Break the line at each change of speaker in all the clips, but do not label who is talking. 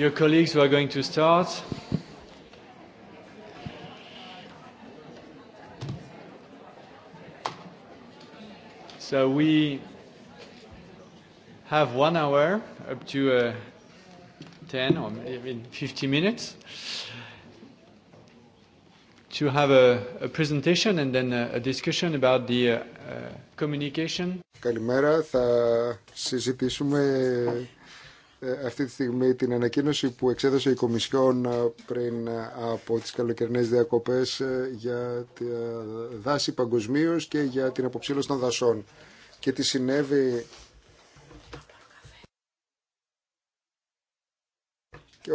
Dear colleagues, we are going to start. So we have one hour up to 10 or even 50 minutes to have a, a presentation and then a, discussion about the uh,
uh, communication. Καλημέρα, θα συζητήσουμε ε, αυτή τη στιγμή την ανακοίνωση που εξέδωσε η Κομισιόν ε, πριν ε, από τις καλοκαιρινές διακοπές για τη δάση παγκοσμίω και για την αποψήλωση των δασών και τι συνέβη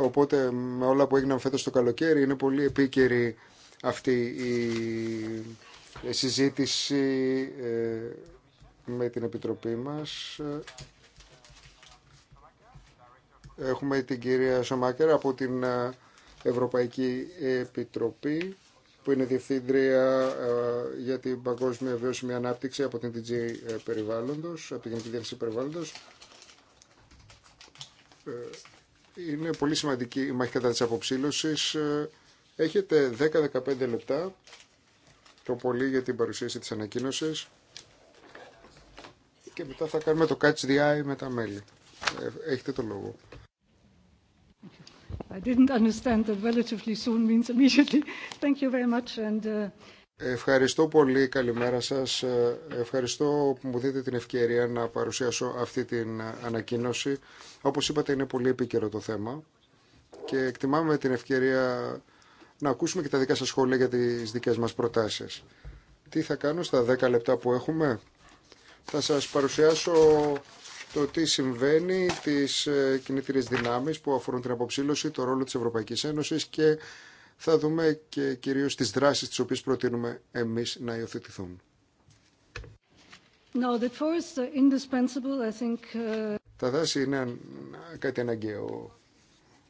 οπότε με όλα που έγιναν φέτος το καλοκαίρι είναι πολύ επίκαιρη αυτή η συζήτηση με την Επιτροπή μας Έχουμε την κυρία Σαμάκερ από την ε, Ευρωπαϊκή Επιτροπή που είναι διευθύντρια ε, για την Παγκόσμια Βιώσιμη Ανάπτυξη από την DG ε, Περιβάλλοντος, από την Γενική Διεύθυνση Περιβάλλοντος. Είναι πολύ σημαντική η μάχη κατά της αποψήλωσης. Έχετε 10-15 λεπτά το πολύ για την παρουσίαση της ανακοίνωσης και μετά θα κάνουμε το catch the eye με τα μέλη. Έχετε το λόγο. Ευχαριστώ πολύ. Καλημέρα σας. Ε, ευχαριστώ που μου δείτε την ευκαιρία να παρουσιάσω αυτή την ανακοίνωση. Όπως είπατε είναι πολύ επίκαιρο το θέμα και εκτιμάμε την ευκαιρία να ακούσουμε και τα δικά σας σχόλια για τις δικές μας προτάσεις. Τι θα κάνω στα 10 λεπτά που έχουμε. Θα σας παρουσιάσω το τι συμβαίνει, τις ε, κινητήρες δυνάμεις που αφορούν την αποψήλωση, το ρόλο της Ευρωπαϊκής Ένωσης και θα δούμε και κυρίως τις δράσεις τις οποίες προτείνουμε εμείς να υιοθετηθούν.
Uh, uh,
Τα δάση είναι κάτι αναγκαίο.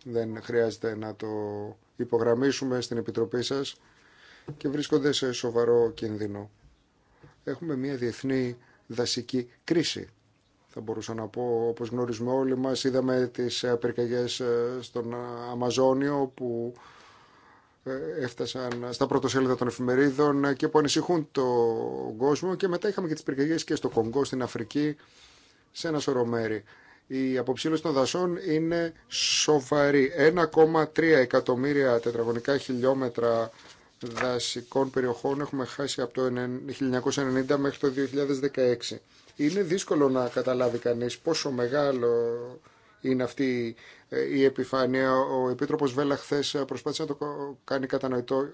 Δεν χρειάζεται να το υπογραμμίσουμε στην Επιτροπή σας και βρίσκονται σε σοβαρό κίνδυνο. Έχουμε μια διεθνή δασική κρίση θα μπορούσα να πω. Όπως γνωρίζουμε όλοι μας, είδαμε τις ε, πυρκαγιές ε, στον ε, Αμαζόνιο που έφτασαν στα σέλιδα των εφημερίδων και που ανησυχούν τον κόσμο και μετά είχαμε και τις πυρκαγιές και στο Κονγκό, στην Αφρική, σε ένα σωρό μέρη. Η αποψήλωση των δασών είναι σοβαρή. 1,3 εκατομμύρια τετραγωνικά χιλιόμετρα δασικών περιοχών έχουμε χάσει από το 1990 μέχρι το 2016 είναι δύσκολο να καταλάβει κανείς πόσο μεγάλο είναι αυτή ε, η επιφάνεια. Ο Επίτροπος Βέλα χθε ε, προσπάθησε να το κάνει κατανοητό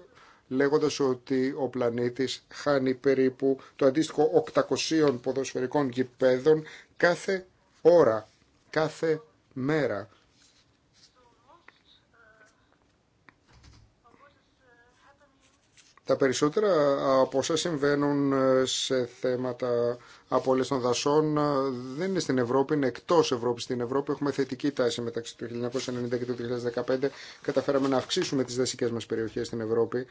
λέγοντας ότι ο πλανήτης χάνει περίπου το αντίστοιχο 800 ποδοσφαιρικών γηπέδων κάθε ώρα, κάθε μέρα. Τα περισσότερα από όσα συμβαίνουν ε, σε θέματα απώλειες των δασών ε, δεν είναι στην Ευρώπη, είναι εκτός Ευρώπη Στην Ευρώπη έχουμε θετική τάση μεταξύ του 1990 και του 2015. Καταφέραμε να αυξήσουμε τις δασικές μας περιοχές στην Ευρώπη.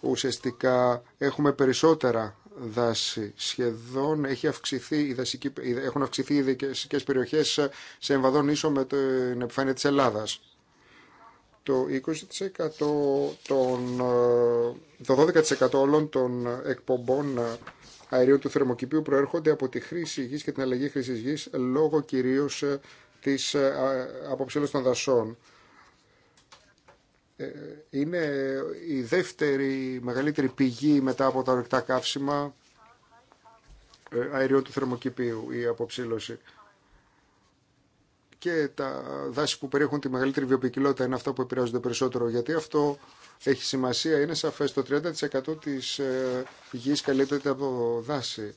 Ουσιαστικά έχουμε περισσότερα δάση. Σχεδόν έχει αυξηθεί η δασική, έχουν αυξηθεί οι δασικές περιοχές σε εμβαδόν ίσο με την επιφάνεια τη Ελλάδα. το 20% των, ε, το 12% όλων των εκπομπών ε, αερίου του θερμοκηπίου προέρχονται από τη χρήση γης και την αλλαγή χρήση γης λόγω κυρίως ε, της ε, αποψήλωσης των δασών. Ε, είναι η δεύτερη μεγαλύτερη πηγή μετά από τα ορυκτά καύσιμα αερίου του θερμοκηπίου η αποψήλωση και τα δάση που περιέχουν τη μεγαλύτερη βιοποικιλότητα είναι αυτά που επηρεάζονται περισσότερο γιατί αυτό έχει σημασία, είναι σαφές το 30% της ε, γης καλύπτεται από δάση.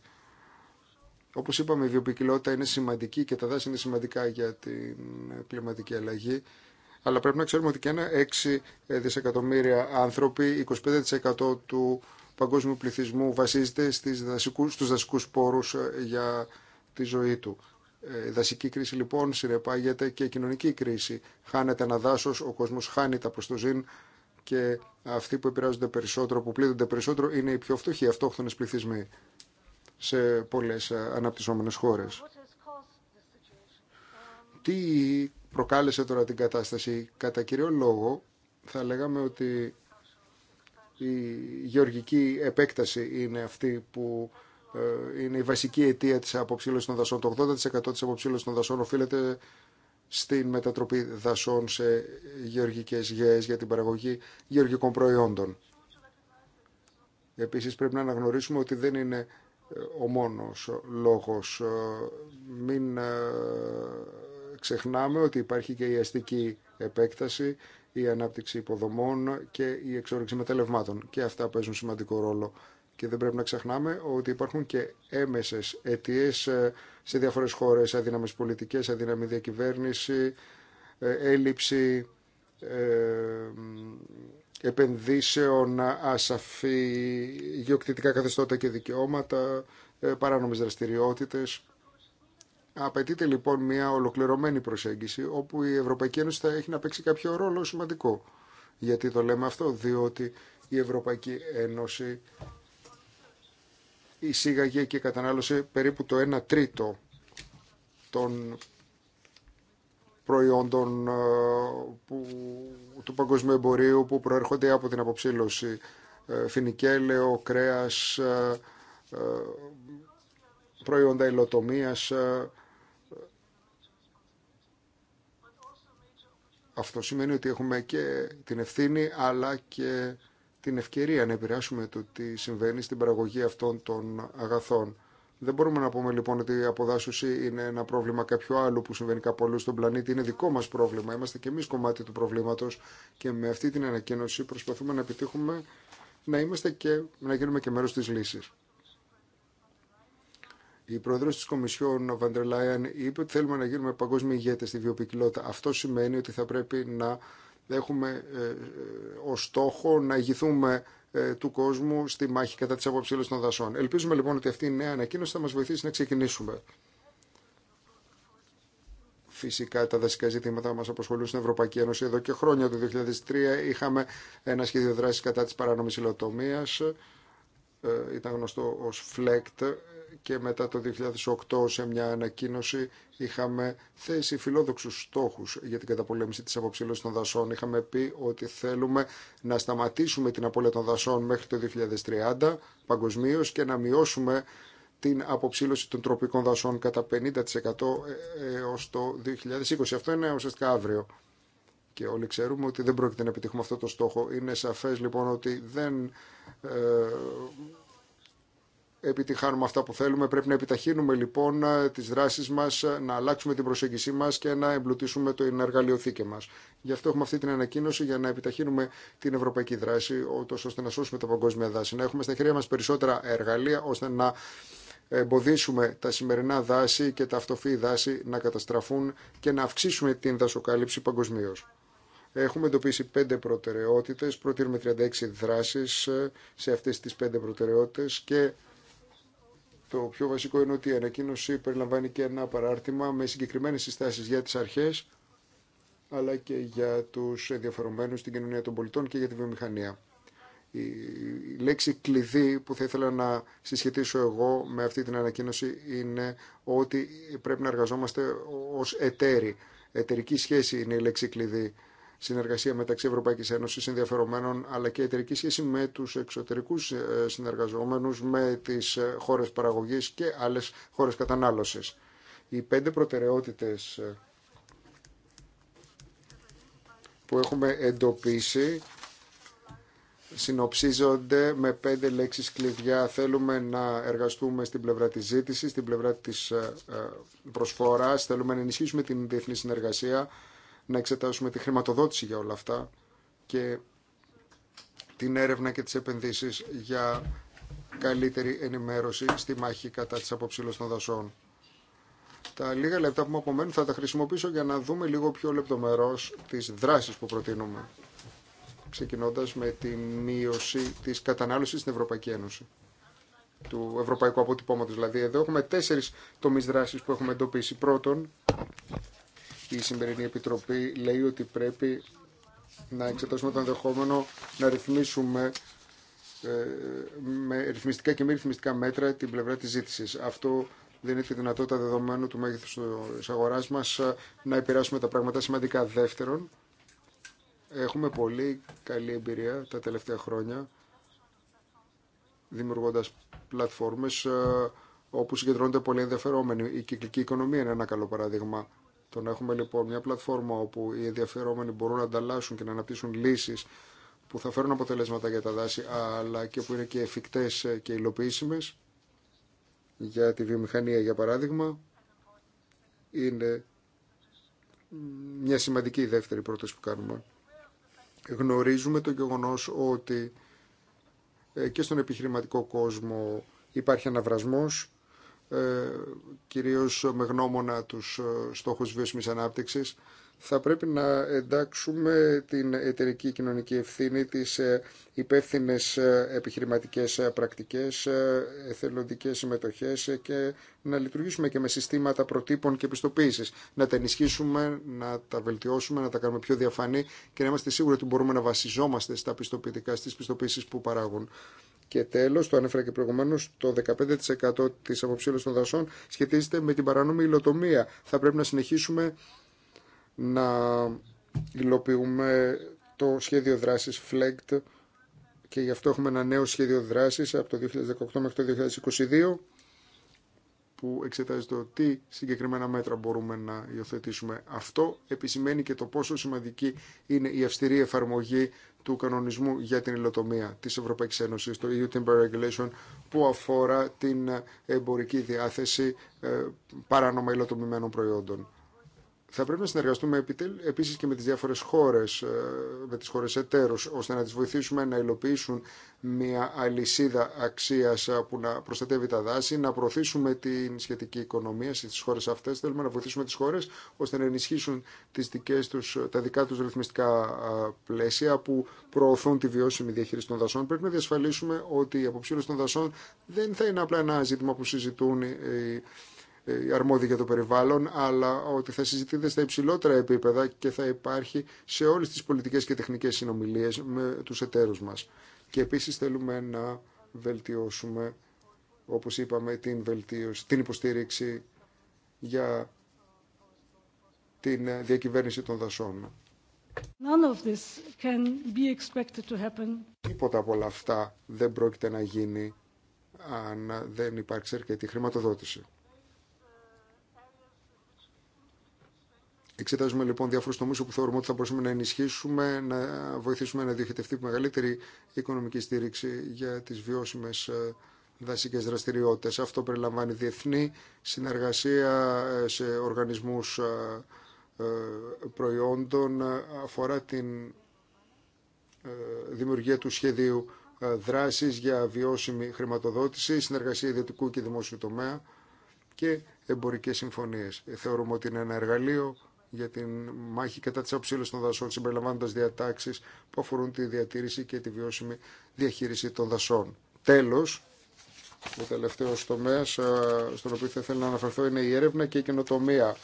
Όπως είπαμε η βιοποικιλότητα είναι σημαντική και τα δάση είναι σημαντικά για την κλιματική αλλαγή αλλά πρέπει να ξέρουμε ότι και ένα 6 ε, δισεκατομμύρια άνθρωποι, 25% του παγκόσμιου πληθυσμού βασίζεται στις δασικούς, στους δασικούς πόρους ε, για τη ζωή του. Ε, η δασική κρίση λοιπόν συνεπάγεται και η κοινωνική κρίση. Χάνεται ένα δάσο, ο κόσμο χάνει τα προστοζήν και αυτοί που επηρεάζονται περισσότερο, που πλήττονται περισσότερο, είναι οι πιο φτωχοί, οι αυτόχθονε πληθυσμοί σε πολλέ ε, αναπτυσσόμενε χώρε. Τι προκάλεσε τώρα την κατάσταση, κατά κύριο λόγο, θα λέγαμε ότι η γεωργική επέκταση είναι αυτή που ε, είναι η βασική αιτία της αποψήλωσης των δασών. Το 80% της αποψήλωσης των δασών οφείλεται στην μετατροπή δασών σε γεωργικές γέες για την παραγωγή γεωργικών προϊόντων. Επίσης πρέπει να αναγνωρίσουμε ότι δεν είναι ε, ο μόνος λόγος. Ε, μην ξεχνάμε ότι υπάρχει και η αστική επέκταση, η ανάπτυξη υποδομών και η εξόρυξη μεταλλευμάτων. Και αυτά παίζουν σημαντικό ρόλο και δεν πρέπει να ξεχνάμε ότι υπάρχουν και έμεσε αιτίε ε, σε διάφορε χώρε, αδύναμε πολιτικέ, αδύναμη διακυβέρνηση, ε, έλλειψη ε, επενδύσεων, ασαφή γεωκτητικά καθεστώτα και δικαιώματα, παράνομες δραστηριότητες. Απαιτείται λοιπόν μια ολοκληρωμένη προσέγγιση όπου η Ευρωπαϊκή Ένωση θα έχει να παίξει κάποιο ρόλο σημαντικό. Γιατί το λέμε αυτό, διότι η Ευρωπαϊκή Ένωση εισήγαγε και κατανάλωσε περίπου το 1 τρίτο των προϊόντων ε, που, του παγκοσμίου εμπορίου που προέρχονται από την αποψήλωση. Ε, φινικέλαιο, κρέας, ε, προϊόντα υλοτομίας. Αυτό σημαίνει ότι έχουμε και την ευθύνη αλλά και την ευκαιρία να επηρεάσουμε το τι συμβαίνει στην παραγωγή αυτών των αγαθών. Δεν μπορούμε να πούμε λοιπόν ότι η αποδάσωση είναι ένα πρόβλημα κάποιου άλλου που συμβαίνει κάπου αλλού στον πλανήτη. Είναι δικό μα πρόβλημα. Είμαστε και εμεί κομμάτι του προβλήματο και με αυτή την ανακοίνωση προσπαθούμε να επιτύχουμε να, είμαστε και, να γίνουμε και μέρο τη λύση. Η πρόεδρο τη Κομισιόν, Βαντρελάιαν, είπε ότι θέλουμε να γίνουμε παγκόσμιοι ηγέτε στη βιοπικιλότητα. Αυτό σημαίνει ότι θα πρέπει να έχουμε ε, ε, ως στόχο να ηγηθούμε ε, του κόσμου στη μάχη κατά της αποψήλωσης των δασών. Ελπίζουμε λοιπόν ότι αυτή η νέα ανακοίνωση θα μας βοηθήσει να ξεκινήσουμε. Φυσικά τα δασικά ζητήματα μας αποσχολούν στην Ευρωπαϊκή Ένωση εδώ και χρόνια. Το 2003 είχαμε ένα σχέδιο δράσης κατά της παράνομη υλοτομίας. Ε, ήταν γνωστό ως FLECT και μετά το 2008 σε μια ανακοίνωση είχαμε θέσει φιλόδοξους στόχους για την καταπολέμηση της αποψήλωσης των δασών. Είχαμε πει ότι θέλουμε να σταματήσουμε την απώλεια των δασών μέχρι το 2030 παγκοσμίω και να μειώσουμε την αποψήλωση των τροπικών δασών κατά 50% ε, ε, έως το 2020. Αυτό είναι ουσιαστικά αύριο και όλοι ξέρουμε ότι δεν πρόκειται να επιτύχουμε αυτό το στόχο. Είναι σαφές λοιπόν ότι δεν ε, επιτυχάνουμε αυτά που θέλουμε. Πρέπει να επιταχύνουμε λοιπόν ε, τις δράσεις μας, ε, να αλλάξουμε την προσέγγιση μας και να εμπλουτίσουμε το εργαλειοθήκη μας. Γι' αυτό έχουμε αυτή την ανακοίνωση για να επιταχύνουμε την ευρωπαϊκή δράση, ώστε να σώσουμε τα παγκόσμια δάση. Να έχουμε στα χέρια μας περισσότερα εργαλεία, ώστε να εμποδίσουμε τα σημερινά δάση και τα αυτοφύη δάση να καταστραφούν και να αυξήσουμε την δασοκάλυψη παγκοσμίω. Έχουμε εντοπίσει πέντε προτεραιότητες, προτείνουμε 36 δράσεις ε, σε αυτές τις πέντε προτεραιότητες και το πιο βασικό είναι ότι η ανακοίνωση περιλαμβάνει και ένα παράρτημα με συγκεκριμένες συστάσεις για τις αρχές αλλά και για τους ενδιαφερομένους στην κοινωνία των πολιτών και για τη βιομηχανία. Η λέξη κλειδί που θα ήθελα να συσχετήσω εγώ με αυτή την ανακοίνωση είναι ότι πρέπει να εργαζόμαστε ως εταίροι. Εταιρική σχέση είναι η λέξη κλειδί συνεργασία μεταξύ Ευρωπαϊκής Ένωσης ενδιαφερομένων αλλά και εταιρική σχέση με τους εξωτερικούς ε, συνεργαζόμενους, με τις ε, χώρες παραγωγής και άλλες χώρες κατανάλωσης. Οι πέντε προτεραιότητες ε, που έχουμε εντοπίσει συνοψίζονται με πέντε λέξεις κλειδιά. Θέλουμε να εργαστούμε στην πλευρά της ζήτησης, στην πλευρά της προσφοράς, θέλουμε να ενισχύσουμε την διεθνή συνεργασία, να εξετάσουμε τη χρηματοδότηση για όλα αυτά και την έρευνα και τις επενδύσεις για καλύτερη ενημέρωση στη μάχη κατά της αποψήλωσης των δασών. Τα λίγα λεπτά που μου απομένουν θα τα χρησιμοποιήσω για να δούμε λίγο πιο λεπτομερώς τις δράσεις που προτείνουμε, ξεκινώντας με τη μείωση της κατανάλωσης στην Ευρωπαϊκή Ένωση του ευρωπαϊκού αποτυπώματος. Δηλαδή εδώ έχουμε τέσσερις τομείς δράσης που έχουμε εντοπίσει. Πρώτον, η σημερινή Επιτροπή λέει ότι πρέπει να εξετάσουμε το ενδεχόμενο να ρυθμίσουμε ε, με ρυθμιστικά και μη ρυθμιστικά μέτρα την πλευρά της ζήτησης. Αυτό δίνει τη δυνατότητα δεδομένου του μέγεθους της αγοράς μας να επηρεάσουμε τα πράγματα σημαντικά. Δεύτερον, έχουμε πολύ καλή εμπειρία τα τελευταία χρόνια δημιουργώντας πλατφόρμες ε, όπου συγκεντρώνονται πολλοί ενδιαφερόμενοι. Η κυκλική οικονομία είναι ένα καλό παράδειγμα το να έχουμε λοιπόν μια πλατφόρμα όπου οι ενδιαφερόμενοι μπορούν να ανταλλάσσουν και να αναπτύσσουν λύσεις που θα φέρουν αποτελέσματα για τα δάση, αλλά και που είναι και εφικτές και υλοποιήσιμες για τη βιομηχανία, για παράδειγμα, είναι μια σημαντική δεύτερη πρόταση που κάνουμε. Γνωρίζουμε το γεγονός ότι ε, και στον επιχειρηματικό κόσμο υπάρχει αναβρασμός ε, κυρίως με γνώμονα τους ε, στόχους βιώσιμης ανάπτυξης, θα πρέπει να εντάξουμε την εταιρική κοινωνική ευθύνη, τις ε, υπεύθυνε επιχειρηματικές πρακτικές, εθελοντικές συμμετοχές και να λειτουργήσουμε και με συστήματα προτύπων και επιστοποίησης. Να τα ενισχύσουμε, να τα βελτιώσουμε, να τα κάνουμε πιο διαφανή και να είμαστε σίγουροι ότι μπορούμε να βασιζόμαστε στα πιστοποιητικά, στις πιστοποίησεις που παράγουν και τέλο, το ανέφερα και προηγουμένω, το 15% τη αποψήλωση των δασών σχετίζεται με την παρανόμη υλοτομία. Θα πρέπει να συνεχίσουμε να υλοποιούμε το σχέδιο δράσης FLEGT και γι' αυτό έχουμε ένα νέο σχέδιο δράσης από το 2018 μέχρι το 2022 που εξετάζει το τι συγκεκριμένα μέτρα μπορούμε να υιοθετήσουμε. Αυτό επισημαίνει και το πόσο σημαντική είναι η αυστηρή εφαρμογή του κανονισμού για την υλοτομία της Ευρωπαϊκής Ένωσης, το EU Timber Regulation, που αφορά την εμπορική διάθεση ε, παράνομα υλοτομημένων προϊόντων. Θα πρέπει να συνεργαστούμε επίσης και με τις διάφορες χώρες, ε, με τις χώρες εταίρους, ώστε να τις βοηθήσουμε να υλοποιήσουν μια αλυσίδα αξίας ε, που να προστατεύει τα δάση, να προωθήσουμε την σχετική οικονομία στις χώρες αυτές. Θέλουμε να βοηθήσουμε τις χώρες ώστε να ενισχύσουν τις δικές τους, τα δικά τους ρυθμιστικά πλαίσια που προωθούν τη βιώσιμη διαχείριση των δασών. Πρέπει να διασφαλίσουμε ότι η αποψήλωση των δασών δεν θα είναι απλά ένα ζήτημα που συζητούν οι. Ε, αρμόδιοι για το περιβάλλον, αλλά ότι θα συζητείτε στα υψηλότερα επίπεδα και θα υπάρχει σε όλες τις πολιτικές και τεχνικές συνομιλίες με τους εταίρους μας. Και επίσης θέλουμε να βελτιώσουμε, όπως είπαμε, την, βελτίωση, την υποστήριξη για την διακυβέρνηση των δασών.
None of this can be
expected to happen.
Τίποτα από όλα αυτά δεν πρόκειται να γίνει αν δεν υπάρξει αρκετή χρηματοδότηση. Εξετάζουμε λοιπόν διάφορου τομεί όπου θεωρούμε ότι θα μπορούσαμε να ενισχύσουμε, να βοηθήσουμε να διοχετευτεί μεγαλύτερη οικονομική στήριξη για τι βιώσιμε ε, δασικέ δραστηριότητε. Αυτό περιλαμβάνει διεθνή συνεργασία ε, σε οργανισμού ε, προϊόντων, αφορά την δημιουργία του σχεδίου δράσης για βιώσιμη χρηματοδότηση, συνεργασία ιδιωτικού και δημόσιου τομέα και εμπορικές συμφωνίες. Θεωρούμε ότι είναι ένα εργαλείο για την μάχη κατά τη αποψήλωσης των δασών, συμπεριλαμβάνοντας διατάξεις που αφορούν τη διατήρηση και τη βιώσιμη διαχείριση των δασών. Τέλος, ο τελευταίο τομέα ε, στον οποίο θα ήθελα να αναφερθώ είναι η έρευνα και η καινοτομία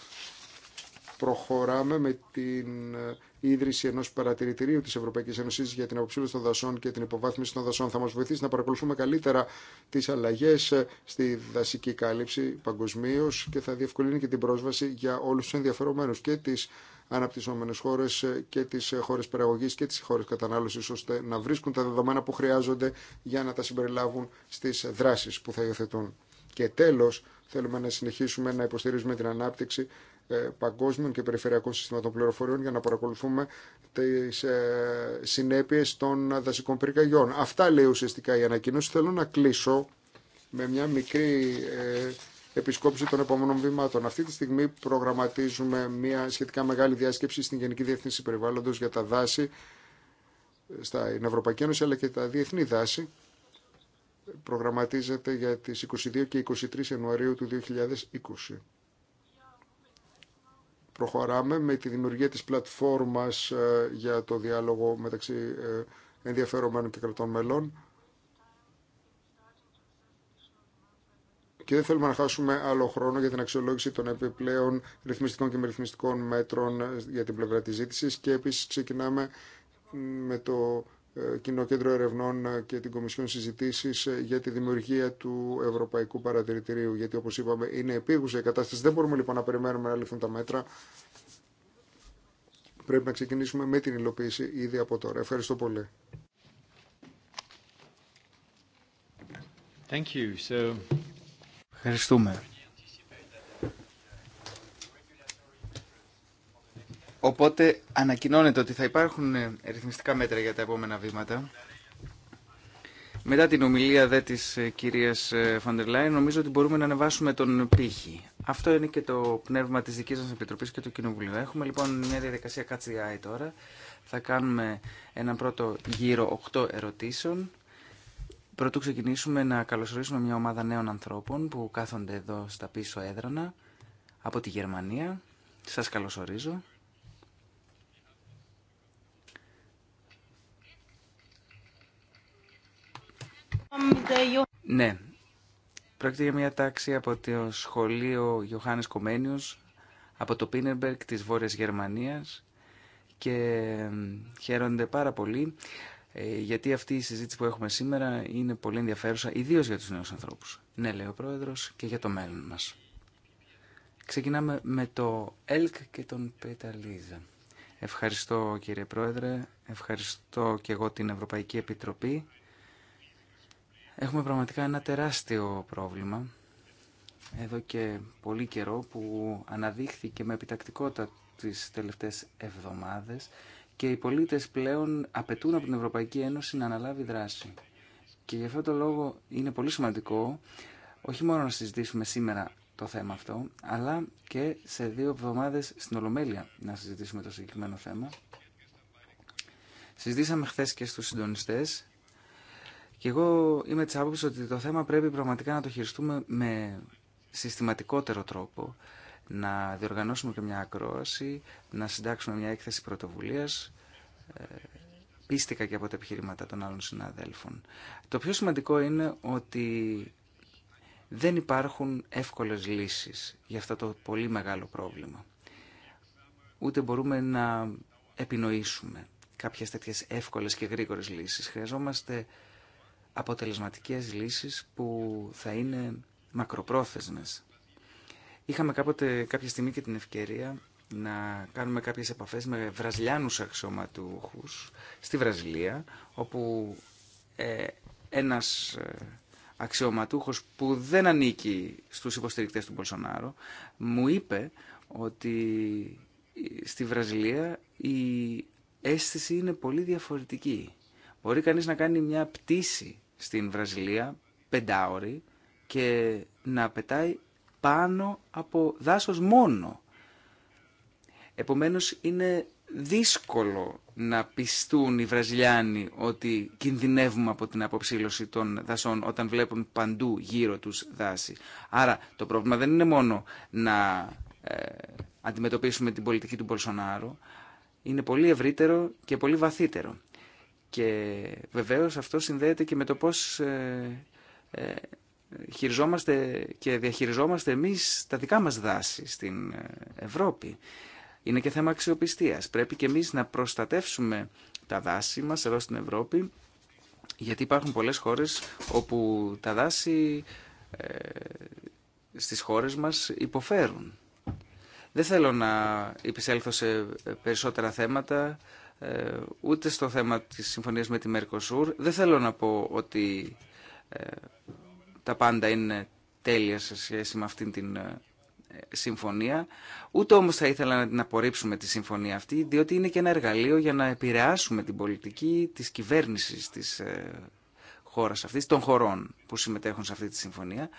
προχωράμε με την ε, ίδρυση ενό παρατηρητηρίου τη Ευρωπαϊκή Ένωση για την αποψήφιση των δασών και την υποβάθμιση των δασών. Θα μα βοηθήσει να παρακολουθούμε καλύτερα τι αλλαγέ ε, στη δασική κάλυψη παγκοσμίω και θα διευκολύνει και την πρόσβαση για όλου του ενδιαφερομένου και τι αναπτυσσόμενε χώρε ε, και τι χώρε παραγωγή και τι χώρε κατανάλωση, ώστε να βρίσκουν τα δεδομένα που χρειάζονται για να τα συμπεριλάβουν στι δράσει που θα υιοθετούν. Και τέλο, θέλουμε να συνεχίσουμε να υποστηρίζουμε την ανάπτυξη ε, παγκόσμιων και περιφερειακών συστημάτων πληροφοριών για να παρακολουθούμε τις ε, συνέπειες των δασικών πυρκαγιών. Αυτά λέει ουσιαστικά η ανακοίνωση. Θέλω να κλείσω με μια μικρή ε, επισκόπηση των επόμενων βημάτων. Αυτή τη στιγμή προγραμματίζουμε μια σχετικά μεγάλη διάσκεψη στην Γενική Διεύθυνση περιβάλλοντο για τα δάση στην Ευρωπαϊκή Ένωση αλλά και τα διεθνή δάση προγραμματίζεται για τις 22 και 23 Ιανουαρίου του 2020. Προχωράμε με τη δημιουργία της πλατφόρμας ε, για το διάλογο μεταξύ ε, ενδιαφερομένων και κρατών μελών. Και δεν θέλουμε να χάσουμε άλλο χρόνο για την αξιολόγηση των επιπλέον ρυθμιστικών και μεριθμιστικών μέτρων ε, για την πλευρά της ζήτησης. Και επίσης ξεκινάμε με το ε, Κοινό Κέντρο Ερευνών ε, και την Κομισιόν συζητήσει ε, για τη δημιουργία του Ευρωπαϊκού Παρατηρητηρίου. Γιατί, όπω είπαμε, είναι επίγουσα η κατάσταση. Δεν μπορούμε λοιπόν να περιμένουμε να ληφθούν τα μέτρα. Πρέπει να ξεκινήσουμε με την υλοποίηση ήδη από τώρα. Ευχαριστώ πολύ.
Thank you. So...
Ευχαριστούμε. Οπότε ανακοινώνεται ότι θα υπάρχουν ε, ρυθμιστικά μέτρα για τα επόμενα βήματα. Μετά την ομιλία δε της ε, κυρίας Φαντερ νομίζω ότι μπορούμε να ανεβάσουμε τον πύχη. Αυτό είναι και το πνεύμα της δικής μας Επιτροπής και του Κοινοβουλίου. Έχουμε λοιπόν μια διαδικασία διάει τώρα. Θα κάνουμε ένα πρώτο γύρο 8 ερωτήσεων. Πρωτού ξεκινήσουμε να καλωσορίσουμε μια ομάδα νέων ανθρώπων που κάθονται εδώ στα πίσω έδρανα από τη Γερμανία. Σας καλωσορίζω. Ναι, πρόκειται για μια τάξη από το σχολείο Ιωάννης Κομένιους από το Πίνερμπερκ της Βόρειας Γερμανίας και χαίρονται πάρα πολύ ε, γιατί αυτή η συζήτηση που έχουμε σήμερα είναι πολύ ενδιαφέρουσα, ιδίως για τους νέους ανθρώπους. Ναι, λέει ο Πρόεδρος, και για το μέλλον μας. Ξεκινάμε με το ΕΛΚ και τον Πεταλίζα. Ευχαριστώ κύριε Πρόεδρε, ευχαριστώ και εγώ την Ευρωπαϊκή Επιτροπή Έχουμε πραγματικά ένα τεράστιο πρόβλημα εδώ και πολύ καιρό που αναδείχθηκε με επιτακτικότητα τις τελευταίες εβδομάδες και οι πολίτες πλέον απαιτούν από την Ευρωπαϊκή Ένωση να αναλάβει δράση. Και γι' αυτό το λόγο είναι πολύ σημαντικό όχι μόνο να συζητήσουμε σήμερα το θέμα αυτό, αλλά και σε δύο εβδομάδες στην Ολομέλεια να συζητήσουμε το συγκεκριμένο θέμα. Συζητήσαμε χθε και στους συντονιστές και εγώ είμαι τη άποψη ότι το θέμα πρέπει πραγματικά να το χειριστούμε με συστηματικότερο τρόπο. Να διοργανώσουμε και μια ακρόαση, να συντάξουμε μια έκθεση πρωτοβουλία. Ε, Πίστηκα και από τα επιχειρήματα των άλλων συναδέλφων. Το πιο σημαντικό είναι ότι δεν υπάρχουν εύκολες λύσεις για αυτό το πολύ μεγάλο πρόβλημα. Ούτε μπορούμε να επινοήσουμε κάποιες τέτοιες εύκολες και γρήγορες λύσεις. Χρειαζόμαστε αποτελεσματικές λύσεις που θα είναι μακροπρόθεσμες. Είχαμε κάποτε κάποια στιγμή και την ευκαιρία να κάνουμε κάποιες επαφές με βραζιλιάνους αξιωματούχους στη Βραζιλία, όπου ε, ένας ε, αξιωματούχος που δεν ανήκει στους υποστηρικτές του Μπολσονάρο μου είπε ότι ε, στη Βραζιλία η αίσθηση είναι πολύ διαφορετική Μπορεί κανείς να κάνει μια πτήση στην Βραζιλία, πεντάωρη, και να πετάει πάνω από δάσος μόνο. Επομένως είναι δύσκολο να πιστούν οι Βραζιλιάνοι ότι κινδυνεύουμε από την αποψήλωση των δασών όταν βλέπουν παντού γύρω τους δάση. Άρα το πρόβλημα δεν είναι μόνο να ε, αντιμετωπίσουμε την πολιτική του Μπολσονάρου, είναι πολύ ευρύτερο και πολύ βαθύτερο. Και βεβαίως αυτό συνδέεται και με το πώς ε, ε, χειριζόμαστε και διαχειριζόμαστε εμείς τα δικά μας δάση στην ε, Ευρώπη. Είναι και θέμα αξιοπιστίας. Πρέπει και εμείς να προστατεύσουμε τα δάση μας εδώ στην Ευρώπη, γιατί υπάρχουν πολλές χώρες όπου τα δάση ε, στις χώρες μας υποφέρουν. Δεν θέλω να υπησέλθω σε περισσότερα θέματα ε, ούτε στο θέμα της συμφωνίας με τη Σουρ. Δεν θέλω να πω ότι ε, τα πάντα είναι τέλεια σε σχέση με αυτήν την ε, συμφωνία. Ούτε όμως θα ήθελα να την απορρίψουμε τη συμφωνία αυτή, διότι είναι και ένα εργαλείο για να επηρεάσουμε την πολιτική της κυβέρνησης της χώρας αυτής, των χωρών που συμμετέχουν σε αυτή τη συμφωνία.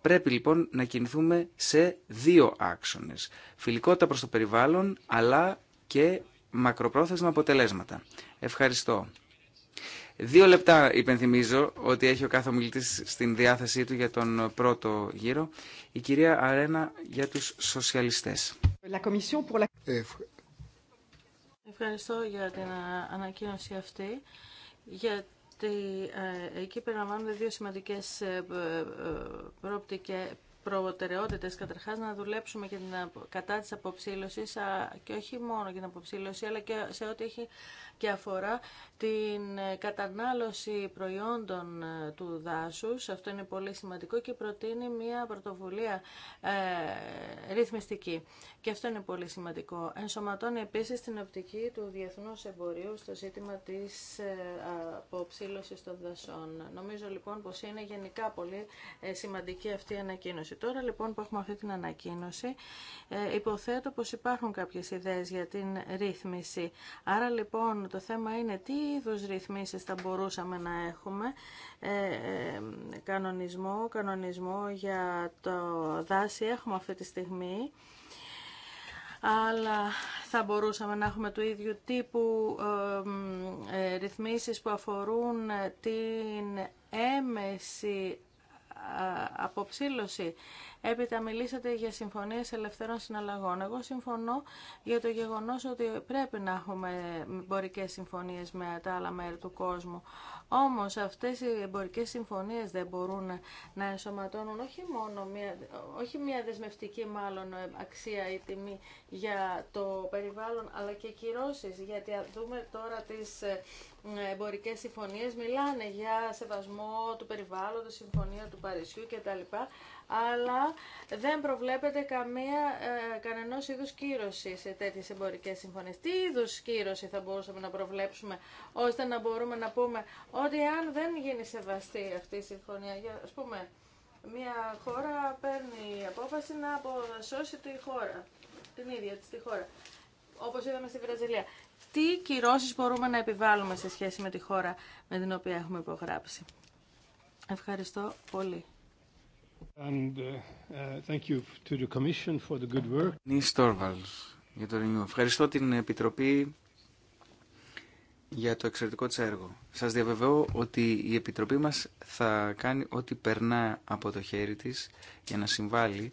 Πρέπει λοιπόν να κινηθούμε σε δύο άξονες. Φιλικότητα προς το περιβάλλον, αλλά και μακροπρόθεσμα αποτελέσματα. Ευχαριστώ. Δύο λεπτά υπενθυμίζω ότι έχει ο κάθε ομιλητή στην διάθεσή του για τον πρώτο γύρο. Η κυρία Αρένα για τους σοσιαλιστές.
Ευχαριστώ για την ε, ανακοίνωση αυτή. γιατί ε, Εκεί περιλαμβάνονται δύο σημαντικές ε, Προτεραιότητε, καταρχάς να δουλέψουμε και την, κατά τη αποψήλωση και όχι μόνο για την αποψήλωση αλλά και σε ό,τι έχει και αφορά την κατανάλωση προϊόντων ε, του δάσους. Αυτό είναι πολύ σημαντικό και προτείνει μια πρωτοβουλία ε, ρυθμιστική. Και αυτό είναι πολύ σημαντικό. Ενσωματώνει επίσης την οπτική του διεθνούς εμπορίου στο ζήτημα της ε, αποψήλωσης των δασών. Νομίζω λοιπόν πως είναι γενικά πολύ ε, σημαντική αυτή η ανακοίνωση. Τώρα λοιπόν που έχουμε αυτή την ανακοίνωση, ε, υποθέτω πως υπάρχουν κάποιες ιδέες για την ρύθμιση. Άρα λοιπόν το θέμα είναι τι είδου ρυθμίσεις θα μπορούσαμε να έχουμε. Ε, ε, κανονισμό, κανονισμό για το δάση έχουμε αυτή τη στιγμή αλλά θα μπορούσαμε να έχουμε του ίδιου τύπου ε, ε ρυθμίσεις που αφορούν την έμεση αποψήλωση. Έπειτα μιλήσατε για συμφωνίες ελευθερών συναλλαγών. Εγώ συμφωνώ για το γεγονός ότι πρέπει να έχουμε εμπορικές συμφωνίες με τα άλλα μέρη του κόσμου. Όμως αυτές οι εμπορικές συμφωνίες δεν μπορούν να ενσωματώνουν όχι μόνο μια, όχι μια δεσμευτική μάλλον αξία ή τιμή για το περιβάλλον, αλλά και κυρώσεις. Γιατί δούμε τώρα τις ε, εμπορικές συμφωνίες μιλάνε για σεβασμό του περιβάλλοντος, συμφωνία του Παρισιού κτλ. Αλλά δεν προβλέπεται καμία, ε, είδους κύρωση σε τέτοιες εμπορικές συμφωνίες. Τι είδους κύρωση θα μπορούσαμε να προβλέψουμε ώστε να μπορούμε να πούμε ότι αν δεν γίνει σεβαστή αυτή η συμφωνία, για, πούμε, μια χώρα παίρνει απόφαση να αποδασώσει τη χώρα, την ίδια της τη χώρα, όπως είδαμε στη Βραζιλία τι κυρώσει μπορούμε να επιβάλλουμε σε σχέση με τη χώρα με την οποία έχουμε υπογράψει. Ευχαριστώ πολύ.
And, uh, uh, thank you to the Commission for the good work.
Ευχαριστώ την Επιτροπή για το εξαιρετικό της έργο. Σας διαβεβαιώ ότι η Επιτροπή μας θα κάνει ό,τι περνά από το χέρι της για να συμβάλλει,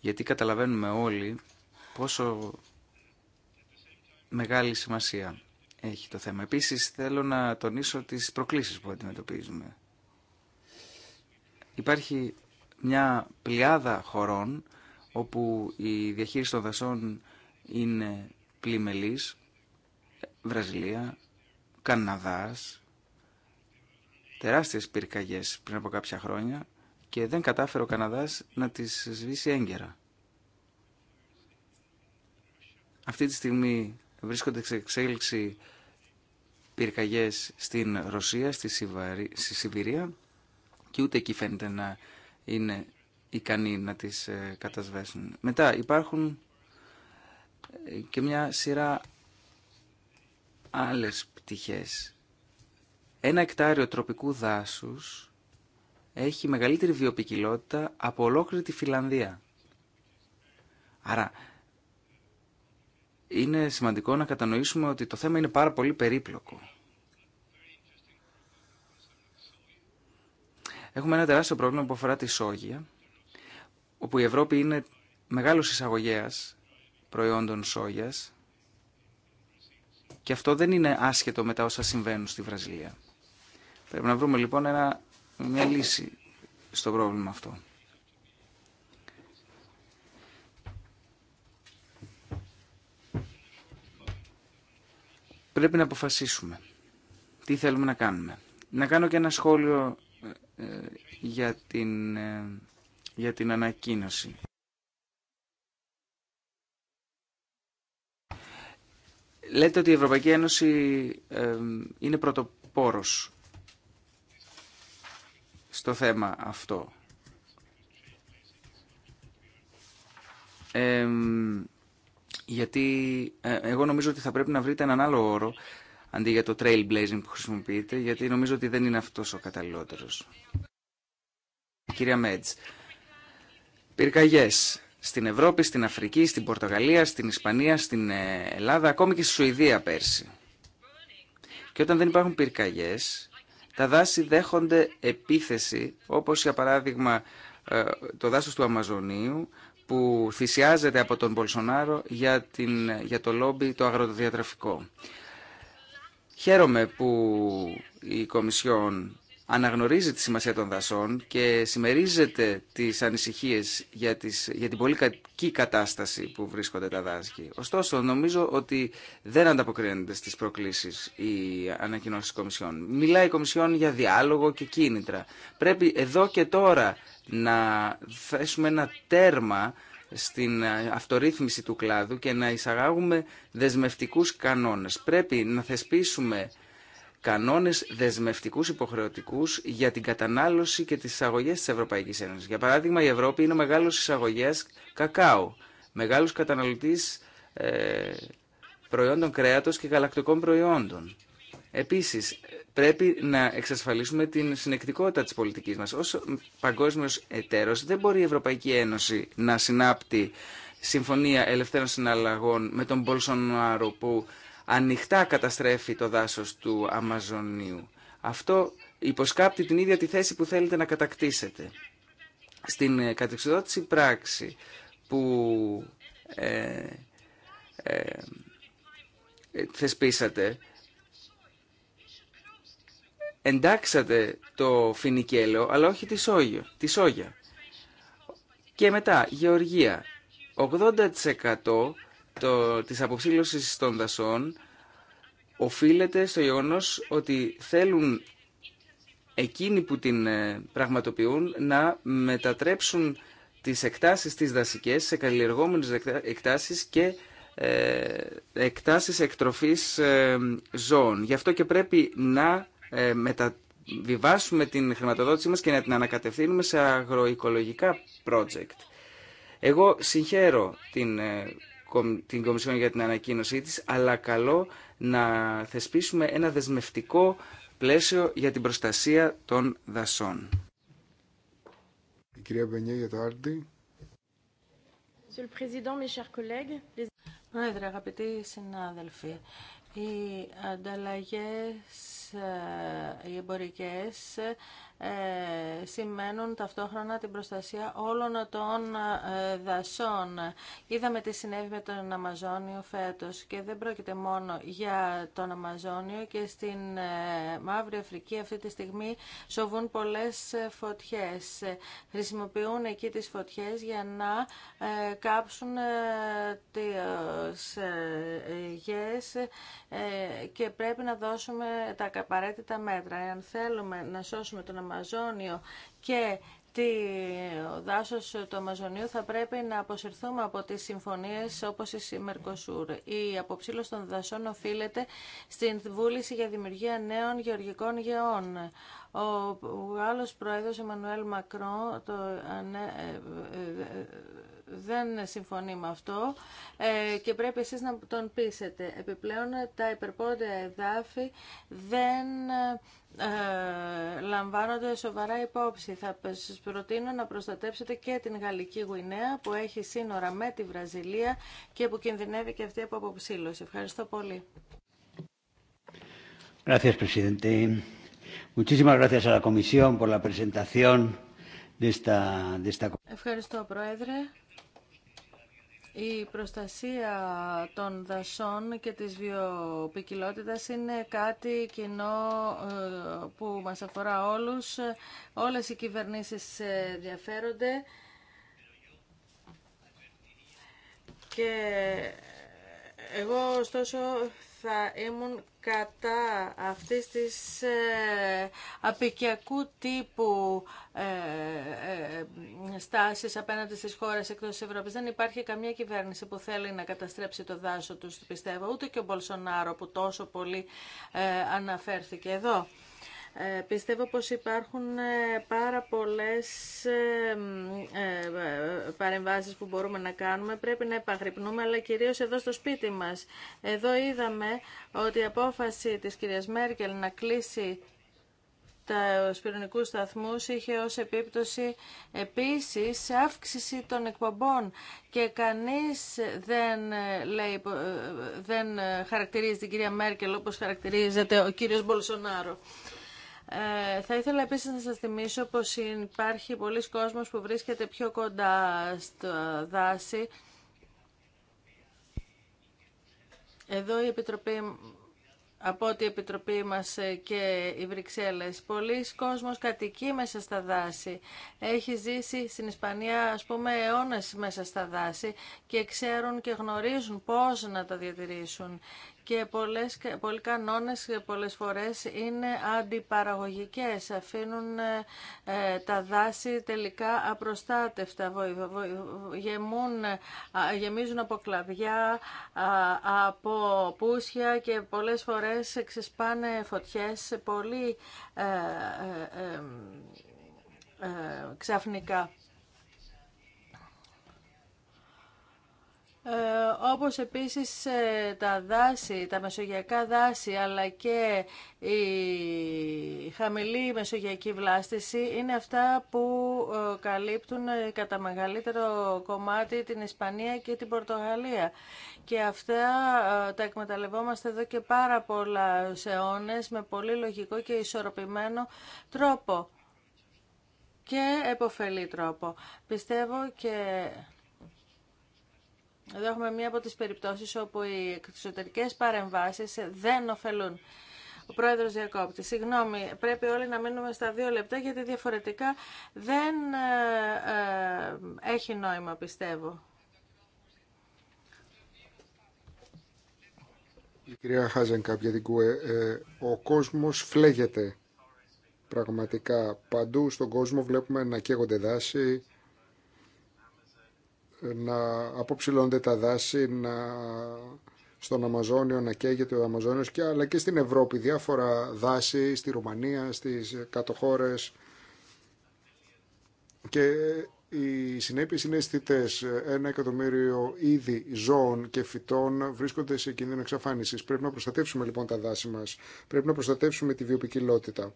γιατί καταλαβαίνουμε όλοι πόσο μεγάλη σημασία έχει το θέμα. Επίσης θέλω να τονίσω τις προκλήσεις που αντιμετωπίζουμε. Υπάρχει μια πλειάδα χωρών όπου η διαχείριση των δασών είναι πλημελής, Βραζιλία, Καναδάς, τεράστιες πυρκαγιές πριν από κάποια χρόνια και δεν κατάφερε ο Καναδάς να τις σβήσει έγκαιρα. Αυτή τη στιγμή βρίσκονται σε εξέλιξη πυρκαγιές στην Ρωσία, στη, Σιβηρία και ούτε εκεί φαίνεται να είναι ικανοί να τις ε, κατασβέσουν. Μετά υπάρχουν ε, και μια σειρά άλλες πτυχές. Ένα εκτάριο τροπικού δάσους έχει μεγαλύτερη βιοπικιλότητα από ολόκληρη τη Φιλανδία. Άρα είναι σημαντικό να κατανοήσουμε ότι το θέμα είναι πάρα πολύ περίπλοκο. Έχουμε ένα τεράστιο πρόβλημα που αφορά τη σόγια, όπου η Ευρώπη είναι μεγάλος εισαγωγέας προϊόντων σόγιας και αυτό δεν είναι άσχετο με τα όσα συμβαίνουν στη Βραζιλία. Πρέπει να βρούμε λοιπόν ένα, μια λύση στο πρόβλημα αυτό. πρέπει να αποφασίσουμε τι θέλουμε να κάνουμε. Να κάνω και ένα σχόλιο ε, για την, ε, για την ανακοίνωση. Λέτε ότι η Ευρωπαϊκή Ένωση ε, είναι πρωτοπόρος στο θέμα αυτό γιατί ε, εγώ νομίζω ότι θα πρέπει να βρείτε έναν άλλο όρο αντί για το trailblazing που χρησιμοποιείτε, γιατί νομίζω ότι δεν είναι αυτός ο καταλληλότερος. Κυρία Μέτζ, πυρκαγιές στην Ευρώπη, στην Αφρική, στην Πορτογαλία, στην Ισπανία, στην ε, Ελλάδα, ακόμη και στη Σουηδία πέρσι. Και όταν δεν υπάρχουν πυρκαγιές, τα δάση δέχονται επίθεση, όπως για παράδειγμα ε, το δάσος του Αμαζονίου, που θυσιάζεται από τον Πολσονάρο για, την, για το λόμπι το αγροδιατραφικό. Χαίρομαι που η Κομισιόν αναγνωρίζει τη σημασία των δασών και συμμερίζεται τις ανησυχίες για, τις, για την πολύ κακή κατάσταση που βρίσκονται τα δάσκη. Ωστόσο, νομίζω ότι δεν ανταποκρίνεται στις προκλήσεις η ανακοινώση της Κομισιόν. Μιλάει η Κομισιόν για διάλογο και κίνητρα. Πρέπει εδώ και τώρα να θέσουμε ένα τέρμα στην αυτορύθμιση του κλάδου και να εισαγάγουμε δεσμευτικούς κανόνες. Πρέπει να θεσπίσουμε κανόνες δεσμευτικούς υποχρεωτικούς για την κατανάλωση και τις εισαγωγές της Ευρωπαϊκής Ένωσης. Για παράδειγμα, η Ευρώπη είναι μεγάλος εισαγωγέας κακάου, μεγάλος καταναλωτής ε, προϊόντων κρέατος και γαλακτικών προϊόντων. Επίσης, πρέπει να εξασφαλίσουμε την συνεκτικότητα της πολιτικής μας. Ως παγκόσμιος εταίρος δεν μπορεί η Ευρωπαϊκή Ένωση να συνάπτει συμφωνία ελευθέρων συναλλαγών με τον Μπολσονάρο που ανοιχτά καταστρέφει το δάσος του Αμαζονίου. Αυτό υποσκάπτει την ίδια τη θέση που θέλετε να κατακτήσετε. Στην ε, κατεξοδότηση πράξη που ε, ε, ε, θεσπίσατε, εντάξατε το φινικέλαιο, αλλά όχι τη, τη σόγια. Και μετά, γεωργία. 80% το, της αποψήλωσης των δασών οφείλεται στο γεγονό ότι θέλουν εκείνοι που την ε, πραγματοποιούν να μετατρέψουν τις εκτάσεις της δασικές σε καλλιεργόμενες εκτάσεις και ε, εκτάσεις εκτροφής ε, ζώων. Γι' αυτό και πρέπει να ε, μεταβιβάσουμε την χρηματοδότησή μας και να την ανακατευθύνουμε σε αγροοικολογικά project. Εγώ συγχαίρω την ε, την Κομισιόν για την ανακοίνωσή της, αλλά καλό να θεσπίσουμε ένα δεσμευτικό πλαίσιο για την προστασία των δασών. Η κυρία
Μπενιέ για το Άρντι.
Πρόεδρε, αγαπητοί συνάδελφοι, οι ανταλλαγές ε, οι εμπορικές ε, σημαίνουν ταυτόχρονα την προστασία όλων των ε, δασών. Είδαμε τι συνέβη με τον Αμαζόνιο φέτος και δεν πρόκειται μόνο για τον Αμαζόνιο και στην Μαύρη Αφρική αυτή τη στιγμή σοβούν πολλές φωτιές. Χρησιμοποιούν εκεί τις φωτιές για να κάψουν τις γης και πρέπει να δώσουμε τα απαραίτητα μέτρα. Εάν θέλουμε να σώσουμε τον Αμαζόνιο και τι δάσος του Αμαζονίου θα πρέπει να αποσυρθούμε από τις συμφωνίες όπως η Μερκοσούρ. Η αποψήλωση των δασών οφείλεται στην βούληση για δημιουργία νέων γεωργικών γεών. Ο Γάλλος Πρόεδρος Εμμανουέλ Μακρό το, ε, ναι, ε, ε, δεν συμφωνεί με αυτό και πρέπει εσείς να τον πείσετε. Επιπλέον τα υπερπόδια εδάφη δεν λαμβάνονται σοβαρά υπόψη. Θα σας προτείνω να προστατέψετε και την Γαλλική Γουινέα που έχει σύνορα με τη Βραζιλία και που κινδυνεύει και αυτή από αποψήλωση. Ευχαριστώ πολύ.
Muchísimas gracias a la Comisión por la presentación de esta,
Ευχαριστώ, Πρόεδρε. Η προστασία των δασών και της βιοπικιλότητας είναι κάτι κοινό ε, που μας αφορά όλους. Όλες οι κυβερνήσεις ενδιαφέρονται και εγώ ωστόσο θα ήμουν κατά αυτής της ε, απικιακού τύπου ε, ε, στάσης απέναντι στις χώρες εκτός της Ευρώπης. Δεν υπάρχει καμία κυβέρνηση που θέλει να καταστρέψει το δάσο τους, πιστεύω, ούτε και ο Μπολσονάρο που τόσο πολύ ε, αναφέρθηκε εδώ. Ε, πιστεύω πως υπάρχουν ε, πάρα πολλές ε, παρεμβάσεις που μπορούμε να κάνουμε. Πρέπει να επαγρυπνούμε, αλλά κυρίως εδώ στο σπίτι μας. Εδώ είδαμε ότι η απόφαση της κυρίας Μέρκελ να κλείσει τα σπυρονικούς σταθμού είχε ως επίπτωση επίσης αύξηση των εκπομπών και κανείς δεν, δεν χαρακτηρίζει την κυρία Μέρκελ όπως χαρακτηρίζεται ο κύριος Μπολσονάρο. Ε, θα ήθελα επίσης να σας θυμίσω πως υπάρχει πολλοί κόσμος που βρίσκεται πιο κοντά στο δάση. Εδώ η Επιτροπή, από ό,τι η Επιτροπή μας και οι Βρυξέλλες, πολλοί κόσμος κατοικεί μέσα στα δάση. Έχει ζήσει στην Ισπανία, ας πούμε, αιώνες μέσα στα δάση και ξέρουν και γνωρίζουν πώς να τα διατηρήσουν και πολλές, πολλοί κανόνες πολλές φορές είναι αντιπαραγωγικές, αφήνουν ε, ε, τα δάση τελικά απροστάτευτα, βο, βο, γεμίζουν από κλαδιά, από πούσια και πολλές φορές ξεσπάνε φωτιές πολύ ε, ξαφνικά. Ε, όπως επίσης ε, τα δάση, τα μεσογειακά δάση αλλά και η χαμηλή μεσογειακή βλάστηση είναι αυτά που ε, καλύπτουν κατά μεγαλύτερο κομμάτι την Ισπανία και την Πορτογαλία. Και αυτά τα εκμεταλλευόμαστε εδώ και πάρα πολλά αιώνες με πολύ λογικό και ισορροπημένο τρόπο και επωφελή τρόπο. Πιστεύω και εδώ έχουμε μία από τις περιπτώσεις όπου οι εξωτερικές παρεμβάσεις δεν ωφελούν. Ο πρόεδρο διακόπτη. Συγγνώμη, πρέπει όλοι να μείνουμε στα δύο λεπτά γιατί διαφορετικά δεν ε, ε, έχει νόημα, πιστεύω.
Η κυρία Χάζεν κάποια ε, ο κόσμος φλέγεται πραγματικά. Παντού στον κόσμο βλέπουμε να καίγονται δάση, να αποψηλώνται τα δάση, να... στον Αμαζόνιο να καίγεται ο Αμαζόνιος και αλλά και στην Ευρώπη διάφορα δάση, στη Ρουμανία, στις κάτω Και οι συνέπειε είναι αισθητέ. Ένα εκατομμύριο είδη ζώων και φυτών βρίσκονται σε κίνδυνο εξαφάνιση. Πρέπει να προστατεύσουμε λοιπόν τα δάση μα. Πρέπει να προστατεύσουμε τη βιοπικιλότητα.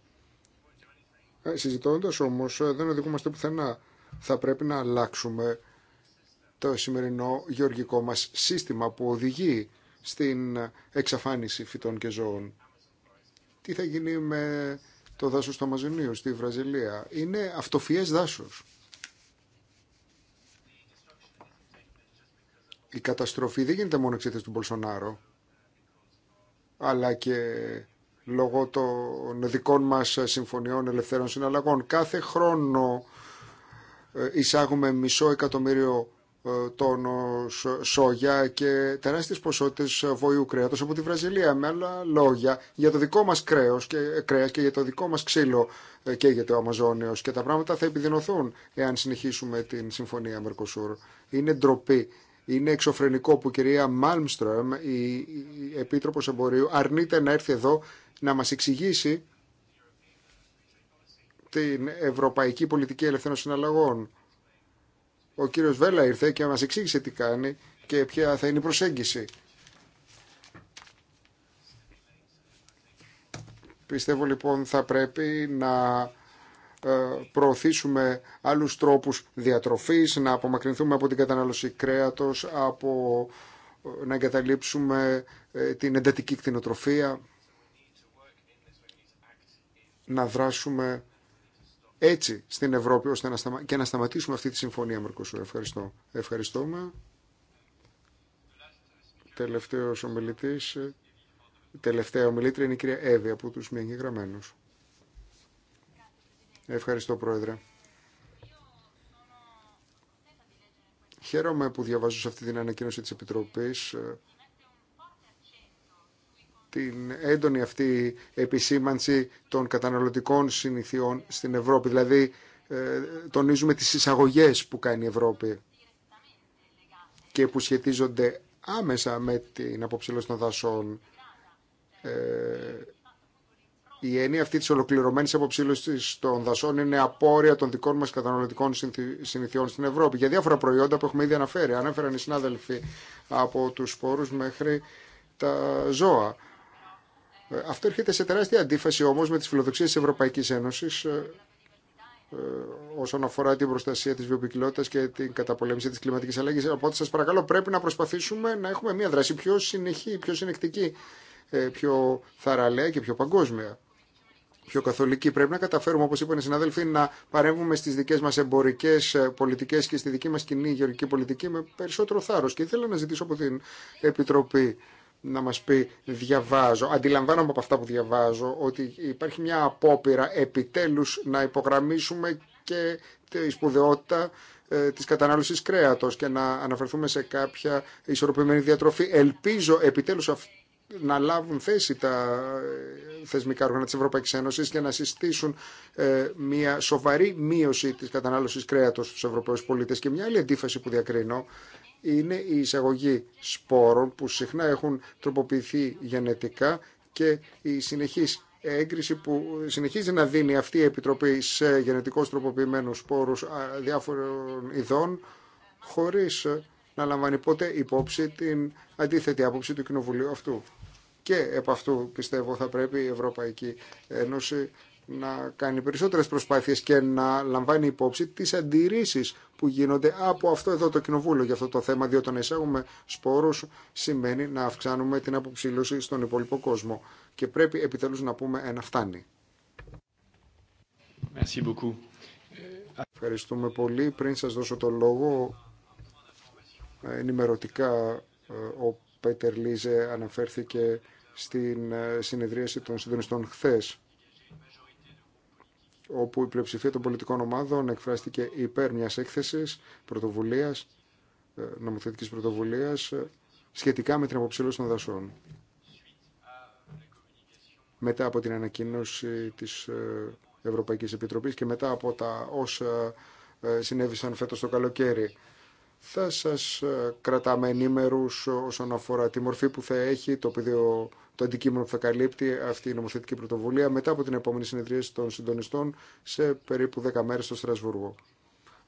Ε, Συζητώντα όμω, ε, δεν οδηγούμαστε πουθενά. Θα πρέπει να αλλάξουμε το σημερινό γεωργικό μας σύστημα που οδηγεί στην εξαφάνιση φυτών και ζώων. Τι θα γίνει με το δάσος του Αμαζονίου στη Βραζιλία. Είναι αυτοφιές δάσος. Η καταστροφή δεν γίνεται μόνο εξαιτίας του Μπολσονάρο, αλλά και λόγω των δικών μας συμφωνιών ελευθέρων συναλλαγών. Κάθε χρόνο ε, εισάγουμε μισό εκατομμύριο ε, τόνος ε, σόγια και τεράστιες ποσότητες ε, βοηού κρέατος από τη Βραζιλία. Με άλλα λόγια, για το δικό μας κρέος και, κρέας και για το δικό μας ξύλο και για το Αμαζόνιος και τα πράγματα θα επιδεινωθούν εάν συνεχίσουμε την Συμφωνία Μερκοσούρ. Είναι ντροπή. Είναι εξωφρενικό που η κυρία Μάλμστρομ, η Επίτροπος Εμπορίου, αρνείται να έρθει εδώ να μας εξηγήσει την Ευρωπαϊκή Πολιτική Ελευθερών Συναλλαγών ο κύριος Βέλα ήρθε και μας εξήγησε τι κάνει και ποια θα είναι η προσέγγιση. Πιστεύω λοιπόν θα πρέπει να ε, προωθήσουμε άλλους τρόπους διατροφής, να απομακρυνθούμε από την κατανάλωση κρέατος, από ε, να εγκαταλείψουμε ε, την εντατική κτηνοτροφία, να δράσουμε έτσι στην Ευρώπη ώστε να και να σταματήσουμε αυτή τη συμφωνία Μερκοσούρ. Ευχαριστώ. Ευχαριστούμε. Τελευταίος ομιλητής, τελευταία ομιλήτρια είναι η κυρία Εύη από τους μη εγγεγραμμένους. Ευχαριστώ Πρόεδρε. Χαίρομαι που διαβάζω σε αυτή την ανακοίνωση της Επιτροπής ε, την έντονη αυτή επισήμανση των καταναλωτικών συνηθιών στην Ευρώπη. Δηλαδή, ε, τονίζουμε τις εισαγωγές που κάνει η Ευρώπη και που σχετίζονται άμεσα με την αποψηλώση των δασών. Ε, η έννοια αυτή της ολοκληρωμένης αποψήλωσης των δασών είναι απόρρια των δικών μας καταναλωτικών συνηθιών στην Ευρώπη για διάφορα προϊόντα που έχουμε ήδη αναφέρει. Ανέφεραν οι συνάδελφοι από τους σπόρους μέχρι τα ζώα. Αυτό έρχεται σε τεράστια αντίφαση όμως με τις φιλοδοξίες της Ευρωπαϊκής Ένωσης ε, ε, όσον αφορά την προστασία της βιοποικιλότητας και την καταπολέμηση της κλιματικής αλλαγής. Οπότε σας παρακαλώ πρέπει να προσπαθήσουμε να έχουμε μια δράση πιο συνεχή, πιο συνεκτική, ε, πιο θαραλέα και πιο παγκόσμια. Πιο καθολική. Πρέπει να καταφέρουμε, όπω είπαν οι συναδέλφοι, να παρέμβουμε στι δικέ μα εμπορικέ πολιτικέ και στη δική μα κοινή γεωργική πολιτική με περισσότερο θάρρο. Και ήθελα να ζητήσω από την Επιτροπή να μας πει διαβάζω. Αντιλαμβάνομαι από αυτά που διαβάζω ότι υπάρχει μια απόπειρα επιτέλους να υπογραμμίσουμε και τη σπουδαιότητα ε, της κατανάλωσης κρέατος και να αναφερθούμε σε κάποια ισορροπημένη διατροφή. Ελπίζω επιτέλους να λάβουν θέση τα ε, θεσμικά όργανα της Ευρωπαϊκής Ένωσης και να συστήσουν ε, μια σοβαρή μείωση της κατανάλωσης κρέατος στους Ευρωπαίους πολίτες. Και μια άλλη αντίφαση που διακρίνω είναι η εισαγωγή σπόρων που συχνά έχουν τροποποιηθεί γενετικά και η συνεχής έγκριση που συνεχίζει να δίνει αυτή η Επιτροπή σε γενετικώς τροποποιημένους σπόρους διάφορων ειδών χωρίς να λαμβάνει ποτέ υπόψη την αντίθετη άποψη του Κοινοβουλίου αυτού. Και επ' αυτού πιστεύω θα πρέπει η Ευρωπαϊκή Ένωση να κάνει περισσότερες προσπάθειες και να λαμβάνει υπόψη τις αντιρρήσεις που γίνονται από αυτό εδώ το κοινοβούλιο για αυτό το θέμα, διότι να εισάγουμε σπόρους σημαίνει να αυξάνουμε την αποψήλωση στον υπόλοιπο κόσμο και πρέπει επιτέλους να πούμε ένα φτάνει. Ευχαριστούμε πολύ. Πριν σας δώσω το λόγο, ενημερωτικά ε, ο Πέτερ Λίζε αναφέρθηκε στην ε, συνεδρίαση των συντονιστών χθες όπου η πλειοψηφία των πολιτικών ομάδων εκφράστηκε υπέρ μιας έκθεσης πρωτοβουλίας, ε, νομοθετικής πρωτοβουλίας ε, σχετικά με την αποψήλωση των δασών. Μετά από την ανακοίνωση της ε, Ευρωπαϊκής Επιτροπής και μετά από τα όσα συνέβησαν φέτος το καλοκαίρι θα σας ε, κρατάμε ενήμερους όσον αφορά τη μορφή που θα έχει το πεδίο το αντικείμενο που θα καλύπτει αυτή η νομοθετική πρωτοβουλία μετά από την επόμενη συνεδρίαση των συντονιστών σε περίπου 10 μέρες στο Στρασβούργο.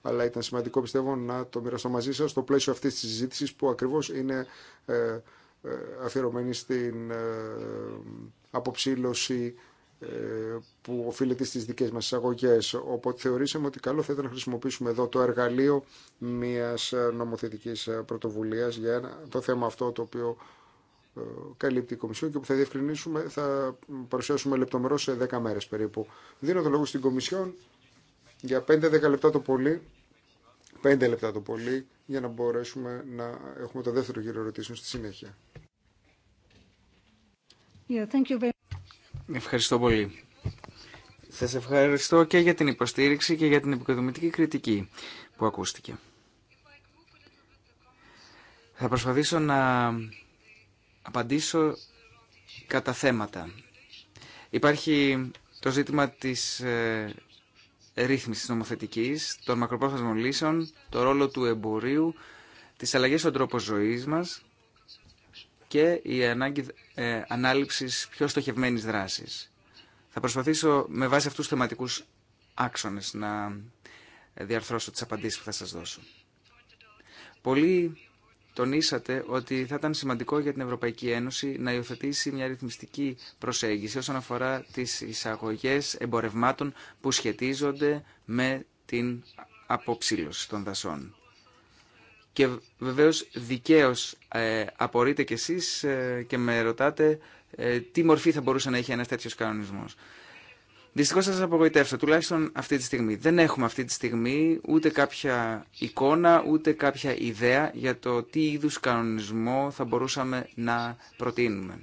Αλλά ήταν σημαντικό πιστεύω να το μοιραστώ μαζί σας στο πλαίσιο αυτής της συζήτησης που ακριβώς είναι ε, ε, αφιερωμένη στην αποψήλωση που οφείλεται στις δικές μας εισαγωγές. Οπότε θεωρήσαμε ότι καλό θα ήταν να χρησιμοποιήσουμε εδώ το εργαλείο μιας νομοθετικής πρωτοβουλίας για το θέμα αυτό το οποίο ε, καλύπτει η Κομισιόν και που θα διευκρινίσουμε, θα παρουσιάσουμε λεπτομερώς σε 10 μέρες περίπου. Δίνω το λόγο στην Κομισιόν για 5-10 λεπτά το πολύ, 5 λεπτά το πολύ, για να μπορέσουμε να έχουμε το δεύτερο γύρο ερωτήσεων στη συνέχεια.
Yeah, thank you very
Ευχαριστώ πολύ. Σα ευχαριστώ και για την υποστήριξη και για την επικοδομητική κριτική που ακούστηκε. Θα προσπαθήσω να απαντήσω κατά θέματα. Υπάρχει το ζήτημα της ε, ρύθμισης νομοθετικής, των μακροπρόθεσμων λύσεων, το ρόλο του εμπορίου, της αλλαγής στον τρόπο ζωής μας και η ανάγκη ε, ανάληψης πιο στοχευμένης δράσης. Θα προσπαθήσω με βάση αυτούς τους θεματικούς άξονες να ε, διαρθρώσω τις απαντήσεις που θα σας δώσω. Πολλοί τονίσατε ότι θα ήταν σημαντικό για την Ευρωπαϊκή Ένωση να υιοθετήσει μια ρυθμιστική προσέγγιση όσον αφορά τις εισαγωγές εμπορευμάτων που σχετίζονται με την αποψήλωση των δασών. Και βεβαίως δικαίως ε, απορείτε κι εσείς ε, και με ρωτάτε ε, τι μορφή θα μπορούσε να έχει ένας τέτοιος κανονισμός. Δυστυχώς θα σας απογοητεύσω, τουλάχιστον αυτή τη στιγμή. Δεν έχουμε αυτή τη στιγμή ούτε κάποια εικόνα, ούτε κάποια ιδέα για το τι είδους κανονισμό θα μπορούσαμε να προτείνουμε.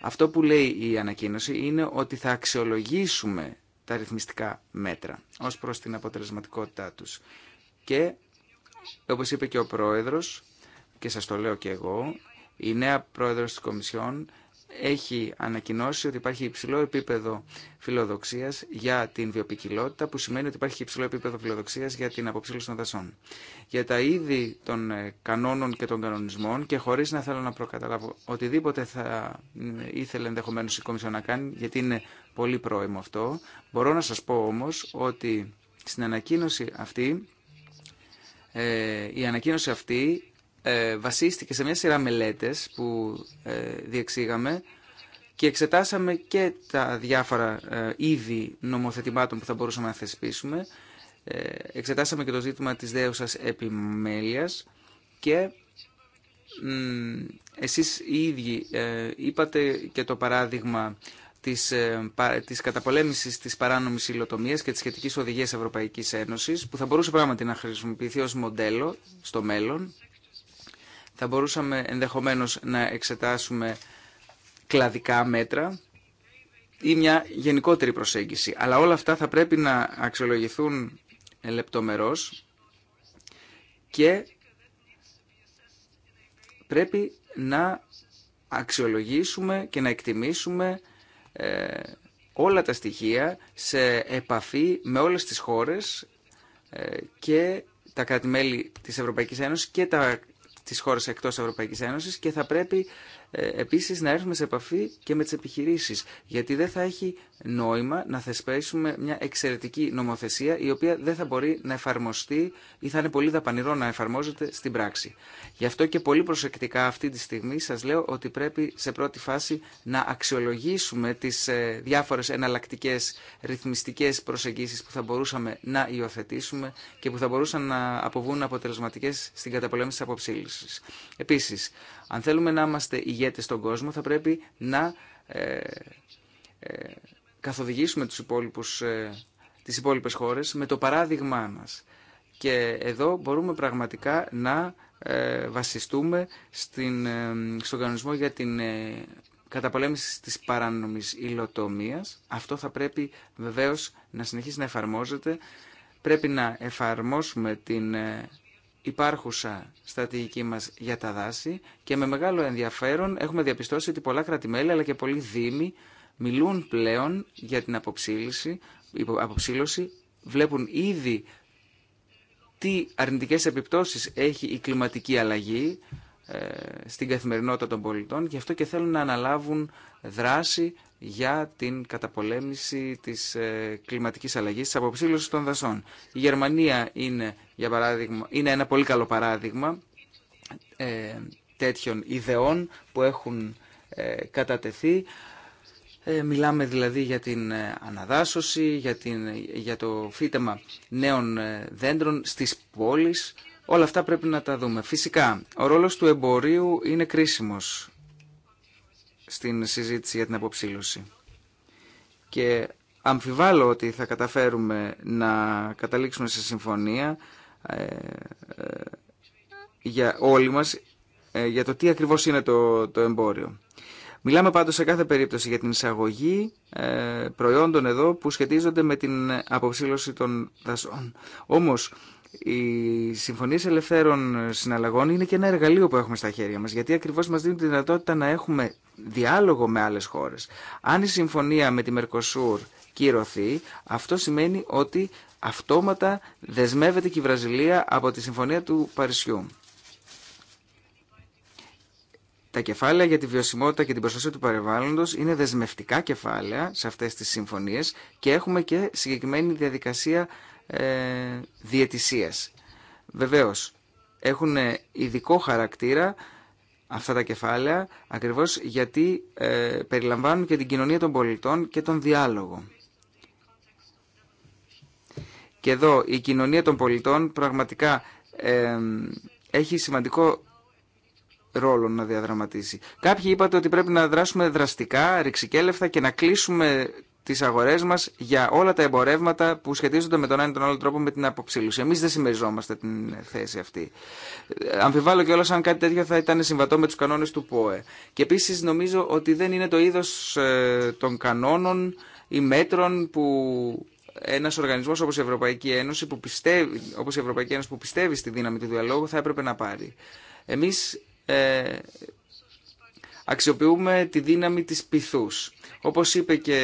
Αυτό που λέει η ανακοίνωση είναι ότι θα αξιολογήσουμε τα ρυθμιστικά μέτρα ως προς την αποτελεσματικότητά τους και όπως είπε και ο Πρόεδρος, και σας το λέω και εγώ, η νέα Πρόεδρος της Κομισιόν έχει ανακοινώσει ότι υπάρχει υψηλό επίπεδο φιλοδοξίας για την βιοπικιλότητα, που σημαίνει ότι υπάρχει υψηλό επίπεδο φιλοδοξίας για την αποψήλωση των δασών. Για τα είδη των ε, κανόνων και των κανονισμών, και χωρίς να θέλω να προκαταλάβω οτιδήποτε θα ε, ήθελε ενδεχομένω η Κομισιόν να κάνει, γιατί είναι πολύ πρόημο αυτό, μπορώ να σα πω όμω ότι στην ανακοίνωση αυτή ε, η ανακοίνωση αυτή ε, βασίστηκε σε μια σειρά μελέτες που ε, διεξήγαμε και εξετάσαμε και τα διάφορα είδη νομοθετημάτων που θα μπορούσαμε να θεσπίσουμε. Εξετάσαμε και το ζήτημα της δέουσας επιμέλειας και εσείς οι ίδιοι είπατε και το παράδειγμα της, ε, της καταπολέμησης της παράνομης υλοτομίας και της σχετικής οδηγίας Ευρωπαϊκής Ένωσης που θα μπορούσε πράγματι να χρησιμοποιηθεί ως μοντέλο στο μέλλον. Θα μπορούσαμε ενδεχομένως να εξετάσουμε κλαδικά μέτρα ή μια γενικότερη προσέγγιση. Αλλά όλα αυτά θα πρέπει να αξιολογηθούν ε, λεπτομερώς και πρέπει να αξιολογήσουμε και να εκτιμήσουμε ε, όλα τα στοιχεία σε επαφή με όλες τις χώρες ε, και τα κράτη-μέλη της Ευρωπαϊκής Ένωσης και τα, τις χώρες εκτός Ευρωπαϊκής Ένωσης και θα πρέπει ε, επίσης να έρθουμε σε επαφή και με τις επιχειρήσεις, γιατί δεν θα έχει νόημα να θεσπέσουμε μια εξαιρετική νομοθεσία η οποία δεν θα μπορεί να εφαρμοστεί ή θα είναι πολύ δαπανηρό να εφαρμόζεται στην πράξη. Γι' αυτό και πολύ προσεκτικά αυτή τη στιγμή σας λέω ότι πρέπει σε πρώτη φάση να αξιολογήσουμε τις ε, διάφορες εναλλακτικέ ρυθμιστικές προσεγγίσεις που θα μπορούσαμε να υιοθετήσουμε και που θα μπορούσαν να αποβούν αποτελεσματικές στην καταπολέμηση της αποψήλωση. Επίσης, αν θέλουμε να είμαστε ηγέτες στον κόσμο θα πρέπει να ε, ε, καθοδηγήσουμε τους υπόλοιπους, ε, τις υπόλοιπες χώρες με το παράδειγμά μας. Και εδώ μπορούμε πραγματικά να ε, βασιστούμε στην, ε, στον κανονισμό για την καταπολέμηση της παράνομης υλοτομίας. Αυτό θα πρέπει βεβαίως να συνεχίσει να εφαρμόζεται. Πρέπει να εφαρμόσουμε την υπάρχουσα στρατηγική μας για τα δάση και με μεγάλο ενδιαφέρον έχουμε διαπιστώσει ότι πολλά κρατημέλη αλλά και πολλοί δήμοι μιλούν πλέον για την αποψήλωση, αποψήλωση βλέπουν ήδη τι αρνητικές επιπτώσεις έχει η κλιματική αλλαγή ε, στην καθημερινότητα των πολιτών και αυτό και θέλουν να αναλάβουν δράση για την καταπολέμηση της ε, κλιματικής αλλαγής, της αποψήλωσης των δασών. Η Γερμανία είναι, για παράδειγμα, είναι ένα πολύ καλό παράδειγμα ε, τέτοιων ιδεών που έχουν ε, κατατεθεί. Ε, μιλάμε δηλαδή για την αναδάσωση, για, για το φύτεμα νέων δέντρων στις πόλεις. Όλα αυτά πρέπει να τα δούμε. Φυσικά, ο ρόλος του εμπορίου είναι κρίσιμος στην συζήτηση για την αποψήλωση. Και αμφιβάλλω ότι θα καταφέρουμε να καταλήξουμε σε συμφωνία ε, ε, για όλοι μας ε, για το τι ακριβώς είναι το, το εμπόριο. Μιλάμε πάντως σε κάθε περίπτωση για την εισαγωγή προϊόντων εδώ που σχετίζονται με την αποψήλωση των δασών. Όμως οι συμφωνίε ελευθέρων συναλλαγών είναι και ένα εργαλείο που έχουμε στα χέρια μα. γιατί ακριβώ μα δίνει τη δυνατότητα να έχουμε διάλογο με άλλε χώρε. Αν η συμφωνία με τη Μερκοσούρ κυρωθεί, αυτό σημαίνει ότι αυτόματα δεσμεύεται και η Βραζιλία από τη Συμφωνία του Παρισιού. Τα κεφάλαια για τη βιωσιμότητα και την προστασία του περιβάλλοντο είναι δεσμευτικά κεφάλαια σε αυτέ τι συμφωνίε και έχουμε και συγκεκριμένη διαδικασία ε, διαιτησίας. Βεβαίως, έχουν ειδικό χαρακτήρα αυτά τα κεφάλαια ακριβώς γιατί ε, περιλαμβάνουν και την κοινωνία των πολιτών και τον διάλογο. Και εδώ η κοινωνία των πολιτών πραγματικά ε, έχει σημαντικό ρόλο να διαδραματίσει. Κάποιοι είπατε ότι πρέπει να δράσουμε δραστικά, ρηξικέλευτα και να κλείσουμε τι αγορέ μα για όλα τα εμπορεύματα που σχετίζονται με τον ένα ή τον άλλο τρόπο με την αποψήλωση. Εμεί δεν συμμεριζόμαστε την θέση αυτή. Ε, αμφιβάλλω κιόλα αν κάτι τέτοιο θα ήταν συμβατό με του κανόνε του ΠΟΕ. Και επίση νομίζω ότι δεν είναι το είδο ε, των κανόνων ή μέτρων που ένας οργανισμός όπως η Ευρωπαϊκή Ένωση που ενα οργανισμο οπω η Ευρωπαϊκή Ένωση που πιστεύει στη δύναμη του διαλόγου θα έπρεπε να πάρει. Εμείς ε, Αξιοποιούμε τη δύναμη της πυθούς. Όπως είπε και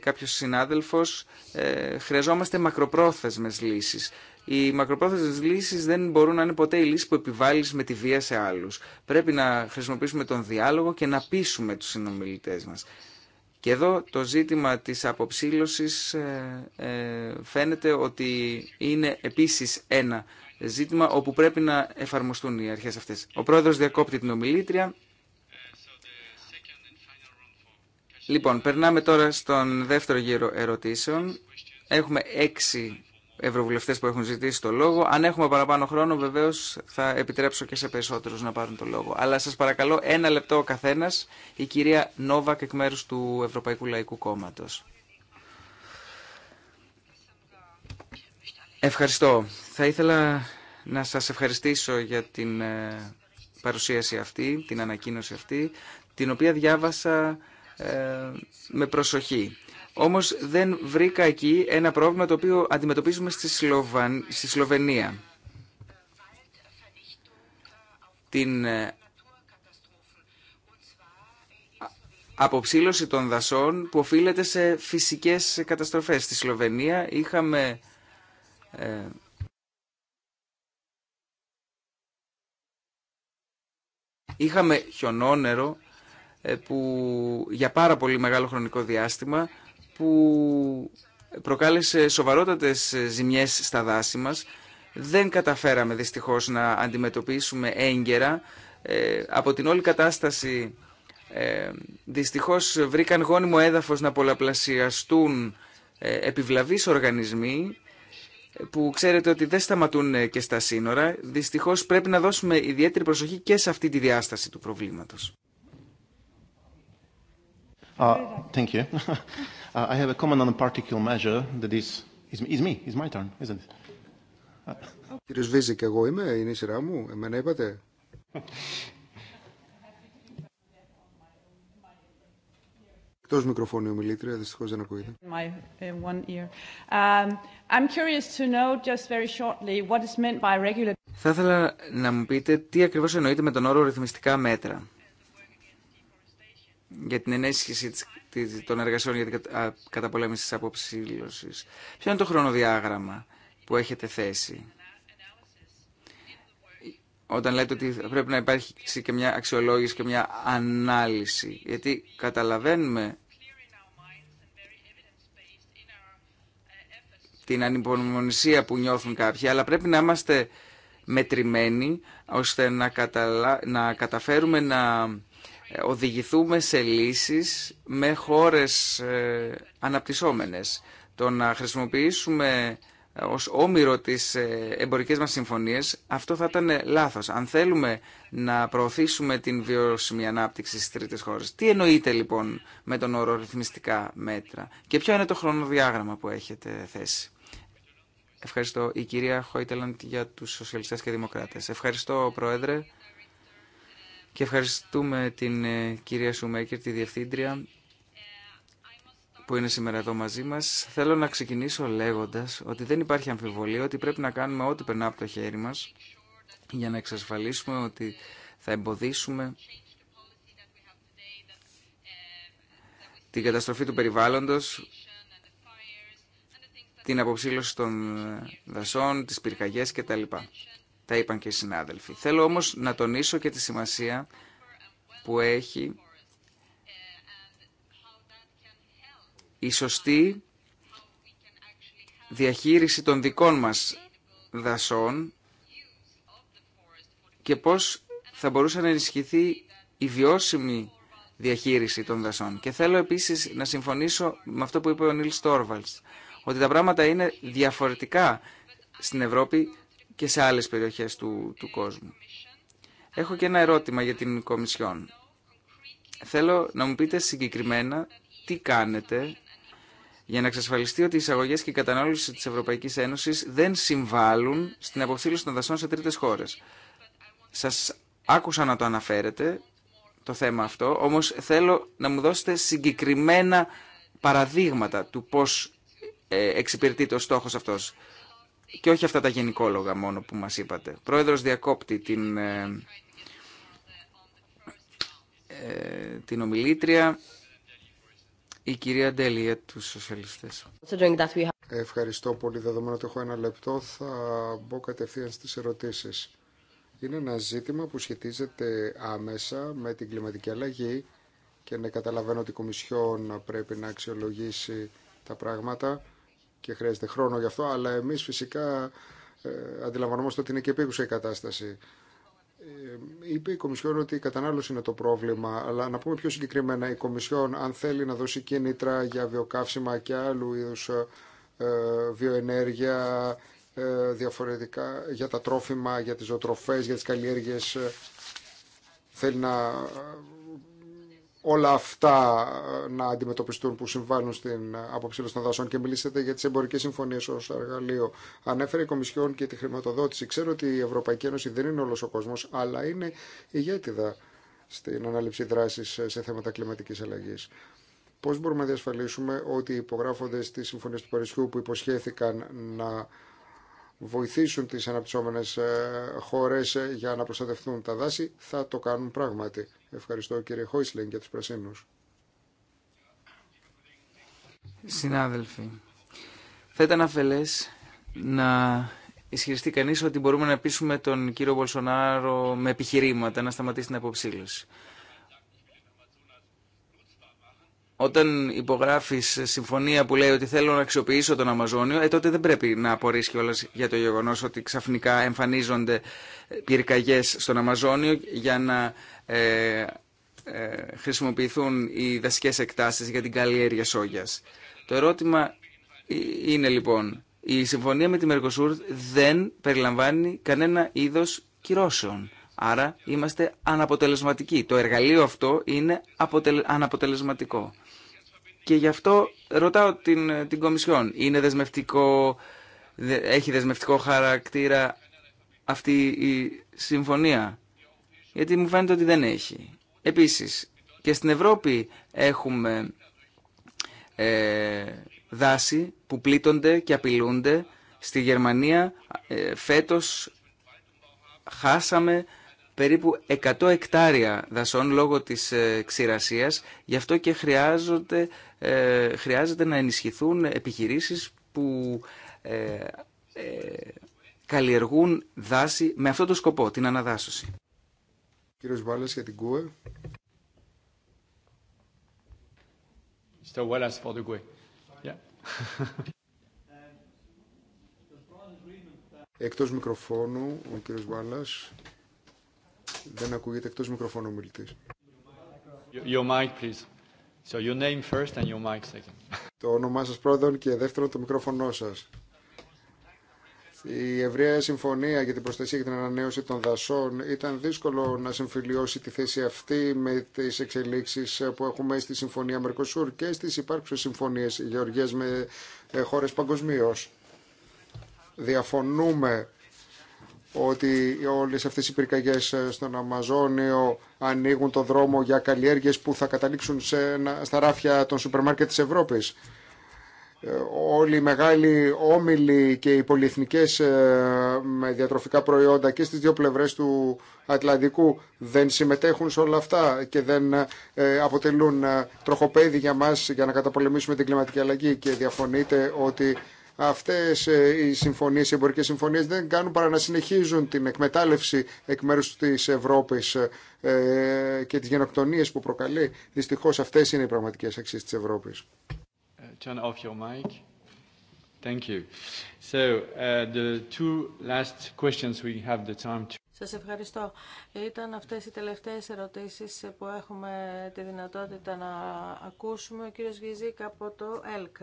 κάποιος συνάδελφος, ε, χρειαζόμαστε μακροπρόθεσμες λύσεις. Οι μακροπρόθεσμες λύσεις δεν μπορούν να είναι ποτέ η λύση που επιβάλλεις με τη βία σε άλλους. Πρέπει να χρησιμοποιήσουμε τον διάλογο και να πείσουμε τους συνομιλητές μας. Και εδώ το ζήτημα της αποψήλωσης ε, ε, φαίνεται ότι είναι επίσης ένα ζήτημα όπου πρέπει να εφαρμοστούν οι αρχές αυτές. Ο πρόεδρος διακόπτει την ομιλήτρια. Λοιπόν, περνάμε τώρα στον δεύτερο γύρο ερωτήσεων. Έχουμε έξι ευρωβουλευτέ που έχουν ζητήσει το λόγο. Αν έχουμε παραπάνω χρόνο, βεβαίω θα επιτρέψω και σε περισσότερου να πάρουν το λόγο. Αλλά σα παρακαλώ, ένα λεπτό ο καθένα. Η κυρία Νόβακ εκ μέρου του Ευρωπαϊκού Λαϊκού Κόμματο. Ευχαριστώ. Θα ήθελα να σας ευχαριστήσω για την ε, παρουσίαση αυτή, την ανακοίνωση αυτή, την οποία διάβασα ε, με προσοχή. Όμως δεν βρήκα εκεί ένα πρόβλημα το οποίο αντιμετωπίζουμε στη, Σλοβαν, στη Σλοβενία. Την ε, αποψήλωση των δασών που οφείλεται σε φυσικές καταστροφές. Στη Σλοβενία είχαμε... Ε, είχαμε χιονόνερο ε, που για πάρα πολύ μεγάλο χρονικό διάστημα που προκάλεσε σοβαρότατες ζημιές στα δάση μας. Δεν καταφέραμε δυστυχώς να αντιμετωπίσουμε έγκαιρα. Ε, από την όλη κατάσταση ε, δυστυχώς βρήκαν γόνιμο έδαφος να πολλαπλασιαστούν ε, επιβλαβείς οργανισμοί που ξέρετε ότι δεν σταματούν και στα σύνορα. Δυστυχώς πρέπει να δώσουμε ιδιαίτερη προσοχή και σε αυτή τη διάσταση του προβλήματος.
Uh, Thank you. Uh, I have a comment on a particular
measure that is, is, is me, is my turn, isn't it? Uh. Βίζη, και εγώ είμαι, είναι η σειρά μου, εμένα είπατε. Εκτός μικροφώνου ομιλήτρια, δυστυχώς δεν ακούγεται.
My one ear. Um, I'm curious to know just very shortly what is meant by regular...
Θα ήθελα να μου πείτε τι ακριβώς εννοείται με τον όρο ρυθμιστικά μέτρα για την ενέσχυση των εργασιών για την καταπολέμηση της αποψήλωσης. Ποιο είναι το χρονοδιάγραμμα που έχετε θέσει. Όταν λέτε ότι πρέπει να υπάρχει και μια αξιολόγηση και μια ανάλυση. Γιατί καταλαβαίνουμε την ανυπομονησία που νιώθουν κάποιοι, αλλά πρέπει να είμαστε μετρημένοι ώστε να, να καταφέρουμε να ε, οδηγηθούμε σε λύσεις με χώρες ε, αναπτυσσόμενες. Το να χρησιμοποιήσουμε ε, ως όμοιρο τις εμπορικές μας συμφωνίες, αυτό θα ήταν λάθος. Αν θέλουμε να προωθήσουμε την βιώσιμη ανάπτυξη στις τρίτες χώρες, τι εννοείται λοιπόν με τον όρο ρυθμιστικά μέτρα και ποιο είναι το χρονοδιάγραμμα που έχετε θέσει. Ευχαριστώ η κυρία Χόιτελαντ για τους σοσιαλιστές και δημοκράτες. Ευχαριστώ Πρόεδρε. Και ευχαριστούμε την ε, κυρία Σουμέκερ, τη Διευθύντρια, που είναι σήμερα εδώ μαζί μας. Θέλω να ξεκινήσω λέγοντας ότι δεν υπάρχει αμφιβολία ότι πρέπει να κάνουμε ό,τι περνά από το χέρι μας για να εξασφαλίσουμε ότι θα εμποδίσουμε την καταστροφή του περιβάλλοντος, την αποψήλωση των ε, δασών, τις πυρκαγιές κτλ. Τα είπαν και οι συνάδελφοι. Θέλω όμως να τονίσω και τη σημασία που έχει η σωστή διαχείριση των δικών μας δασών και πώς θα μπορούσε να ενισχυθεί η βιώσιμη διαχείριση των δασών. Και θέλω επίσης να συμφωνήσω με αυτό που είπε ο Νίλ Στόρβαλτς, ότι τα πράγματα είναι διαφορετικά στην Ευρώπη και σε άλλες περιοχές του, του κόσμου. Έχω και ένα ερώτημα για την Κομισιόν. Θέλω να μου πείτε συγκεκριμένα τι κάνετε για να εξασφαλιστεί ότι οι εισαγωγές και η κατανάλωση της Ευρωπαϊκής Ένωσης δεν συμβάλλουν στην αποφύλωση των δασών σε τρίτες χώρες. Σας άκουσα να το αναφέρετε, το θέμα αυτό, όμως θέλω να μου δώσετε συγκεκριμένα παραδείγματα του πώς ε, εξυπηρετείται ο στόχος και όχι αυτά τα γενικόλογα μόνο που μας είπατε. Πρόεδρος διακόπτη την, ε, ε την ομιλήτρια η κυρία Ντέλη για τους σοσιαλιστές.
Ευχαριστώ πολύ. Δεδομένου ότι έχω ένα λεπτό θα μπω κατευθείαν στις ερωτήσεις. Είναι ένα ζήτημα που σχετίζεται άμεσα με την κλιματική αλλαγή και να καταλαβαίνω ότι η Κομισιόν πρέπει να αξιολογήσει τα πράγματα και χρειάζεται χρόνο γι' αυτό, αλλά εμείς φυσικά ε, αντιλαμβανόμαστε ότι είναι και επίγουσα η κατάσταση. Ε, είπε η Κομισιόν ότι η κατανάλωση είναι το πρόβλημα, αλλά να πούμε πιο συγκεκριμένα, η Κομισιόν αν θέλει να δώσει κίνητρα για βιοκαύσιμα και άλλου είδους ε, βιοενέργεια, διαφορετικά για τα τρόφιμα, για τις ζωοτροφές, για τις καλλιέργειες, θέλει να όλα αυτά ε, να αντιμετωπιστούν που συμβάνουν στην αποψήλωση ε, των δασών και μιλήσατε για τι εμπορικέ συμφωνίε ω εργαλείο. Ανέφερε η Κομισιόν και τη χρηματοδότηση. Ξέρω ότι η Ευρωπαϊκή Ένωση δεν είναι όλο ο κόσμο, αλλά είναι ηγέτιδα στην ανάληψη δράση ε, σε θέματα κλιματική αλλαγή. Πώ μπορούμε να διασφαλίσουμε ότι οι υπογράφοντε τη Συμφωνία του Παρισιού που υποσχέθηκαν να βοηθήσουν τις αναπτυσσόμενες ε, χώρες ε, για να προστατευτούν τα δάση, θα το κάνουν πράγματι. Ευχαριστώ κύριε Χόισλεν για τους πρασίνους.
Συνάδελφοι, θα ήταν αφελές να ισχυριστεί κανείς ότι μπορούμε να πείσουμε τον κύριο Μπολσονάρο με επιχειρήματα να σταματήσει την αποψήλωση όταν υπογράφει συμφωνία που λέει ότι θέλω να αξιοποιήσω τον Αμαζόνιο, ε, τότε δεν πρέπει να απορρίσει κιόλα για το γεγονό ότι ξαφνικά εμφανίζονται πυρκαγιέ στον Αμαζόνιο για να ε, ε, χρησιμοποιηθούν οι δασικέ εκτάσει για την καλλιέργεια σόγια. Το ερώτημα είναι λοιπόν, η συμφωνία με τη Μερκοσούρ δεν περιλαμβάνει κανένα είδο κυρώσεων. Άρα είμαστε αναποτελεσματικοί. Το εργαλείο αυτό είναι αποτελε... αναποτελεσματικό. Και γι' αυτό ρωτάω την, την Κομισιόν. Είναι δεσμευτικό, έχει δεσμευτικό χαρακτήρα αυτή η συμφωνία. Γιατί μου φαίνεται ότι δεν έχει. Επίσης, και στην Ευρώπη έχουμε ε, δάση που πλήττονται και απειλούνται. Στη Γερμανία ε, φέτος χάσαμε περίπου 100 εκτάρια δασών λόγω της ε, ξηρασίας, γι' αυτό και χρειάζονται, ε, χρειάζεται να ενισχυθούν επιχειρήσεις που ε, ε, καλλιεργούν δάση με αυτό το σκοπό, την αναδάσωση.
Κύριος Βάλλας για την ΚΟΕ. Εκτός μικροφώνου, ο κύριος Βάλλας. Δεν ακούγεται εκτός μικροφώνου μιλητής.
Your mic, please. So your name
first and your mic second. Το όνομά σας πρώτον και δεύτερον το μικρόφωνο σας. Η ευρεία συμφωνία για την προστασία και την ανανέωση των δασών ήταν δύσκολο να συμφιλειώσει τη θέση αυτή με τις εξελίξεις που έχουμε στη Συμφωνία Μερκοσούρ και στις υπάρξεις συμφωνίες γεωργίας με ε, χώρες παγκοσμίω. Διαφωνούμε ότι όλες αυτές οι πυρκαγιές ε, στον Αμαζόνιο ανοίγουν το δρόμο για καλλιέργειες που θα καταλήξουν σε, στα ράφια των σούπερ μάρκετ της Ευρώπης. Ε, όλοι οι μεγάλοι όμιλοι και οι πολυεθνικές ε, με διατροφικά προϊόντα και στις δύο πλευρές του Ατλαντικού δεν συμμετέχουν σε όλα αυτά και δεν αποτελούν τροχοπέδι για μας για να καταπολεμήσουμε την κλιματική αλλαγή και διαφωνείτε ότι αυτές ε, οι συμφωνίε, οι εμπορικέ συμφωνίε δεν κάνουν παρά να συνεχίζουν την εκμετάλλευση εκ μέρους της Ευρώπης ε, και τι γενοκτονίε που προκαλεί. Δυστυχώς αυτές είναι οι πραγματικές αξίε τη Ευρώπη.
Ε, turn off your mic. Thank you. So, the two last questions we have the time to...
Σας ευχαριστώ. Ήταν αυτές οι τελευταίες ερωτήσεις που έχουμε τη δυνατότητα να ακούσουμε. Ο κύριος Γιζίκ από το ΕΛΚ.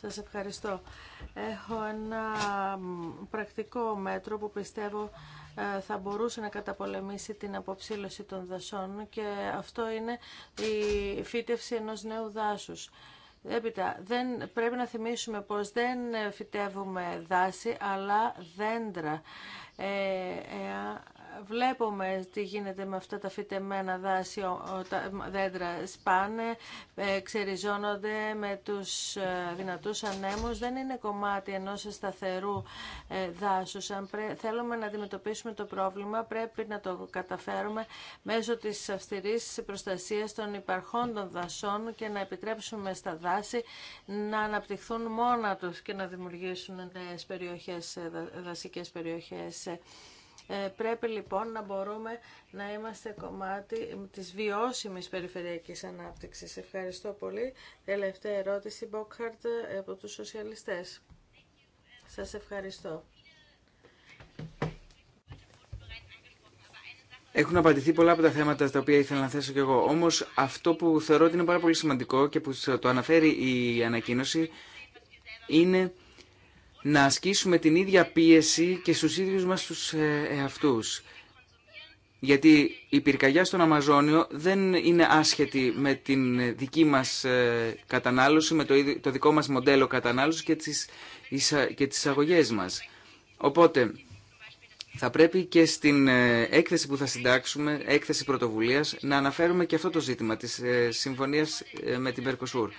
Σας ευχαριστώ. Έχω ένα πρακτικό μέτρο που πιστεύω ε, θα μπορούσε να καταπολεμήσει την αποψήλωση των δασών και αυτό είναι η φύτευση ενός νέου δάσους. Έπειτα, δεν, πρέπει να θυμίσουμε πως δεν φυτεύουμε δάση, αλλά δέντρα. Ε, βλέπουμε τι γίνεται με αυτά τα φυτεμένα δάση, τα δέντρα σπάνε, ε, ξεριζώνονται με τους ε, δυνατούς ανέμους. Δεν είναι κομμάτι ενός σταθερού ε, δάσους. Αν θέλουμε να αντιμετωπίσουμε το πρόβλημα, πρέπει να το καταφέρουμε μέσω της αυστηρής προστασίας των υπαρχών των δασών και να επιτρέψουμε στα δάση να αναπτυχθούν μόνα τους και να δημιουργήσουν νέες περιοχές, δασικές περιοχές. Ε, πρέπει λοιπόν να μπορούμε να είμαστε κομμάτι της βιώσιμης περιφερειακής ανάπτυξης. Ευχαριστώ πολύ. Τελευταία ερώτηση, Μπόκχαρτ, από τους σοσιαλιστές. Σας ευχαριστώ.
Έχουν απαντηθεί πολλά από τα θέματα στα οποία ήθελα να θέσω κι εγώ. Όμω αυτό που θεωρώ ότι είναι πάρα πολύ σημαντικό και που το αναφέρει η ανακοίνωση είναι να ασκήσουμε την ίδια πίεση και στους ίδιους μας τους ε, εαυτούς. Γιατί η πυρκαγιά στον Αμαζόνιο δεν είναι άσχετη με την δική μας ε, κατανάλωση, με το δικό μας μοντέλο κατανάλωση και τις, και τις μας. Οπότε, θα πρέπει και στην ε, έκθεση που θα συντάξουμε, έκθεση πρωτοβουλίας, να αναφέρουμε και αυτό το ζήτημα της συμφωνίας με την Περκοσούρ.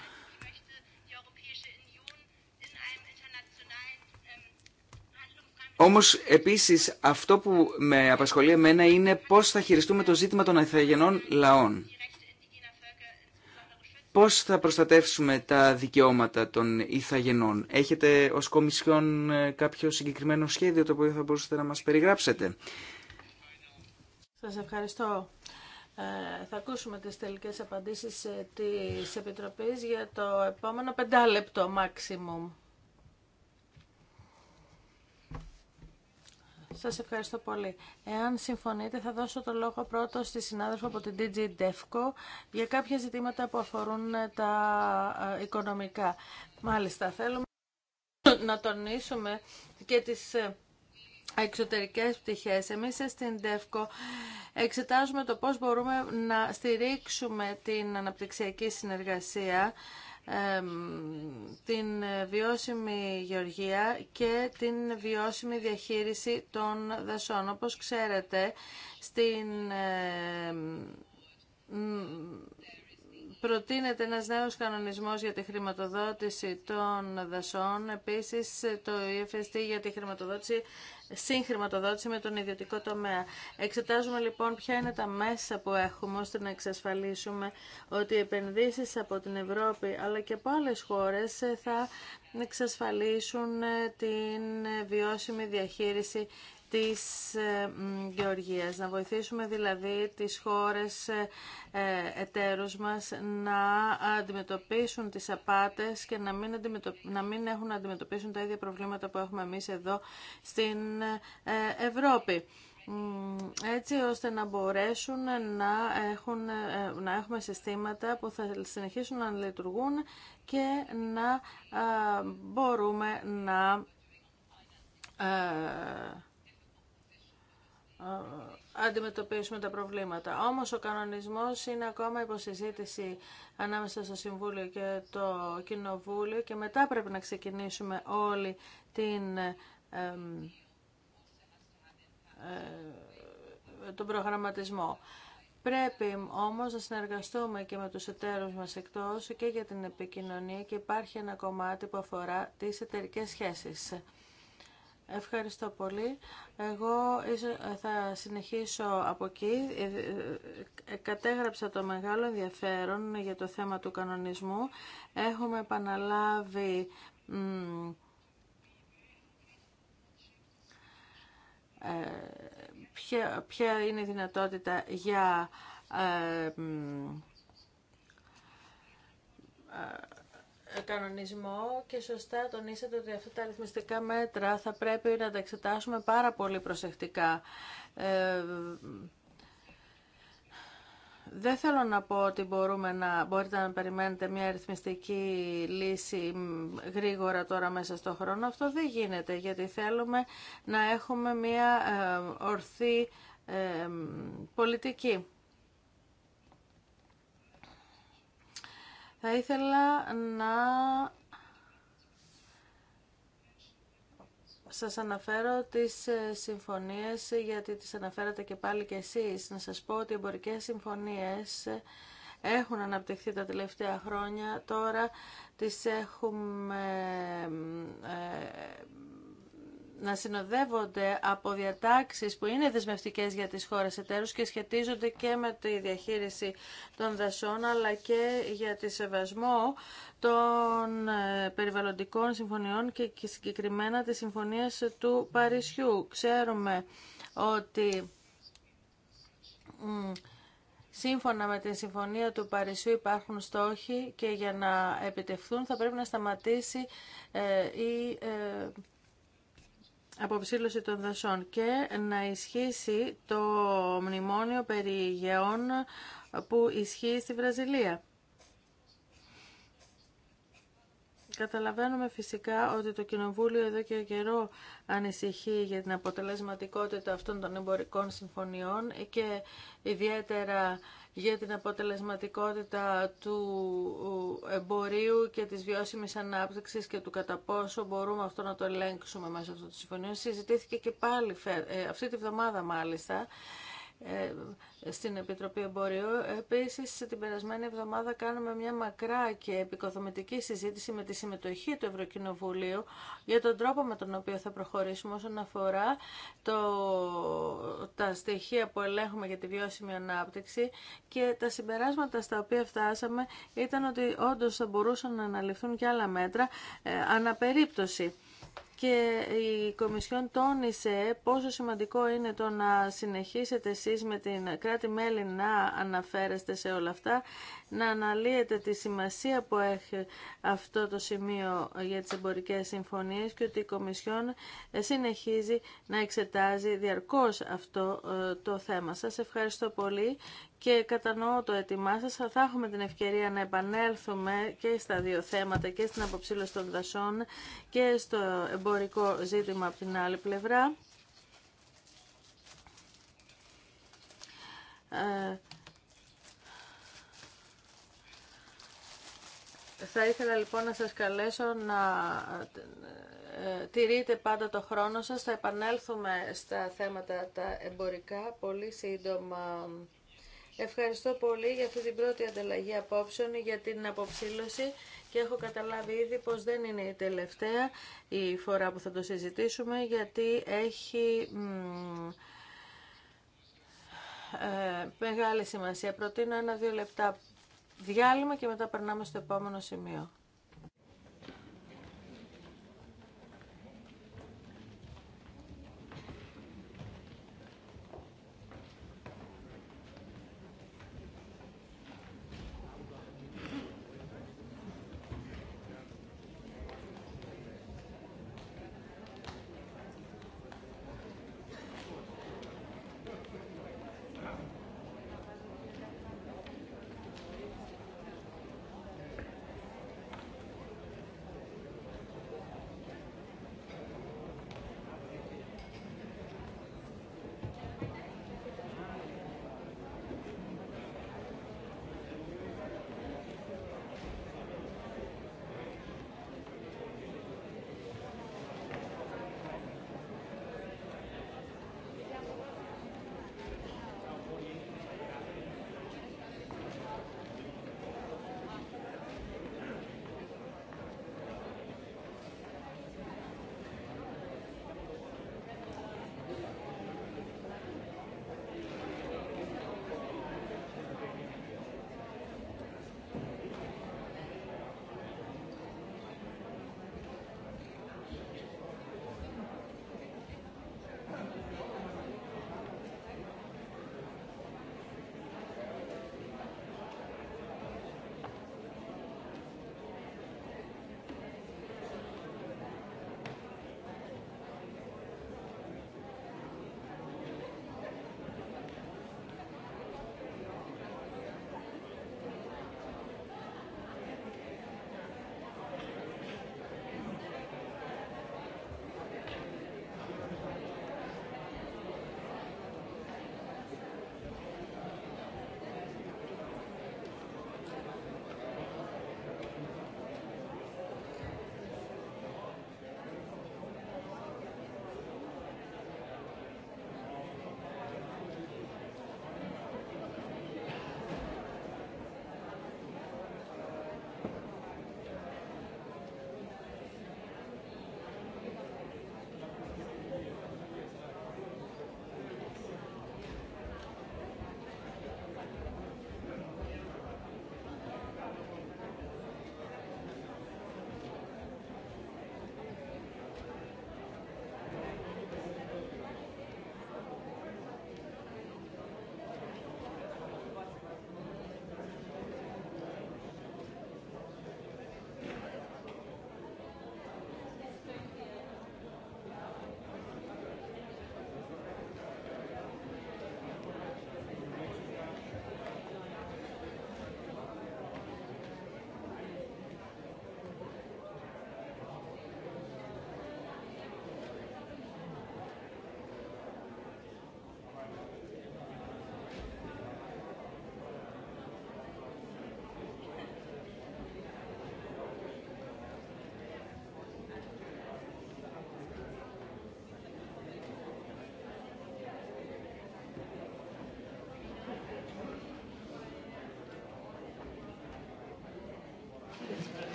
Όμως επίσης αυτό που με απασχολεί εμένα είναι πώς θα χειριστούμε το ζήτημα των αιθαγενών λαών. Πώς θα προστατεύσουμε τα δικαιώματα των ηθαγενών. Έχετε ως Κομισιόν ε, κάποιο συγκεκριμένο σχέδιο το οποίο θα μπορούσατε να μας περιγράψετε.
Σας ευχαριστώ. Ε, θα ακούσουμε τις τελικές απαντήσεις ε, της Επιτροπής για το επόμενο πεντάλεπτο maximum. Σας ευχαριστώ πολύ. Εάν συμφωνείτε θα δώσω το λόγο πρώτο στη συνάδελφο από την DG DEFCO για κάποια ζητήματα που αφορούν ε, τα ε, οικονομικά. Μάλιστα, θέλουμε να τονίσουμε και τις ε, εξωτερικές πτυχές. Εμείς στην DEFCO εξετάζουμε το πώς μπορούμε να στηρίξουμε την αναπτυξιακή συνεργασία την βιώσιμη γεωργία και την βιώσιμη διαχείριση των δασών. Όπως ξέρετε, στην Προτείνεται ένας νέος κανονισμός για τη χρηματοδότηση των δασών, επίσης το EFST για τη χρηματοδότηση, συγχρηματοδότηση με τον ιδιωτικό τομέα. Εξετάζουμε λοιπόν ποια είναι τα μέσα που έχουμε ώστε να εξασφαλίσουμε ότι οι επενδύσεις από την Ευρώπη αλλά και από άλλες χώρες θα εξασφαλίσουν την βιώσιμη διαχείριση της ε, Γεωργίας. Να βοηθήσουμε δηλαδή τις χώρες ε, ε, εταίρους μας να αντιμετωπίσουν τις απάτες και να μην, να έχουν να αντιμετωπίσουν τα ίδια προβλήματα που έχουμε εμείς εδώ στην Ευρώπη έτσι ώστε να μπορέσουν να, έχουν, να έχουμε συστήματα που θα συνεχίσουν να λειτουργούν και να μπορούμε να αντιμετωπίσουμε τα προβλήματα. Όμως ο κανονισμός είναι ακόμα υποσυζήτηση ανάμεσα στο Συμβούλιο και το Κοινοβούλιο και μετά πρέπει να ξεκινήσουμε όλη την, ε, τον προγραμματισμό. Πρέπει όμως να συνεργαστούμε και με τους εταίρους μας εκτός και για την επικοινωνία και υπάρχει ένα κομμάτι που αφορά τις εταιρικές σχέσεις. Ευχαριστώ πολύ. Εγώ θα συνεχίσω από εκεί. Ε, ε, κατέγραψα το μεγάλο ενδιαφέρον για το θέμα του κανονισμού. Έχουμε επαναλάβει ε, ποια, ποια είναι η δυνατότητα για κανονισμό και σωστά τονίσατε ότι αυτά τα αριθμιστικά μέτρα θα πρέπει να τα εξετάσουμε πάρα πολύ προσεκτικά. Ε, δεν θέλω να πω ότι μπορούμε να, μπορείτε να περιμένετε μια αριθμιστική λύση γρήγορα τώρα μέσα στο χρόνο. Αυτό δεν γίνεται γιατί θέλουμε να έχουμε μια ε, ορθή ε, πολιτική. Θα ήθελα να σας αναφέρω τις ε, συμφωνίες, ε, γιατί τις αναφέρατε και πάλι και εσείς. Να σας πω ότι οι εμπορικές συμφωνίες ε, έχουν αναπτυχθεί τα τελευταία χρόνια. Τώρα τις έχουμε να συνοδεύονται από διατάξεις που είναι δεσμευτικές για τις χώρες εταίρους και σχετίζονται και με τη διαχείριση των δασών αλλά και για τη σεβασμό των ε, περιβαλλοντικών συμφωνιών και συγκεκριμένα της συμφωνίας του Παρισιού. Ξέρουμε ότι Σύμφωνα με τη Συμφωνία του Παρισιού υπάρχουν στόχοι και για να επιτευχθούν θα πρέπει να σταματήσει ε, η ε, αποψήλωση των δασών και να ισχύσει το μνημόνιο περί που ισχύει στη Βραζιλία. Καταλαβαίνουμε φυσικά ότι το Κοινοβούλιο εδώ και καιρό ανησυχεί για την αποτελεσματικότητα αυτών των εμπορικών συμφωνιών και ιδιαίτερα για την αποτελεσματικότητα του εμπορίου και της βιώσιμης ανάπτυξης και του κατά πόσο μπορούμε αυτό να το ελέγξουμε μέσα αυτό το συμφωνίο. Συζητήθηκε και πάλι ε, αυτή τη βδομάδα μάλιστα ε, στην Επιτροπή Εμπορίου. Επίσης, την περασμένη εβδομάδα κάναμε μια μακρά και επικοδομητική συζήτηση με τη συμμετοχή του Ευρωκοινοβουλίου για τον τρόπο με τον οποίο θα προχωρήσουμε όσον αφορά το, τα στοιχεία που ελέγχουμε για τη βιώσιμη ανάπτυξη και τα συμπεράσματα στα οποία φτάσαμε ήταν ότι όντως θα μπορούσαν να αναλυθούν και άλλα μέτρα ε, αναπερίπτωση και η Κομισιόν τόνισε πόσο σημαντικό είναι το να συνεχίσετε εσείς με την κράτη-μέλη να αναφέρεστε σε όλα αυτά να αναλύεται τη σημασία που έχει αυτό το σημείο για τις εμπορικές συμφωνίες και ότι η Κομισιόν συνεχίζει να εξετάζει διαρκώς αυτό ε, το θέμα. Σας ευχαριστώ πολύ και κατανοώ το έτοιμά σα. Θα έχουμε την ευκαιρία να επανέλθουμε και στα δύο θέματα και στην αποψήλωση των δασών και στο εμπορικό ζήτημα από την άλλη πλευρά. Ε, Θα ήθελα λοιπόν να σας καλέσω να ε, τηρείτε πάντα το χρόνο σας. Θα επανέλθουμε στα θέματα τα εμπορικά πολύ σύντομα. Ευχαριστώ πολύ για αυτή την πρώτη ανταλλαγή απόψεων για την αποψήλωση και έχω καταλάβει ήδη πως δεν είναι η τελευταία η φορά που θα το συζητήσουμε γιατί έχει ε, μεγάλη σημασία. Προτείνω ένα-δύο λεπτά διάλειμμα και μετά περνάμε στο επόμενο σημείο.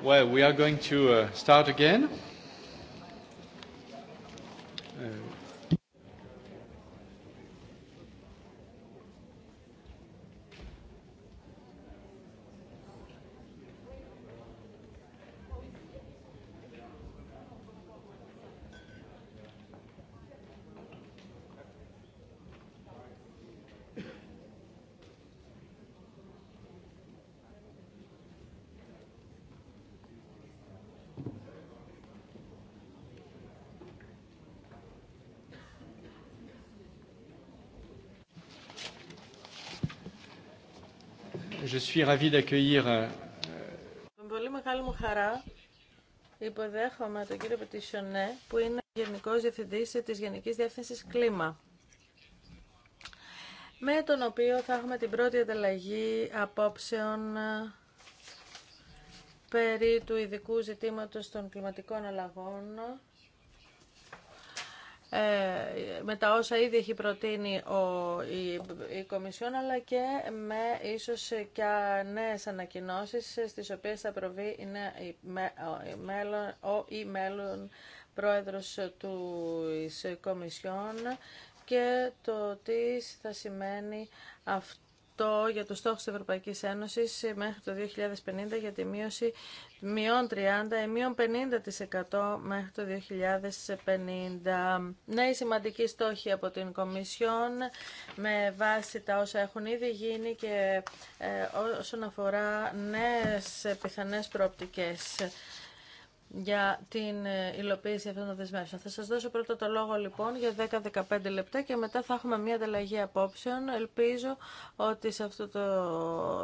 Well, we are going to start again. Je suis ravi d'accueillir. Euh,
μου τον κύριο Πετισιονέ, που είναι Γενικός διευθυντή της Γενικής Διεύθυνσης Κλίμα με τον οποίο θα έχουμε την πρώτη ανταλλαγή απόψεων ε, περί του ειδικού ζητήματος των κλιματικών αλλαγών ε, με τα όσα ήδη έχει προτείνει ο, η, η Κομισιόν αλλά και με ίσως και νέες ανακοινώσεις στις οποίες θα προβεί η, ο ή μέλλον πρόεδρος του Κομισιόν και το τι θα σημαίνει αυτό για τους στόχους της Ευρωπαϊκής Ένωσης μέχρι το 2050 για τη μείωση μειών 30 ή μειών 50% μέχρι το 2050. Νέοι ναι, σημαντικοί στόχοι από την Κομισιόν με βάση τα όσα έχουν ήδη γίνει και ε, όσον αφορά νέες πιθανές προοπτικές για την ε, υλοποίηση αυτών των δεσμεύσεων. Θα σας δώσω πρώτα το λόγο λοιπόν για 10-15 λεπτά και μετά θα έχουμε μια ανταλλαγή απόψεων. Ελπίζω ότι σε αυτό το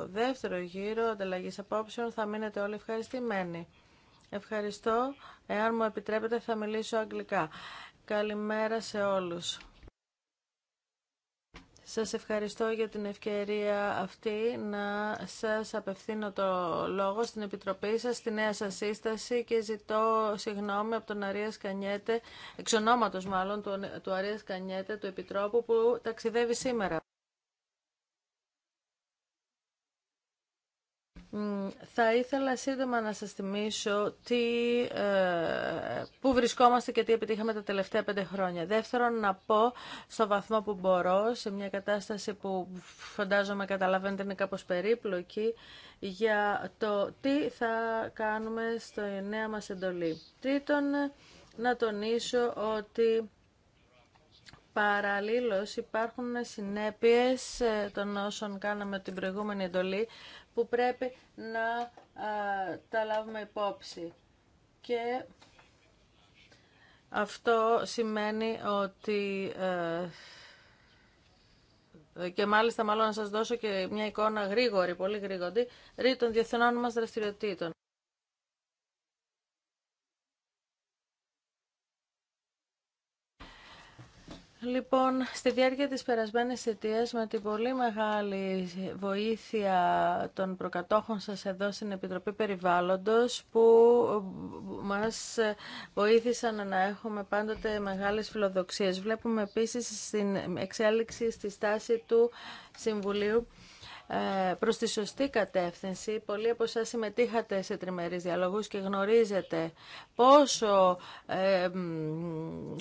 δεύτερο γύρο ανταλλαγή απόψεων θα μείνετε όλοι ευχαριστημένοι. Ευχαριστώ. Εάν μου επιτρέπετε θα μιλήσω αγγλικά. Καλημέρα σε όλους. Σας ευχαριστώ για την ευκαιρία αυτή να σας απευθύνω το λόγο στην Επιτροπή σας, στη νέα σας σύσταση και ζητώ συγγνώμη από τον Αρία Σκανιέτε, εξ μάλλον μάλλον του Αρία Σκανιέτε, του Επιτρόπου που ταξιδεύει σήμερα. Θα ήθελα σύντομα να σας θυμίσω τι, ε, πού βρισκόμαστε και τι επιτύχαμε τα τελευταία πέντε χρόνια. Δεύτερον, να πω στο βαθμό που μπορώ, σε μια κατάσταση που φαντάζομαι καταλαβαίνετε είναι κάπως περίπλοκη, για το τι θα κάνουμε στο νέα μας εντολή. Τρίτον, να τονίσω ότι παραλλήλως υπάρχουν συνέπειες ε, των όσων κάναμε την προηγούμενη εντολή που πρέπει να α, τα λάβουμε υπόψη. Και αυτό σημαίνει ότι... Ε, και μάλιστα μάλλον να σας δώσω και μια εικόνα γρήγορη, πολύ γρήγορη, των διεθνών μας δραστηριοτήτων. Λοιπόν, στη διάρκεια της περασμένης θητείας με την πολύ μεγάλη βοήθεια των προκατόχων σας εδώ στην Επιτροπή Περιβάλλοντος που μας βοήθησαν να έχουμε πάντοτε μεγάλες φιλοδοξίες. Βλέπουμε επίσης στην εξέλιξη στη στάση του Συμβουλίου ε, προς τη σωστή κατεύθυνση. Πολλοί από εσάς συμμετείχατε σε τριμερείς διαλογούς και γνωρίζετε πόσο ε,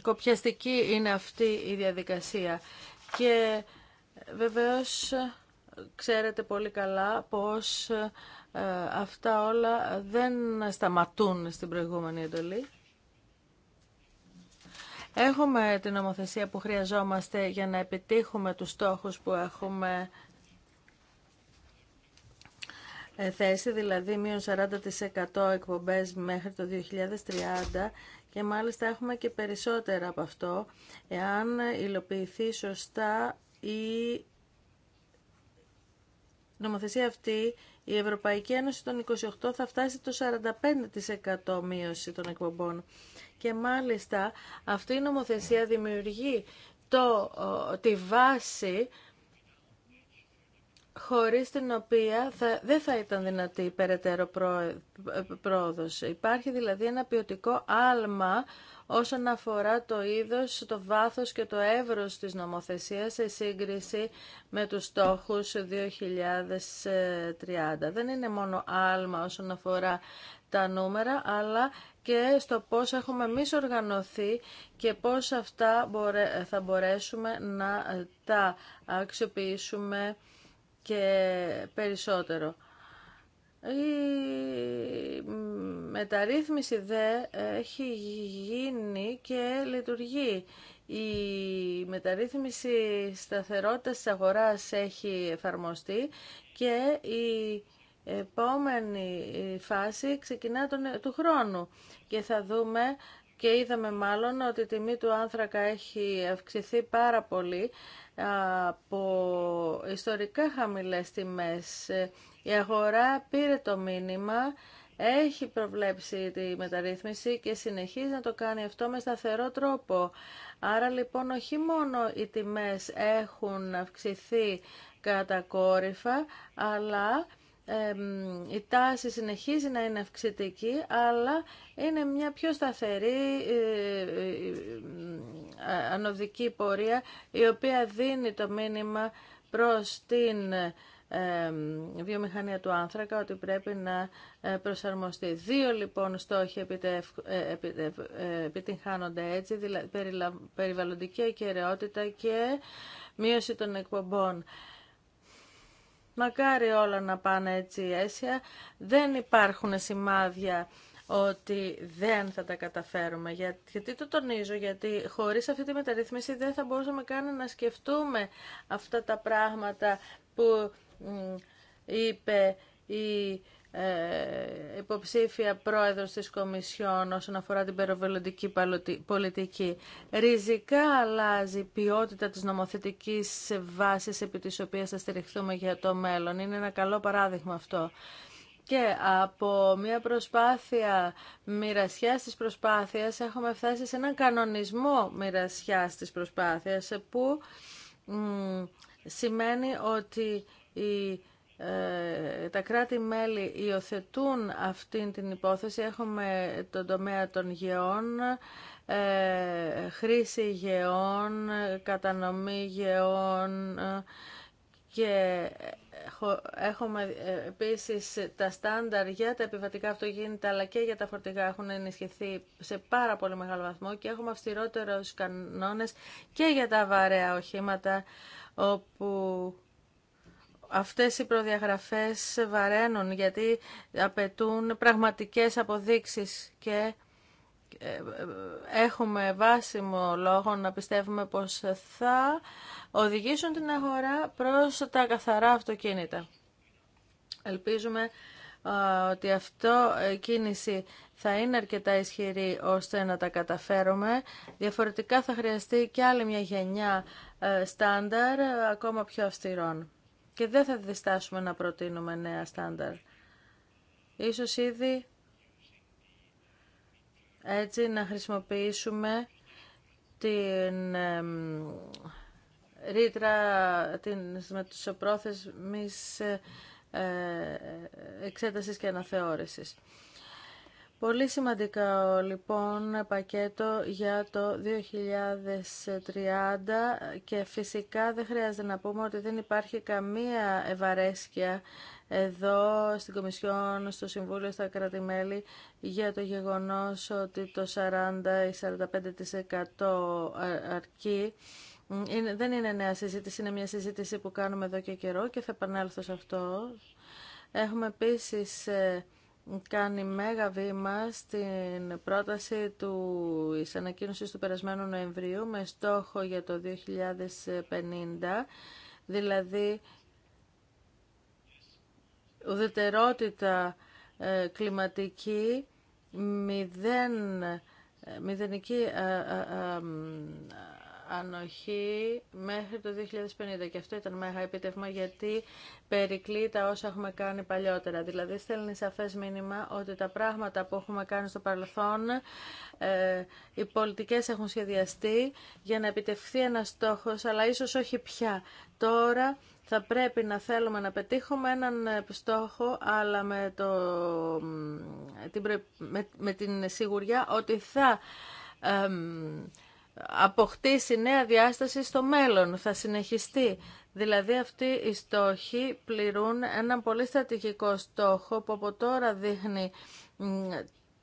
κοπιαστική είναι αυτή η διαδικασία. Και βεβαίως ξέρετε πολύ καλά πως ε, αυτά όλα δεν σταματούν στην προηγούμενη εντολή. Έχουμε την νομοθεσία που χρειαζόμαστε για να επιτύχουμε τους στόχους που έχουμε ε, θέση, δηλαδή μείον 40% εκπομπές μέχρι το 2030 και μάλιστα έχουμε και περισσότερα από αυτό εάν υλοποιηθεί σωστά η νομοθεσία αυτή η Ευρωπαϊκή Ένωση των 28 θα φτάσει το 45% μείωση των εκπομπών. Και μάλιστα αυτή η νομοθεσία δημιουργεί το, τη βάση χωρίς την οποία θα, δεν θα ήταν δυνατή η περαιτέρω πρόοδος. Υπάρχει δηλαδή ένα ποιοτικό άλμα όσον αφορά το είδος, το βάθος και το εύρος της νομοθεσίας σε σύγκριση με τους στόχους 2030. Δεν είναι μόνο άλμα όσον αφορά τα νούμερα, αλλά και στο πώς έχουμε εμεί οργανωθεί και πώς αυτά θα μπορέσουμε να τα αξιοποιήσουμε και περισσότερο. Η μεταρρύθμιση δε έχει γίνει και λειτουργεί. Η μεταρρύθμιση σταθερότητας της αγοράς έχει εφαρμοστεί και η επόμενη φάση ξεκινά τον, του χρόνου και θα δούμε και είδαμε μάλλον ότι η τιμή του άνθρακα έχει αυξηθεί πάρα πολύ από ιστορικά χαμηλές τιμές. Η αγορά πήρε το μήνυμα, έχει προβλέψει τη μεταρρύθμιση και συνεχίζει να το κάνει αυτό με σταθερό τρόπο. Άρα λοιπόν όχι μόνο οι τιμές έχουν αυξηθεί κατακόρυφα, αλλά η τάση συνεχίζει να είναι αυξητική, αλλά είναι μια πιο σταθερή ε, ε, ε, ανωδική πορεία, η οποία δίνει το μήνυμα προς την βιομηχανία του άνθρακα ότι πρέπει να προσαρμοστεί. Δύο λοιπόν στόχοι επιτυγχάνονται έτσι, περιβαλλοντική αικαιρεότητα και μείωση των εκπομπών. Μακάρι όλα να πάνε έτσι αίσια. Δεν υπάρχουν σημάδια ότι δεν θα τα καταφέρουμε. Γιατί το τονίζω, γιατί χωρίς αυτή τη μεταρρύθμιση δεν θα μπορούσαμε καν να σκεφτούμε αυτά τα πράγματα που είπε η ε, υποψήφια πρόεδρος της Κομισιόν όσον αφορά την περιβαλλοντική πολιτική. Ριζικά αλλάζει η ποιότητα της νομοθετικής βάσης επί της οποίας θα στηριχθούμε για το μέλλον. Είναι ένα καλό παράδειγμα αυτό και από μια προσπάθεια μοιρασιάς της προσπάθειας έχουμε φτάσει σε έναν κανονισμό μοιρασιά της προσπάθειας που σημαίνει ότι η ε, τα κράτη-μέλη υιοθετούν αυτήν την υπόθεση. Έχουμε τον τομέα των γεών, ε, χρήση γεών, κατανομή γεών ε, και έχουμε επίσης τα στάνταρ για τα επιβατικά αυτοκίνητα αλλά και για τα φορτηγά έχουν ενισχυθεί σε πάρα πολύ μεγάλο βαθμό και έχουμε αυστηρότερους κανόνες και για τα βαρέα οχήματα όπου Αυτές οι προδιαγραφές βαραίνουν γιατί απαιτούν πραγματικές αποδείξεις και ε, ε, έχουμε βάσιμο λόγο να πιστεύουμε πως θα οδηγήσουν την αγορά προς τα καθαρά αυτοκίνητα. Ελπίζουμε ότι αυτό η ε, κίνηση θα είναι αρκετά ισχυρή ώστε να τα καταφέρουμε. Διαφορετικά θα χρειαστεί και άλλη μια γενιά στάνταρ ακόμα πιο αυστηρών και δεν θα διστάσουμε να προτείνουμε νέα στάνταρ. Ίσως ήδη έτσι να χρησιμοποιήσουμε την ρήτρα την, με ε, πρόθεσμης εξέτασης και αναθεώρησης. Πολύ σημαντικά λοιπόν πακέτο για το 2030 και φυσικά δεν χρειάζεται να πούμε ότι δεν υπάρχει καμία ευαρέσκεια εδώ στην Κομισιόν, στο Συμβούλιο, στα κρατημέλη για το γεγονός ότι το 40 ή 45% αρκεί. δεν είναι νέα συζήτηση, είναι μια συζήτηση που κάνουμε εδώ και καιρό και θα επανέλθω σε αυτό. Έχουμε επίσης ε, κάνει μέγα βήμα στην πρόταση του ανακοίνωση του περασμένου Νοεμβρίου με στόχο για το 2050, δηλαδή ουδετερότητα ε, κλιματική, μηδέν, ε, μηδενική ε, ανοχή μέχρι το 2050 και αυτό ήταν μέγα επιτεύγμα γιατί περικλεί τα όσα έχουμε κάνει παλιότερα. Δηλαδή στέλνει σαφές μήνυμα ότι τα πράγματα που έχουμε κάνει στο παρελθόν, ε, οι πολιτικές έχουν σχεδιαστεί για να επιτευχθεί ένας στόχος, αλλά ίσως όχι πια. Τώρα θα πρέπει να θέλουμε να πετύχουμε έναν ε, στόχο, αλλά με, το, με, με την σιγουριά ότι θα... Ε, αποκτήσει νέα διάσταση στο μέλλον, θα συνεχιστεί. Δηλαδή αυτοί οι στόχοι πληρούν έναν πολύ στρατηγικό στόχο που από τώρα δείχνει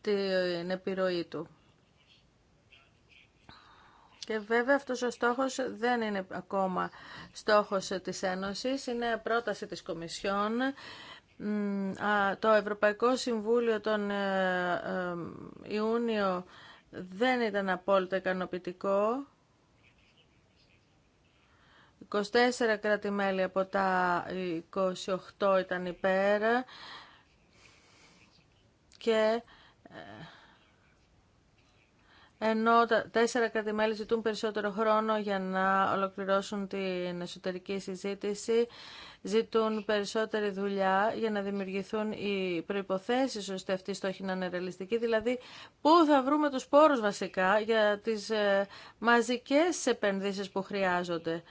την επιρροή του. Και βέβαια αυτός ο στόχος δεν είναι ακόμα στόχος της Ένωσης, είναι πρόταση της Κομισιόν. Το Ευρωπαϊκό Συμβούλιο τον ε, ε, ε, Ιούνιο δεν ήταν απόλυτα ικανοποιητικό. 24 κράτη-μέλη από τα 28 ήταν υπέρ και ε, ενώ τα τέσσερα μελη ζητούν περισσότερο χρόνο για να ολοκληρώσουν την εσωτερική συζήτηση ζητούν περισσότερη δουλειά για να δημιουργηθούν οι προϋποθέσεις ώστε αυτή η στόχη να είναι ρεαλιστική. Δηλαδή, πού θα βρούμε τους πόρους βασικά για τις ε, μαζικές επενδύσεις που χρειάζονται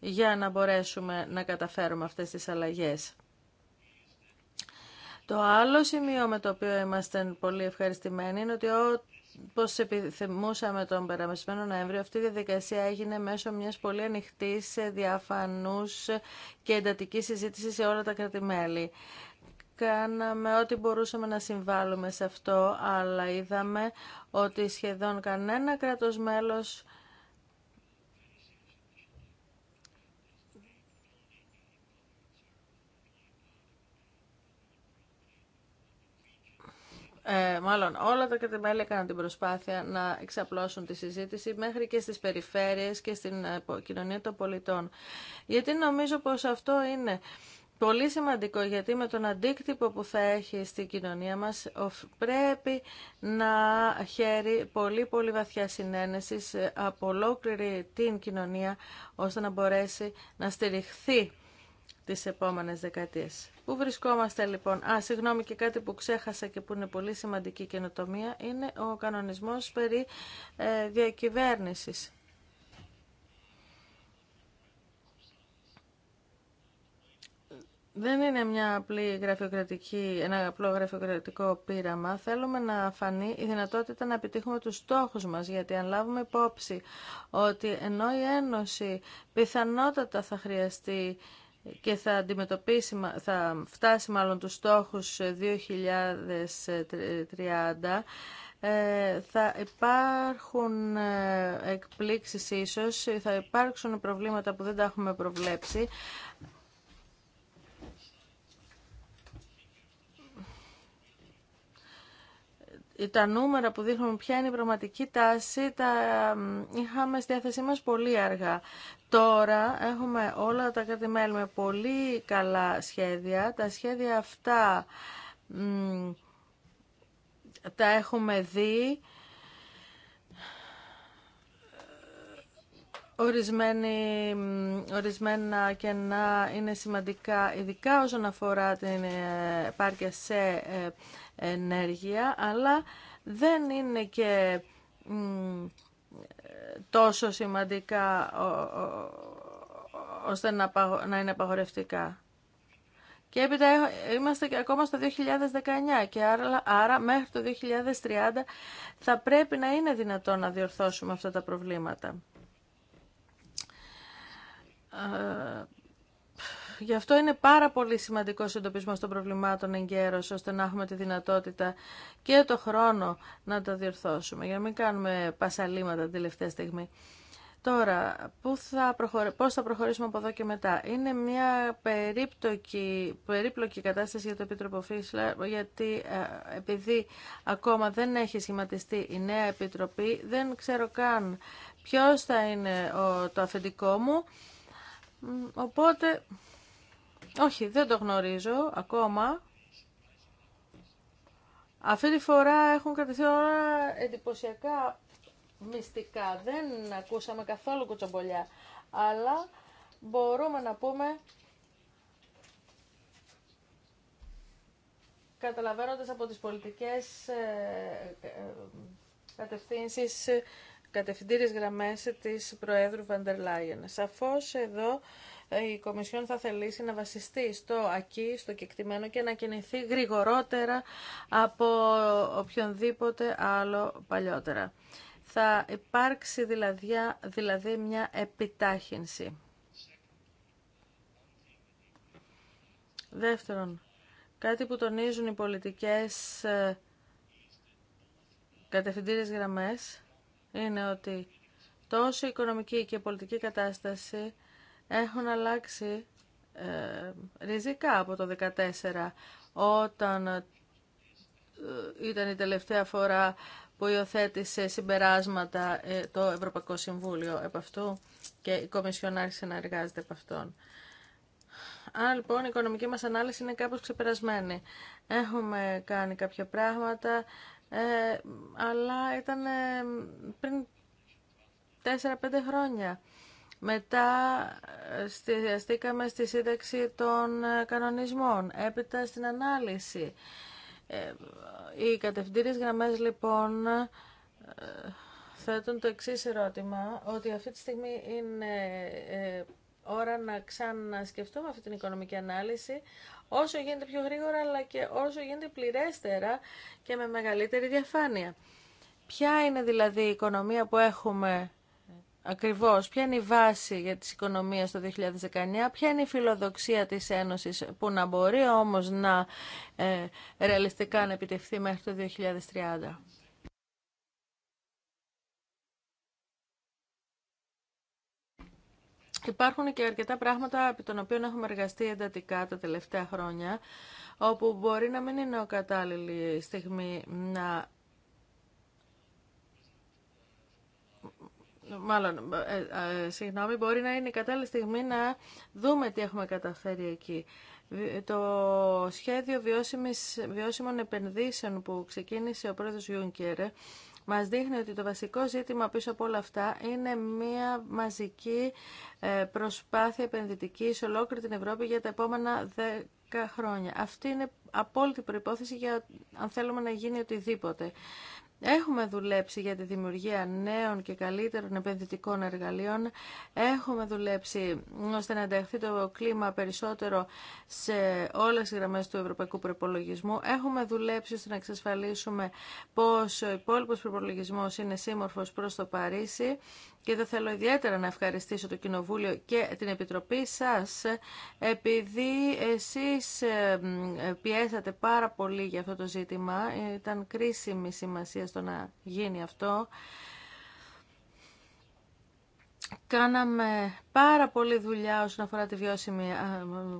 για να μπορέσουμε να καταφέρουμε αυτές τις αλλαγές. Το άλλο σημείο με το οποίο είμαστε πολύ ευχαριστημένοι είναι ότι Πώς επιθυμούσαμε τον περασμένο Νοέμβριο, αυτή η διαδικασία έγινε μέσω μιας πολύ ανοιχτή, διαφανούς και εντατικής συζήτησης σε όλα τα κρατημέλη. Κάναμε ό,τι μπορούσαμε να συμβάλλουμε σε αυτό, αλλά είδαμε ότι σχεδόν κανένα κράτος μέλος ε, μάλλον όλα τα κατεμέλια έκαναν την προσπάθεια να εξαπλώσουν τη συζήτηση μέχρι και στις περιφέρειες και στην ε, κοινωνία των πολιτών. Γιατί νομίζω πως αυτό είναι πολύ σημαντικό γιατί με τον αντίκτυπο που θα έχει στην κοινωνία μας πρέπει να χαίρει πολύ πολύ βαθιά συνένεση ε, από ολόκληρη την κοινωνία ώστε να μπορέσει να στηριχθεί τις επόμενες δεκαετίες. Πού βρισκόμαστε λοιπόν. Α, συγγνώμη και κάτι που ξέχασα και που είναι πολύ σημαντική καινοτομία είναι ο κανονισμός περί ε, διακυβέρνησης. Δεν είναι μια απλή γραφειοκρατική, ένα απλό γραφειοκρατικό πείραμα. Θέλουμε να φανεί η δυνατότητα να επιτύχουμε τους στόχους μας, γιατί αν λάβουμε υπόψη ότι ενώ η Ένωση πιθανότατα θα χρειαστεί και θα αντιμετωπίσει, θα φτάσει μάλλον τους στόχους 2030, ε, ε, θα υπάρχουν ε, εκπλήξεις ίσως, θα υπάρξουν προβλήματα που δεν τα έχουμε προβλέψει, τα νούμερα που δείχνουν ποια είναι η πραγματική τάση τα είχαμε στη διάθεσή μας πολύ αργά. Τώρα έχουμε όλα τα κρατημέλη με πολύ καλά σχέδια. Τα σχέδια αυτά τα έχουμε δει. Ορισμένοι, ορισμένα κενά είναι σημαντικά, ειδικά όσον αφορά την ε, επάρκεια σε ε, ενέργεια, αλλά δεν είναι και τόσο σημαντικά ώστε να είναι απαγορευτικά. Και έπειτα είμαστε ακόμα στο 2019 και άρα, άρα μέχρι το 2030 θα πρέπει να είναι δυνατό να διορθώσουμε αυτά τα προβλήματα. Ε, Γι' αυτό είναι πάρα πολύ σημαντικό ο εντοπισμό των προβλημάτων εγκαίρω, ώστε να έχουμε τη δυνατότητα και το χρόνο να τα διορθώσουμε, για να μην κάνουμε πασαλήματα την τελευταία στιγμή. Τώρα, πού θα πώς θα προχωρήσουμε από εδώ και μετά. Είναι μια περίπλοκη κατάσταση για το Επίτροπο Φίσλερ, γιατί ε, επειδή ακόμα δεν έχει σχηματιστεί η νέα Επιτροπή, δεν ξέρω καν ποιος θα είναι το αφεντικό μου. Οπότε όχι, δεν το γνωρίζω ακόμα. Αυτή τη φορά έχουν κρατηθεί όλα εντυπωσιακά μυστικά. Δεν ακούσαμε καθόλου κουτσομπολιά. Αλλά μπορούμε να πούμε, καταλαβαίνοντας από τις πολιτικές ε, ε, κατευθύνσεις, ε, κατευθυντήριες γραμμές της Προέδρου Βαντερ Λάιεν. Σαφώς εδώ η Κομισιόν θα θελήσει να βασιστεί στο ακί, στο κεκτημένο και να κινηθεί γρηγορότερα από οποιονδήποτε άλλο παλιότερα. Θα υπάρξει δηλαδή, δηλαδή μια επιτάχυνση. Δεύτερον, κάτι που τονίζουν οι πολιτικές ε, κατευθυντήριες γραμμές είναι ότι τόσο η οικονομική και η πολιτική κατάσταση έχουν αλλάξει ε, ριζικά από το 2014 όταν ε, ήταν η τελευταία φορά που υιοθέτησε συμπεράσματα ε, το Ευρωπαϊκό Συμβούλιο επ' αυτού και η Κομισιόν άρχισε να εργάζεται από αυτόν. Άρα λοιπόν η οικονομική μας ανάλυση είναι κάπως ξεπερασμένη. Έχουμε κάνει κάποια πράγματα, ε, αλλά ήταν ε, πριν 4-5 χρόνια. Μετά ε, στηριαστήκαμε στη σύνταξη των ε, κανονισμών, έπειτα στην ανάλυση. Ε, οι κατευθυντήριες γραμμές λοιπόν θέτουν το εξής ερώτημα, ότι αυτή τη στιγμή είναι ώρα να ξανασκεφτούμε αυτή την οικονομική ανάλυση όσο γίνεται πιο γρήγορα αλλά και όσο γίνεται πληρέστερα και με μεγαλύτερη διαφάνεια. Ποια είναι δηλαδή η οικονομία που έχουμε ακριβώς ποια είναι η βάση για τις οικονομίες το 2019, ποια είναι η φιλοδοξία της Ένωσης που να μπορεί όμως να ε, ρεαλιστικά να επιτευχθεί μέχρι το 2030. Υπάρχουν και αρκετά πράγματα από τον οποίο έχουμε εργαστεί εντατικά τα τελευταία χρόνια, όπου μπορεί να μην είναι ο κατάλληλη στιγμή να μάλλον, ε, ε, συγγνώμη, μπορεί να είναι η κατάλληλη στιγμή να δούμε τι έχουμε καταφέρει εκεί. Ε, το σχέδιο βιώσιμων επενδύσεων που ξεκίνησε ο πρόεδρος Γιούνκερ μας δείχνει ότι το βασικό ζήτημα πίσω από όλα αυτά είναι μια μαζική προσπάθεια επενδυτική σε ολόκληρη την Ευρώπη για τα επόμενα δέκα χρόνια. Αυτή είναι απόλυτη προϋπόθεση για αν θέλουμε να γίνει οτιδήποτε. Έχουμε δουλέψει για τη δημιουργία νέων και καλύτερων επενδυτικών εργαλείων. Έχουμε δουλέψει ώστε να ενταχθεί το κλίμα περισσότερο σε όλε τις γραμμέ του ευρωπαϊκού προπολογισμού. Έχουμε δουλέψει ώστε να εξασφαλίσουμε πω ο υπόλοιπο προπολογισμό είναι σύμμορφο προ το Παρίσι. Και εδώ θέλω ιδιαίτερα να ευχαριστήσω το Κοινοβούλιο και την Επιτροπή σα. επειδή εσεί πιέσατε πάρα πολύ για αυτό το ζήτημα. Ήταν κρίσιμη σημασία στο να γίνει αυτό. Κάναμε πάρα πολλή δουλειά όσον αφορά τη βιώσιμη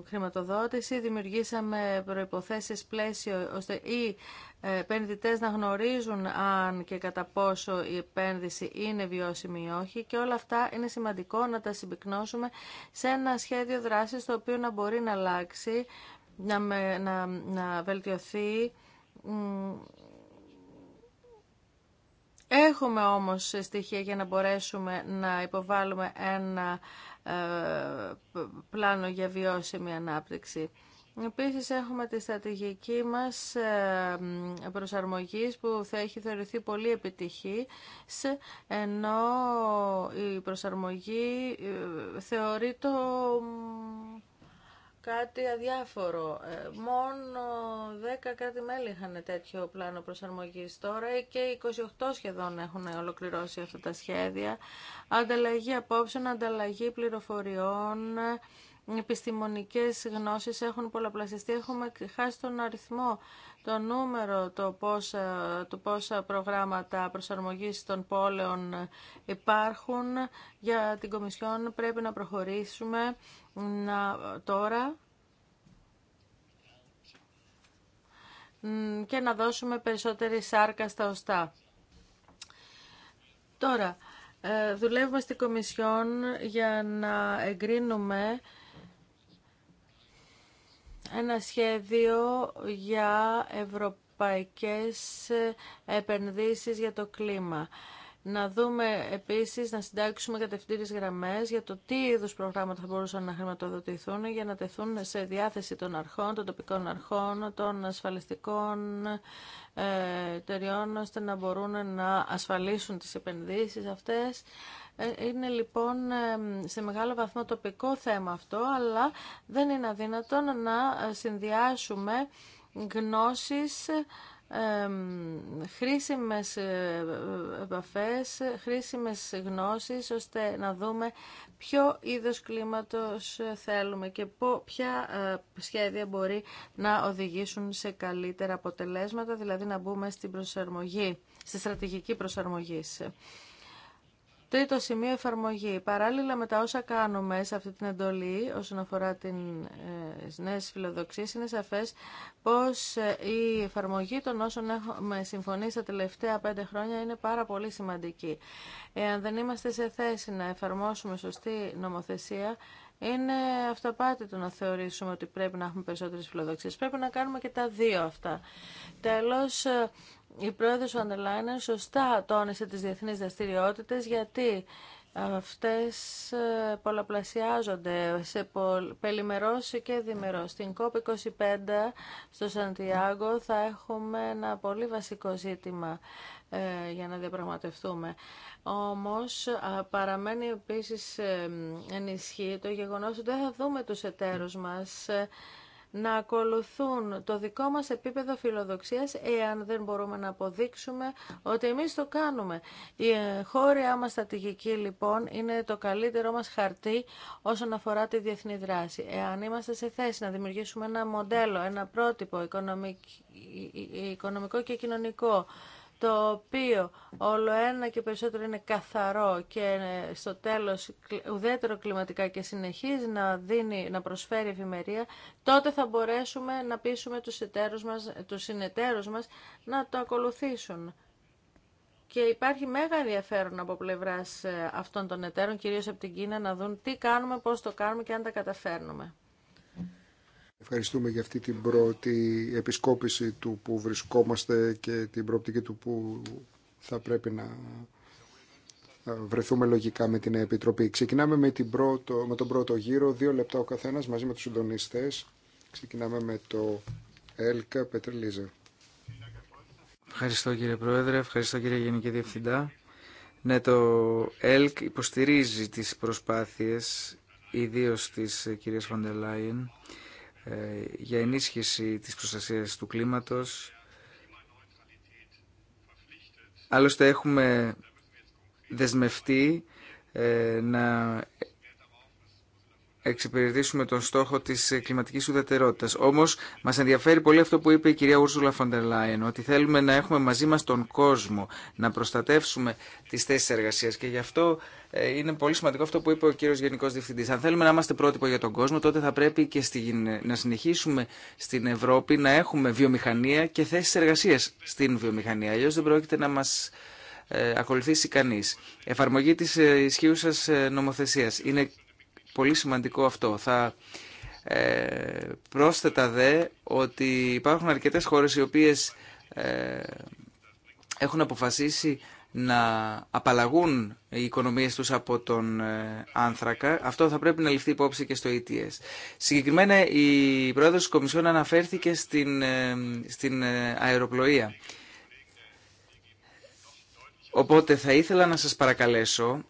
χρηματοδότηση. Δημιουργήσαμε προϋποθέσεις πλαίσιο ώστε οι ε, επενδυτέ να γνωρίζουν αν και κατά πόσο η επένδυση είναι βιώσιμη ή όχι και όλα αυτά είναι σημαντικό να τα συμπυκνώσουμε σε ένα σχέδιο δράσης το οποίο να μπορεί να αλλάξει, να, με, να, να βελτιωθεί Έχουμε όμως στοιχεία για να μπορέσουμε να υποβάλουμε ένα ε, πλάνο για βιώσιμη ανάπτυξη. Επίσης έχουμε τη στρατηγική μας ε, προσαρμογής που θα έχει θεωρηθεί πολύ επιτυχή, ενώ η προσαρμογή ε, θεωρεί το κάτι αδιάφορο. Ε, μόνο 10 κράτη-μέλη είχαν τέτοιο πλάνο προσαρμογής τώρα και 28 σχεδόν έχουν ολοκληρώσει αυτά τα σχέδια. Ανταλλαγή απόψεων, ανταλλαγή πληροφοριών, επιστημονικές γνώσεις έχουν πολλαπλασιαστεί. Έχουμε χάσει τον αριθμό το νούμερο το πόσα, το πόσα προγράμματα προσαρμογής των πόλεων υπάρχουν για την Κομισιόν πρέπει να προχωρήσουμε να, τώρα και να δώσουμε περισσότερη σάρκα στα οστά. Τώρα, ε, δουλεύουμε στην Κομισιόν για να εγκρίνουμε ένα σχέδιο για ευρωπαϊκές επενδύσεις για το κλίμα. Να δούμε επίσης, να συντάξουμε κατευθύντες γραμμές για το τι είδους προγράμματα θα μπορούσαν να χρηματοδοτηθούν για να τεθούν σε διάθεση των αρχών, των τοπικών αρχών, των ασφαλιστικών ε, εταιριών, ώστε να μπορούν να ασφαλίσουν τις επενδύσεις αυτές. Ε, είναι λοιπόν σε μεγάλο βαθμό τοπικό θέμα αυτό, αλλά δεν είναι αδύνατο να συνδυάσουμε γνώσεις χρήσιμες ε, επαφές, χρήσιμες γνώσεις, ώστε να δούμε ποιο είδος κλίματος θέλουμε και ποια ε, σχέδια μπορεί να οδηγήσουν σε καλύτερα αποτελέσματα, δηλαδή να μπούμε στην προσαρμογή, στη στρατηγική προσαρμογή. Τρίτο σημείο εφαρμογή. Παράλληλα με τα όσα κάνουμε σε αυτή την εντολή όσον αφορά ε, τις νέες φιλοδοξίες είναι σαφές πως ε, η εφαρμογή των όσων έχουμε συμφωνήσει τα τελευταία πέντε χρόνια είναι πάρα πολύ σημαντική. Εάν δεν είμαστε σε θέση να εφαρμόσουμε σωστή νομοθεσία είναι αυτοπάτητο να θεωρήσουμε ότι πρέπει να έχουμε περισσότερες φιλοδοξίες. Πρέπει να κάνουμε και τα δύο αυτά. Τέλος, η πρόεδρος Αντελάινερ σωστά τόνισε τις διεθνείς δραστηριότητες γιατί Αυτές ε, πολλαπλασιάζονται σε πελημερός και διμερός. Στην COP25 στο Σαντιάγκο θα έχουμε ένα πολύ βασικό ζήτημα. Ε, για να διαπραγματευτούμε. Όμως ε, παραμένει επίσης ε, ενισχύει το γεγονός ότι δεν θα δούμε τους εταίρους μας να ακολουθούν το δικό μας επίπεδο φιλοδοξίας εάν δεν μπορούμε να αποδείξουμε ότι εμείς το κάνουμε. Η χώρια μας στατηγική λοιπόν είναι το καλύτερό μας χαρτί όσον αφορά τη διεθνή δράση. Εάν είμαστε σε θέση να δημιουργήσουμε ένα μοντέλο, ένα πρότυπο οικονομικό και κοινωνικό το οποίο όλο ένα και περισσότερο είναι καθαρό και στο τέλος ουδέτερο κλιματικά και συνεχίζει να, δίνει, να προσφέρει ευημερία, τότε θα μπορέσουμε να πείσουμε τους, εταίρους μας, τους συνεταίρους μας να το ακολουθήσουν. Και υπάρχει μέγα ενδιαφέρον από πλευράς ε, αυτών των εταίρων, κυρίως από την Κίνα, να δουν τι κάνουμε, πώ το κάνουμε και αν τα καταφέρνουμε.
Ευχαριστούμε για αυτή την πρώτη επισκόπηση του που βρισκόμαστε και την προοπτική του που θα πρέπει να βρεθούμε λογικά με την Επιτροπή. Ξεκινάμε με, την πρώτο, με τον πρώτο γύρο, δύο λεπτά ο καθένας μαζί με τους συντονιστές. Ξεκινάμε με το ΕΛΚΑ Πετρελίζα.
Ευχαριστώ κύριε Πρόεδρε, ευχαριστώ κύριε Γενική Διευθυντά. Ναι, το ΕΛΚ υποστηρίζει τις προσπάθειες, ιδίως της κυρίας Φαντελάιεν, ε, για ενίσχυση της προστασίας του κλίματος. Άλλωστε έχουμε δεσμευτεί ε, να εξυπηρετήσουμε τον στόχο τη κλιματική ουδετερότητα. Όμω μα ενδιαφέρει πολύ αυτό που είπε η κυρία Ούρσουλα Φοντερ Λάιεν, ότι θέλουμε να έχουμε μαζί μα τον κόσμο, να προστατεύσουμε τι θέσει εργασία. και γι' αυτό ε, είναι πολύ σημαντικό αυτό που είπε ο κύριο Γενικό Διευθυντή. Αν θέλουμε να είμαστε πρότυπο για τον κόσμο, τότε θα πρέπει και να συνεχίσουμε στην Ευρώπη να έχουμε βιομηχανία και θέσει εργασία στην βιομηχανία. Αλλιώ δεν πρόκειται να μα ε, ακολουθήσει κανεί. Εφαρμογή της ε, ισχύουσας νομοθεσίας. Είναι Πολύ σημαντικό αυτό. Θα ε, πρόσθετα δε ότι υπάρχουν αρκετές χώρες οι οποίες ε, έχουν αποφασίσει να απαλλαγούν οι οικονομίες τους από τον ε, άνθρακα. Αυτό θα πρέπει να ληφθεί υπόψη και στο ETS. Συγκεκριμένα η πρόεδρος της Κομισιόν αναφέρθηκε στην, στην αεροπλοεία. Οπότε θα ήθελα να σας παρακαλέσω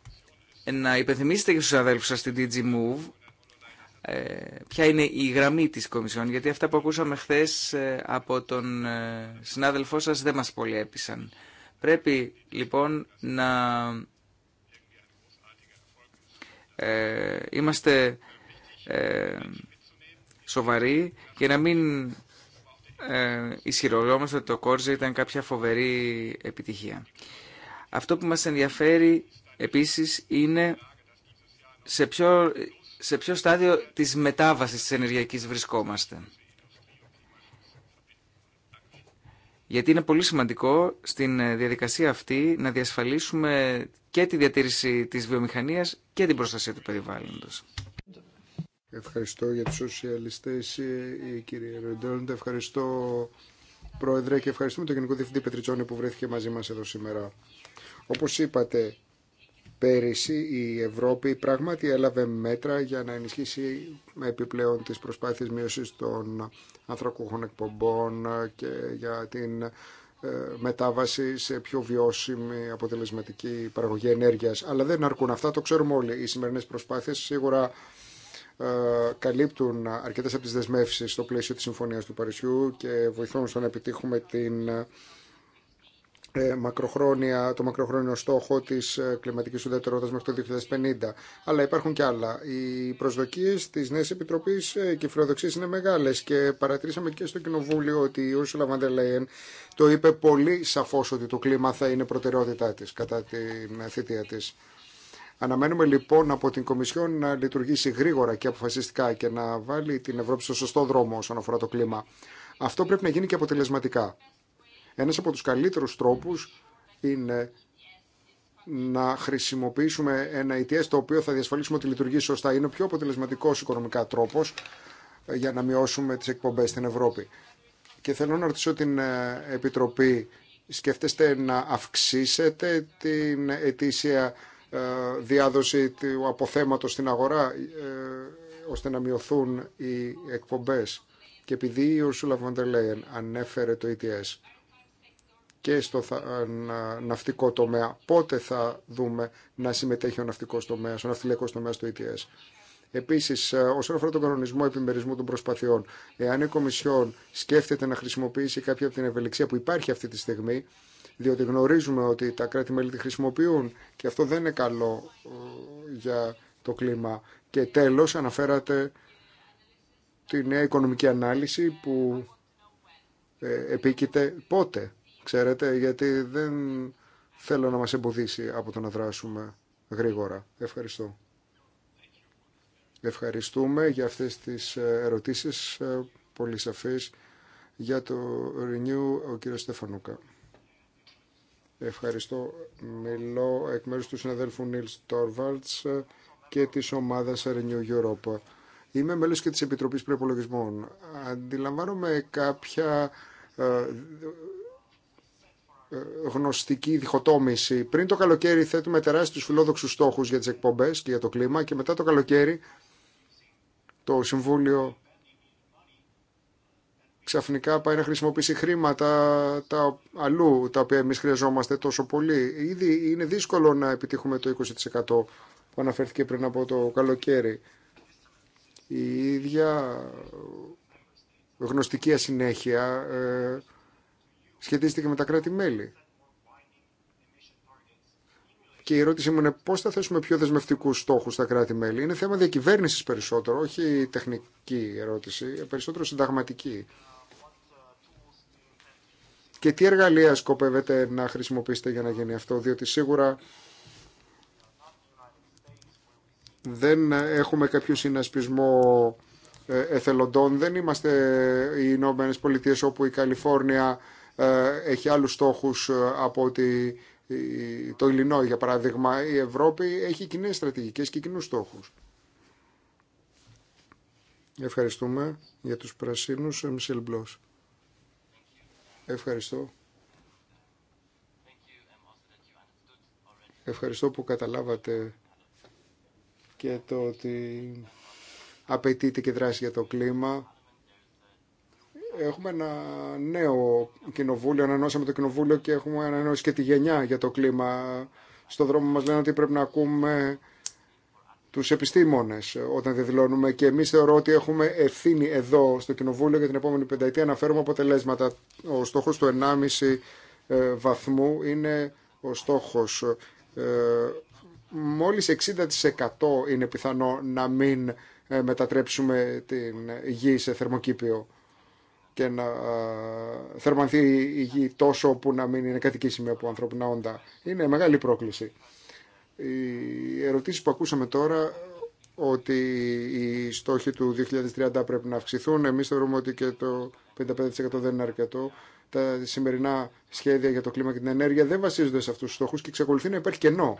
ε, να υπενθυμίσετε και στους αδέλφους σας στην DG Move ε, ποια είναι η γραμμή της Κομισιόν, γιατί αυτά που ακούσαμε χθες ε, από τον συνάδελφό σας δεν μας πολύ Πρέπει λοιπόν να είμαστε σοβαροί και να μην ε, ισχυρολόμαστε ότι το Κόρζε ήταν κάποια φοβερή επιτυχία. Αυτό που μας ενδιαφέρει επίσης είναι σε ποιο, σε ποιο στάδιο της μετάβασης της ενεργειακής βρισκόμαστε. Γιατί είναι πολύ σημαντικό στην ε, διαδικασία αυτή να διασφαλίσουμε και τη διατήρηση της βιομηχανίας και την προστασία του περιβάλλοντος.
Ευχαριστώ για τους σοσιαλιστές, ε, ε, κύριε κυρία Ευχαριστώ, Πρόεδρε, και ευχαριστούμε τον Γενικό Διευθυντή Πετριτσόνη που βρέθηκε μαζί μας εδώ σήμερα. Όπως είπατε, Πέρυσι η Ευρώπη πράγματι έλαβε μέτρα για να ενισχύσει με επιπλέον τις προσπάθειες μείωσης των ανθρακούχων εκπομπών και για την ε, μετάβαση σε πιο βιώσιμη αποτελεσματική παραγωγή ενέργειας. Αλλά δεν αρκούν αυτά, το ξέρουμε όλοι. Οι σημερινές προσπάθειες σίγουρα ε, καλύπτουν αρκετές από τις δεσμεύσεις στο πλαίσιο της Συμφωνίας του Παρισιού και βοηθούν στο να επιτύχουμε την ε, μακροχρόνια, το μακροχρόνιο στόχο τη ε, κλιματική ουδετερότητα μέχρι το 2050. Αλλά υπάρχουν και άλλα. Οι προσδοκίε τη νέα επιτροπή ε, και οι φιλοδοξίε είναι μεγάλε και παρατηρήσαμε και στο Κοινοβούλιο ότι η Ursula von der Leyen το είπε πολύ σαφώ ότι το κλίμα θα είναι προτεραιότητά τη κατά την θητεία τη. Αναμένουμε λοιπόν από την Κομισιόν να λειτουργήσει γρήγορα και αποφασιστικά και να βάλει την Ευρώπη στο σωστό δρόμο όσον αφορά το κλίμα. Αυτό πρέπει να γίνει και αποτελεσματικά. Ένας από τους καλύτερους τρόπους είναι να χρησιμοποιήσουμε ένα ETS το οποίο θα διασφαλίσουμε ότι λειτουργεί σωστά. Είναι ο πιο αποτελεσματικός οικονομικά τρόπος ε, για να μειώσουμε τις εκπομπές στην Ευρώπη. Και θέλω να ρωτήσω την ε, Επιτροπή, σκέφτεστε να αυξήσετε την ετήσια ε, διάδοση του αποθέματος στην αγορά ώστε να μειωθούν οι εκπομπές. Και επειδή von der Leyen ανέφερε το ETS, και στο ναυτικό τομέα. Πότε θα δούμε να συμμετέχει ο ναυτικός τομέας, ο ναυτιλιακός τομέας στο ETS. Επίση, ε, όσον αφορά τον κανονισμό επιμερισμού των προσπαθειών, εάν η Κομισιόν σκέφτεται να χρησιμοποιήσει κάποια από την ευελιξία που υπάρχει αυτή τη στιγμή, διότι γνωρίζουμε ότι τα κράτη-μέλη τη χρησιμοποιούν και αυτό δεν είναι καλό ε, για το κλίμα. Και τέλο, αναφέρατε τη νέα οικονομική ανάλυση που ε, επίκειται πότε ξέρετε, γιατί δεν θέλω να μας εμποδίσει από το να δράσουμε γρήγορα. Ευχαριστώ. Ευχαριστούμε για αυτές τις ε, ερωτήσεις, ε, πολύ σαφείς, για το Renew ο κύριος Στεφανούκα. Ευχαριστώ. Μιλώ εκ μέρους του συναδέλφου Νίλ Τόρβαλτς ε, και της ομάδας Renew Europa. Είμαι μέλος και της Επιτροπής Προπολογισμών. Αντιλαμβάνομαι κάποια γνωστική διχοτόμηση. Πριν το καλοκαίρι θέτουμε τεράστιους φιλόδοξους στόχους για τις εκπομπές και για το κλίμα και μετά το καλοκαίρι το Συμβούλιο ξαφνικά πάει να χρησιμοποιήσει χρήματα τα, αλλού τα οποία εμείς χρειαζόμαστε τόσο πολύ. Ήδη είναι δύσκολο να επιτύχουμε το 20% που αναφέρθηκε πριν από το καλοκαίρι. Η ίδια γνωστική ασυνέχεια ε, σχετίζεται και με τα κράτη-μέλη. Και η ερώτησή μου είναι πώ θα θέσουμε πιο δεσμευτικού στόχου στα κράτη-μέλη. Είναι θέμα διακυβέρνηση περισσότερο, όχι τεχνική ερώτηση, περισσότερο συνταγματική. Και τι εργαλεία σκοπεύετε να χρησιμοποιήσετε για να γίνει αυτό, διότι σίγουρα δεν έχουμε κάποιο συνασπισμό ε, εθελοντών. Δεν είμαστε οι Ηνωμένε Πολιτείε όπου η Καλιφόρνια ε, έχει άλλους στόχους ε, από ότι το Ελληνό, για παράδειγμα, η Ευρώπη έχει κοινέ στρατηγικές και κοινού στόχους. Ευχαριστούμε για τους πρασίνους, ε, Μισελ Μπλος. Ευχαριστώ. Ευχαριστώ που καταλάβατε και το ότι απαιτείται και δράση για το κλίμα έχουμε ένα νέο κοινοβούλιο, ανανώσαμε το κοινοβούλιο και έχουμε ανανώσει και τη γενιά για το κλίμα. Στο δρόμο μας λένε ότι πρέπει να ακούμε τους επιστήμονες όταν δηλώνουμε και εμείς θεωρώ ότι έχουμε ευθύνη εδώ στο κοινοβούλιο για την επόμενη πενταετία να φέρουμε αποτελέσματα. Ο στόχος του 1,5 ε, βαθμού είναι ο στόχος. Ε, μόλις 60% είναι πιθανό να μην ε, μετατρέψουμε την γη σε θερμοκήπιο και να θερμανθεί η γη τόσο που να μην είναι κατοικήσιμη από ανθρώπινα όντα. Είναι μεγάλη πρόκληση. Οι ερωτήσεις που ακούσαμε τώρα ότι οι στόχοι του 2030 πρέπει να αυξηθούν. Εμείς θεωρούμε ότι και το 55% δεν είναι αρκετό. Τα σημερινά σχέδια για το κλίμα και την ενέργεια δεν βασίζονται σε αυτούς τους στόχους και εξακολουθεί να υπάρχει κενό.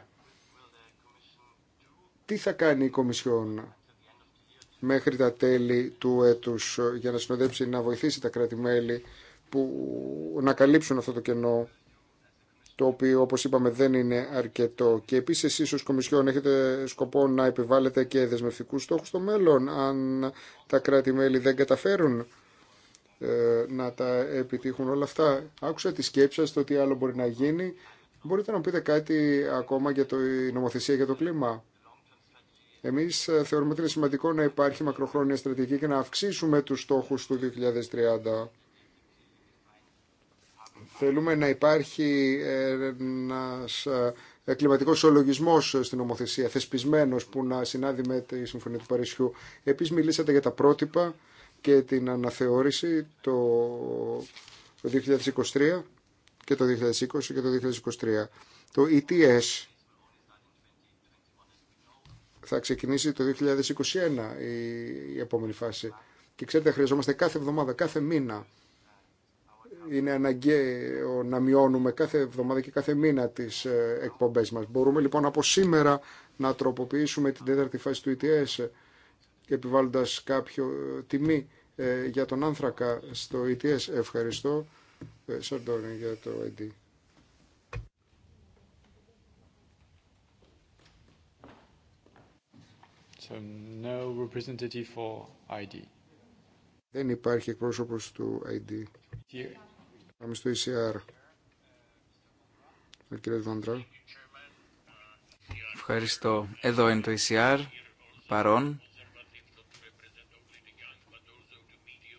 Τι θα κάνει η Κομισιόν μέχρι τα τέλη του έτους ε, για να συνοδέψει να βοηθήσει τα κράτη-μέλη που να καλύψουν αυτό το κενό το οποίο όπως είπαμε δεν είναι αρκετό και επίσης εσείς ως Κομισιόν έχετε σκοπό να επιβάλλετε και δεσμευτικούς στόχους στο μέλλον αν τα κράτη-μέλη δεν καταφέρουν ε, να τα επιτύχουν όλα αυτά. Άκουσα τη σκέψη σας το τι άλλο μπορεί να γίνει. Μπορείτε να πείτε κάτι ακόμα για το, νομοθεσία για το κλίμα. Εμεί ε, θεωρούμε ότι είναι σημαντικό να υπάρχει μακροχρόνια στρατηγική και να αυξήσουμε του στόχου του 2030. Θέλουμε να υπάρχει ε, ένα ε, κλιματικό ολογισμό στην ομοθεσία, θεσπισμένο που να συνάδει με τη Συμφωνία του Παρισιού. Επίση, μιλήσατε για τα πρότυπα και την αναθεώρηση το 2023 και το 2020 και το 2023. Το ETS θα ξεκινήσει το 2021 η επόμενη φάση. Και ξέρετε, χρειαζόμαστε κάθε εβδομάδα, κάθε μήνα. Είναι αναγκαίο να μειώνουμε κάθε εβδομάδα και κάθε μήνα τις ε, εκπομπές μας. Μπορούμε λοιπόν από σήμερα να τροποποιήσουμε την τέταρτη φάση του ETS και επιβάλλοντας κάποιο ε, τιμή ε, για τον άνθρακα στο ETS. Ευχαριστώ, Σαρντόριν, για το ID. Δεν υπάρχει εκπρόσωπο του ID. Πάμε στο ECR. Ο κύριο Βαντρά.
Ευχαριστώ. Εδώ είναι το ECR. Παρόν.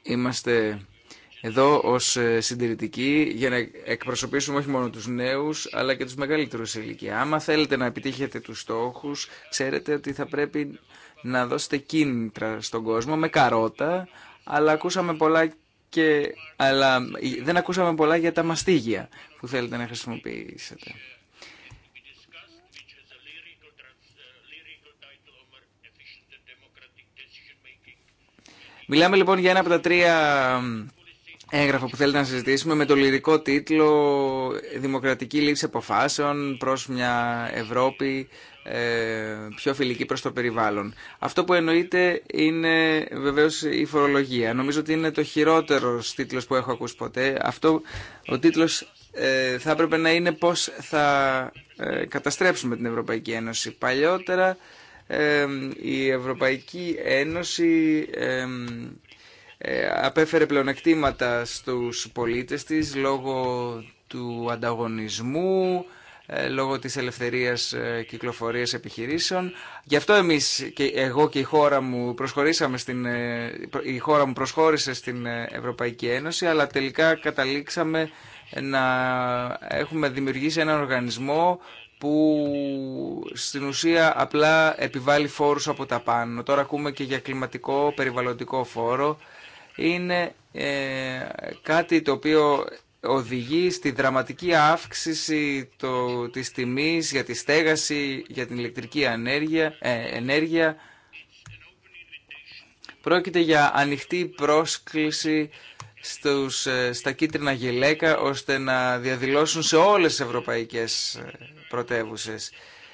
Είμαστε εδώ ως ε, συντηρητικοί για να εκπροσωπήσουμε όχι μόνο τους νέους αλλά και τους μεγαλύτερους ηλικία. Άμα θέλετε να επιτύχετε τους στόχους, ξέρετε ότι θα πρέπει να δώσετε κίνητρα στον κόσμο με καρότα, αλλά ακούσαμε πολλά και, αλλά ε, δεν ακούσαμε πολλά για τα μαστίγια που θέλετε να χρησιμοποιήσετε. Μιλάμε λοιπόν για ένα από τα τρία έγγραφο που θέλετε να συζητήσουμε με το λυρικό τίτλο «Δημοκρατική λήψη αποφάσεων προς μια Ευρώπη ε, πιο φιλική προς το περιβάλλον». Αυτό που εννοείται είναι βεβαίως η φορολογία. Νομίζω ότι είναι το χειρότερο τίτλος που έχω ακούσει ποτέ. Αυτό ο τίτλος ε, θα έπρεπε να είναι πώς θα ε, καταστρέψουμε την Ευρωπαϊκή Ένωση. Παλιότερα η Ευρωπαϊκή Ένωση ε, απέφερε πλεονεκτήματα στους πολίτες της λόγω του ανταγωνισμού, ε, λόγω της ελευθερίας ε, κυκλοφορίας επιχειρήσεων. Γι' αυτό εμείς και εγώ και η χώρα μου προσχωρήσαμε στην, η χώρα μου προσχώρησε στην Ευρωπαϊκή Ένωση, αλλά τελικά καταλήξαμε να έχουμε δημιουργήσει έναν οργανισμό που στην ουσία απλά επιβάλλει φόρους από τα πάνω. Τώρα ακούμε και για κλιματικό περιβαλλοντικό φόρο είναι ε, κάτι το οποίο οδηγεί στη δραματική αύξηση το, της τιμής για τη στέγαση, για την ηλεκτρική ενέργεια, ε, ενέργεια. Πρόκειται για ανοιχτή πρόσκληση στους, ε, στα κίτρινα γελέκα ώστε να διαδηλώσουν σε όλες τις ευρωπαϊκές πρωτεύουσες.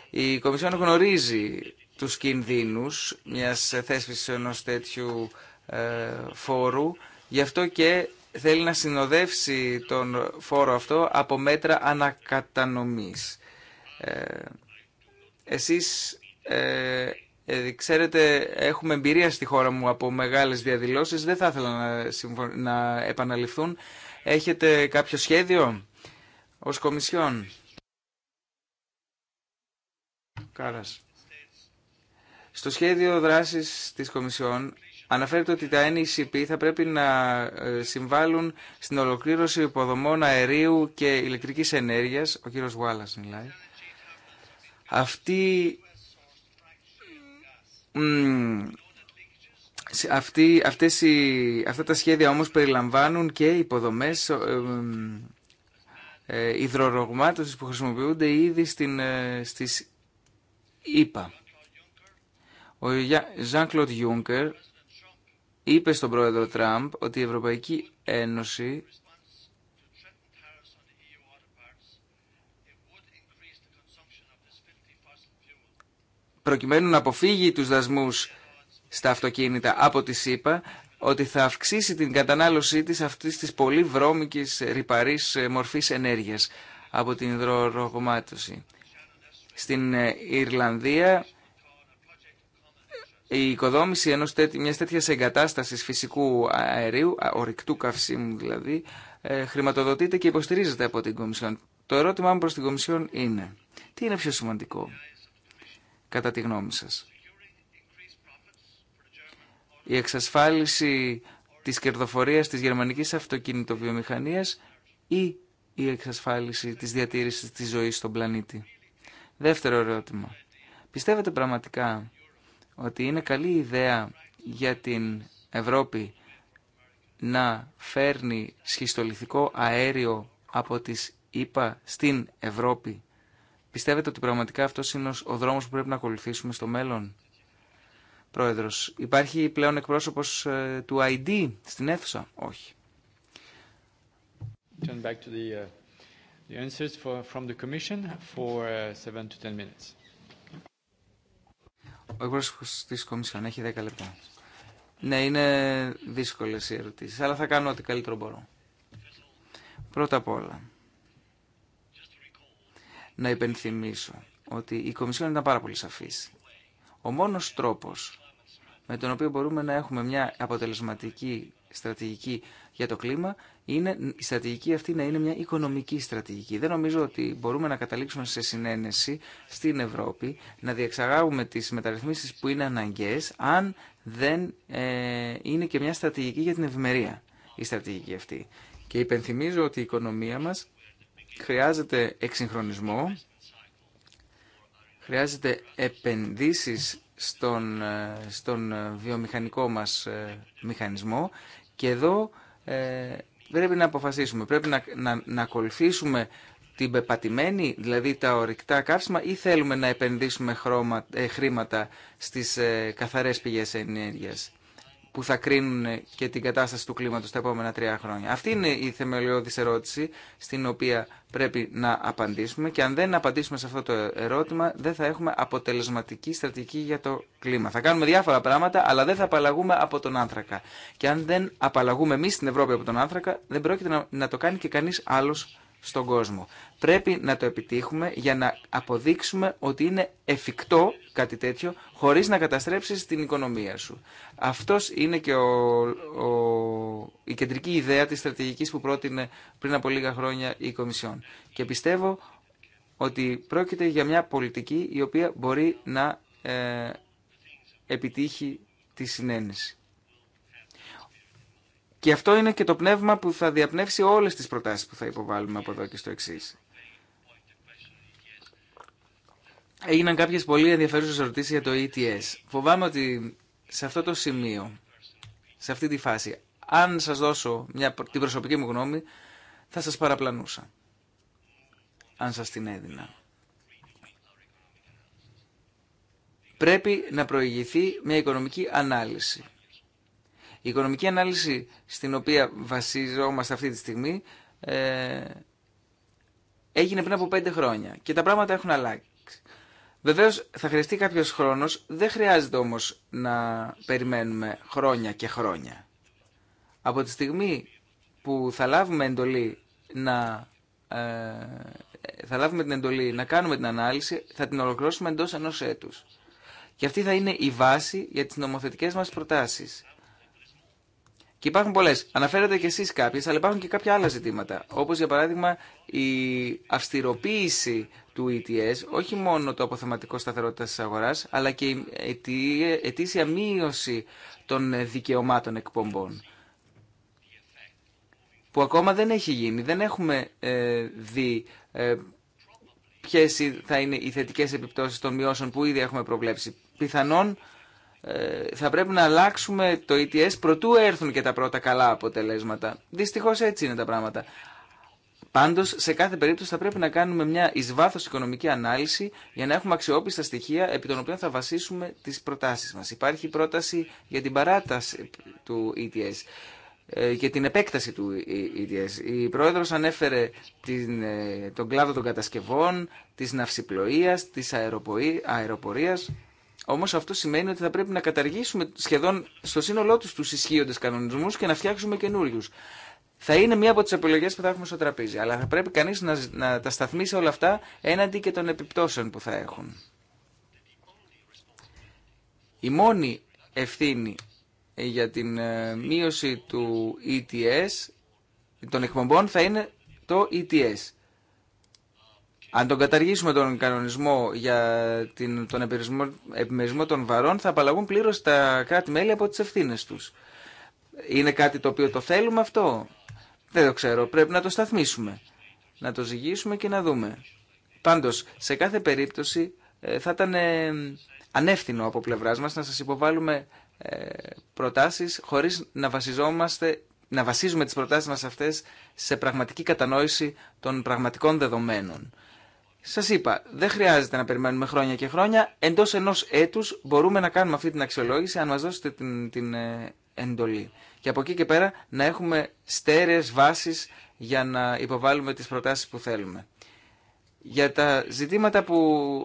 Η Κομισιόν γνωρίζει τους κινδύνους μιας θέσπισης ενός τέτοιου ε, φόρου. Γι' αυτό και θέλει να συνοδεύσει τον φόρο αυτό από μέτρα ανακατανομής. Ε, εσείς ε, ε, ξέρετε, έχουμε εμπειρία στη χώρα μου από μεγάλες διαδηλώσεις. Δεν θα ήθελα να, να επαναληφθούν. Έχετε κάποιο σχέδιο ως Κομισιόν. Κάρας. Στο σχέδιο δράσης της Κομισιόν αναφέρεται ότι τα NECP θα πρέπει να ε, συμβάλλουν στην ολοκλήρωση υποδομών αερίου και ηλεκτρικής ενέργειας. Ο κύριος Γουάλλας μιλάει. Αυτή, αυτή, αυτές οι, αυτά τα σχέδια όμως περιλαμβάνουν και υποδομές ε, ε υδρορογμάτωσης που χρησιμοποιούνται ήδη στην, ε, στις ΗΠΑ. Ο Jean-Claude είπε στον πρόεδρο Τραμπ ότι η Ευρωπαϊκή Ένωση προκειμένου να αποφύγει τους δασμούς στα αυτοκίνητα από τη ΣΥΠΑ, ότι θα αυξήσει την κατανάλωσή της αυτής της πολύ βρώμικης ρηπαρής ε, μορφής ενέργειας από την υδρορογμάτωση. Στην ε, Ιρλανδία η οικοδόμηση ενός τέτοι, μιας τέτοιας εγκατάστασης φυσικού αερίου, ορυκτού καυσίμου δηλαδή, ε, χρηματοδοτείται και υποστηρίζεται από την Κομισιόν. Το ερώτημά μου προς την Κομισιόν είναι, τι είναι πιο σημαντικό, κατά τη γνώμη σας. Η εξασφάλιση της κερδοφορίας της γερμανικής αυτοκινητοβιομηχανίας ή η εξασφάλιση της διατήρησης της ζωής στον πλανήτη. Δεύτερο ερώτημα. Πιστεύετε πραγματικά ότι είναι καλή ιδέα για την Ευρώπη να φέρνει σχιστολιθικό αέριο από τις ΗΠΑ στην Ευρώπη. Πιστεύετε ότι πραγματικά αυτό είναι ο δρόμος που πρέπει να ακολουθήσουμε στο μέλλον. Πρόεδρος, υπάρχει πλέον εκπρόσωπος ε, του ID στην αίθουσα. Όχι.
Turn back to the, uh, the answers for, from the Commission for 7 uh, to 10 minutes. Ο
εκπρόσωπος τη Κομισιόν έχει 10 λεπτά. Ναι, είναι δύσκολες οι ερωτήσει, αλλά θα κάνω ό,τι καλύτερο μπορώ. Πρώτα απ' όλα, να υπενθυμίσω ότι η Κομισιόν ήταν πάρα πολύ σαφή. Ο μόνος τρόπος με τον οποίο μπορούμε να έχουμε μια αποτελεσματική στρατηγική για το κλίμα, είναι η στρατηγική αυτή να είναι μια οικονομική στρατηγική. Δεν νομίζω ότι μπορούμε να καταλήξουμε σε συνένεση στην Ευρώπη, να διεξαγάγουμε τις μεταρρυθμίσεις που είναι αναγκαίες, αν δεν ε, είναι και μια στρατηγική για την ευημερία η στρατηγική αυτή. Και υπενθυμίζω ότι η οικονομία μας χρειάζεται εξυγχρονισμό, χρειάζεται επενδύσεις στον, ε, στον ε, βιομηχανικό μας μηχανισμό και εδώ ε, πρέπει να αποφασίσουμε, πρέπει να, να, να ακολουθήσουμε την πεπατημένη, δηλαδή τα ορυκτά καύσιμα, ή θέλουμε να επενδύσουμε ε, χρήματα στις ε, καθαρές πηγές ενέργειας που θα κρίνουν και την κατάσταση του κλίματος τα επόμενα τρία χρόνια. Αυτή είναι η θεμελιώδης ερώτηση στην οποία πρέπει να απαντήσουμε και αν δεν απαντήσουμε σε αυτό το ερώτημα δεν θα έχουμε αποτελεσματική στρατηγική για το κλίμα. Θα κάνουμε διάφορα πράγματα αλλά δεν θα απαλλαγούμε από τον άνθρακα. Και αν δεν απαλλαγούμε εμείς στην Ευρώπη από τον άνθρακα δεν πρόκειται να, να το κάνει και κανείς άλλος στον κόσμο. Πρέπει να το επιτύχουμε για να αποδείξουμε ότι είναι εφικτό κάτι τέτοιο χωρίς να καταστρέψεις την οικονομία σου. Αυτός είναι και ο, η κεντρική ιδέα της στρατηγικής που πρότεινε πριν από λίγα χρόνια η Κομισιόν. Και πιστεύω ότι πρόκειται για μια πολιτική η οποία μπορεί να ε, επιτύχει τη συνένεση. Και αυτό είναι και το πνεύμα που θα διαπνεύσει όλες τις προτάσεις που θα υποβάλουμε από εδώ και στο εξή. Έγιναν κάποιες πολύ ενδιαφέρουσες ερωτήσεις για το ETS. Φοβάμαι ότι σε αυτό το σημείο, σε αυτή τη φάση, αν σας δώσω μια, την προσωπική μου γνώμη, θα σας παραπλανούσα, αν σας την έδινα. Πρέπει να προηγηθεί μια οικονομική ανάλυση η οικονομική ανάλυση στην οποία βασιζόμαστε αυτή τη στιγμή ε, έγινε πριν από πέντε χρόνια και τα πράγματα έχουν αλλάξει. Βεβαίω θα χρειαστεί κάποιο χρόνο, δεν χρειάζεται όμω να περιμένουμε χρόνια και χρόνια. Από τη στιγμή που θα λάβουμε εντολή να ε, θα λάβουμε την εντολή να κάνουμε την ανάλυση, θα την ολοκληρώσουμε εντό ενό έτου. Και αυτή θα είναι η βάση για τι νομοθετικέ μα προτάσει. Και υπάρχουν πολλέ. Αναφέρετε κι εσεί κάποιε, αλλά υπάρχουν και κάποια άλλα ζητήματα. Όπω για παράδειγμα η αυστηροποίηση του ETS, όχι μόνο το αποθεματικό σταθερότητα τη αγορά, αλλά και η ετήσια μείωση των δικαιωμάτων εκπομπών. Που ακόμα δεν έχει γίνει. Δεν έχουμε ε, δει ε, ποιε θα είναι οι θετικέ επιπτώσει των μειώσεων που ήδη έχουμε προβλέψει. Πιθανόν ε, θα πρέπει να αλλάξουμε το ETS προτού έρθουν και τα πρώτα καλά αποτελέσματα. Δυστυχώ έτσι είναι τα πράγματα. Πάντως, σε κάθε περίπτωση θα πρέπει να κάνουμε μια εις βάθος οικονομική ανάλυση για να έχουμε αξιόπιστα στοιχεία επί των οποίων θα βασίσουμε τις προτάσεις μας. Υπάρχει πρόταση για την παράταση του ETS και ε, την επέκταση του ETS. Η πρόεδρος ανέφερε την, ε, τον κλάδο των κατασκευών, της ναυσιπλοείας, της αεροπορίας όμω αυτό σημαίνει ότι θα πρέπει να καταργήσουμε σχεδόν στο σύνολό τους τους ισχύοντες κανονισμούς και να φτιάξουμε καινούριου. Θα είναι μία από τις επιλογές που θα έχουμε στο τραπέζι, αλλά θα πρέπει κανείς να, να τα σταθμίσει όλα αυτά έναντι και των επιπτώσεων που θα έχουν. Η μόνη ευθύνη ε, για την ε, μείωση του ETS, των εκπομπών, θα είναι το ETS. Αν τον καταργήσουμε τον κανονισμό για τον επιμερισμό των βαρών, θα απαλλαγούν πλήρω τα κράτη-μέλη από τι ευθύνε του. Είναι κάτι το οποίο το θέλουμε αυτό. Δεν το ξέρω. Πρέπει να το σταθμίσουμε. Να το ζυγίσουμε και να δούμε. Πάντω, σε κάθε περίπτωση ε, θα ήταν ε, ανεύθυνο από πλευρά μα να σα υποβάλουμε ε, προτάσει χωρί να βασιζόμαστε να βασίζουμε τις προτάσεις μας αυτές σε πραγματική κατανόηση των πραγματικών δεδομένων. Σας είπα, δεν χρειάζεται να περιμένουμε χρόνια και χρόνια. Εντός ενός έτους μπορούμε να κάνουμε αυτή την αξιολόγηση αν μας δώσετε την, την ε, εντολή. Και από εκεί και πέρα να έχουμε στέρεες βάσεις για να υποβάλουμε τις προτάσεις που θέλουμε. Για τα ζητήματα που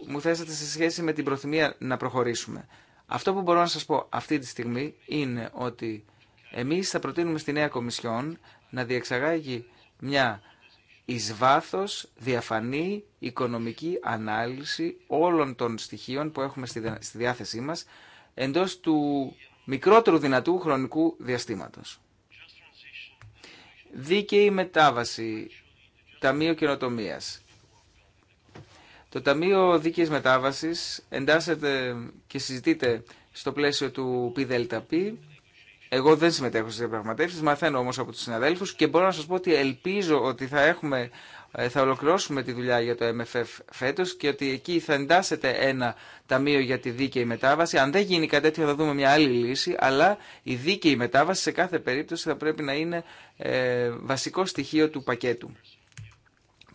μου θέσατε σε σχέση με την προθυμία να προχωρήσουμε. Αυτό που μπορώ να σας πω αυτή τη στιγμή είναι ότι εμείς θα προτείνουμε στη Νέα Κομισιόν να διεξαγάγει μια εις βάθος διαφανή οικονομική ανάλυση όλων των στοιχείων που έχουμε στη διάθεσή μας εντός του μικρότερου δυνατού χρονικού διαστήματος. Δίκαιη μετάβαση Ταμείο καινοτομία. Το Ταμείο Δίκαιης Μετάβασης εντάσσεται και συζητείται στο πλαίσιο του ΠΔΠ εγώ δεν συμμετέχω στι διαπραγματεύσει, μαθαίνω όμως από τους συναδέλφους και μπορώ να σας πω ότι ελπίζω ότι θα έχουμε ε, θα ολοκληρώσουμε τη δουλειά για το MFF Φέτο και ότι εκεί θα εντάσσεται ένα ταμείο για τη δίκαιη μετάβαση. Αν δεν γίνει κάτι τέτοιο θα δούμε μια άλλη λύση, αλλά η δίκαιη μετάβαση σε κάθε περίπτωση θα πρέπει να είναι ε, βασικό στοιχείο του πακέτου.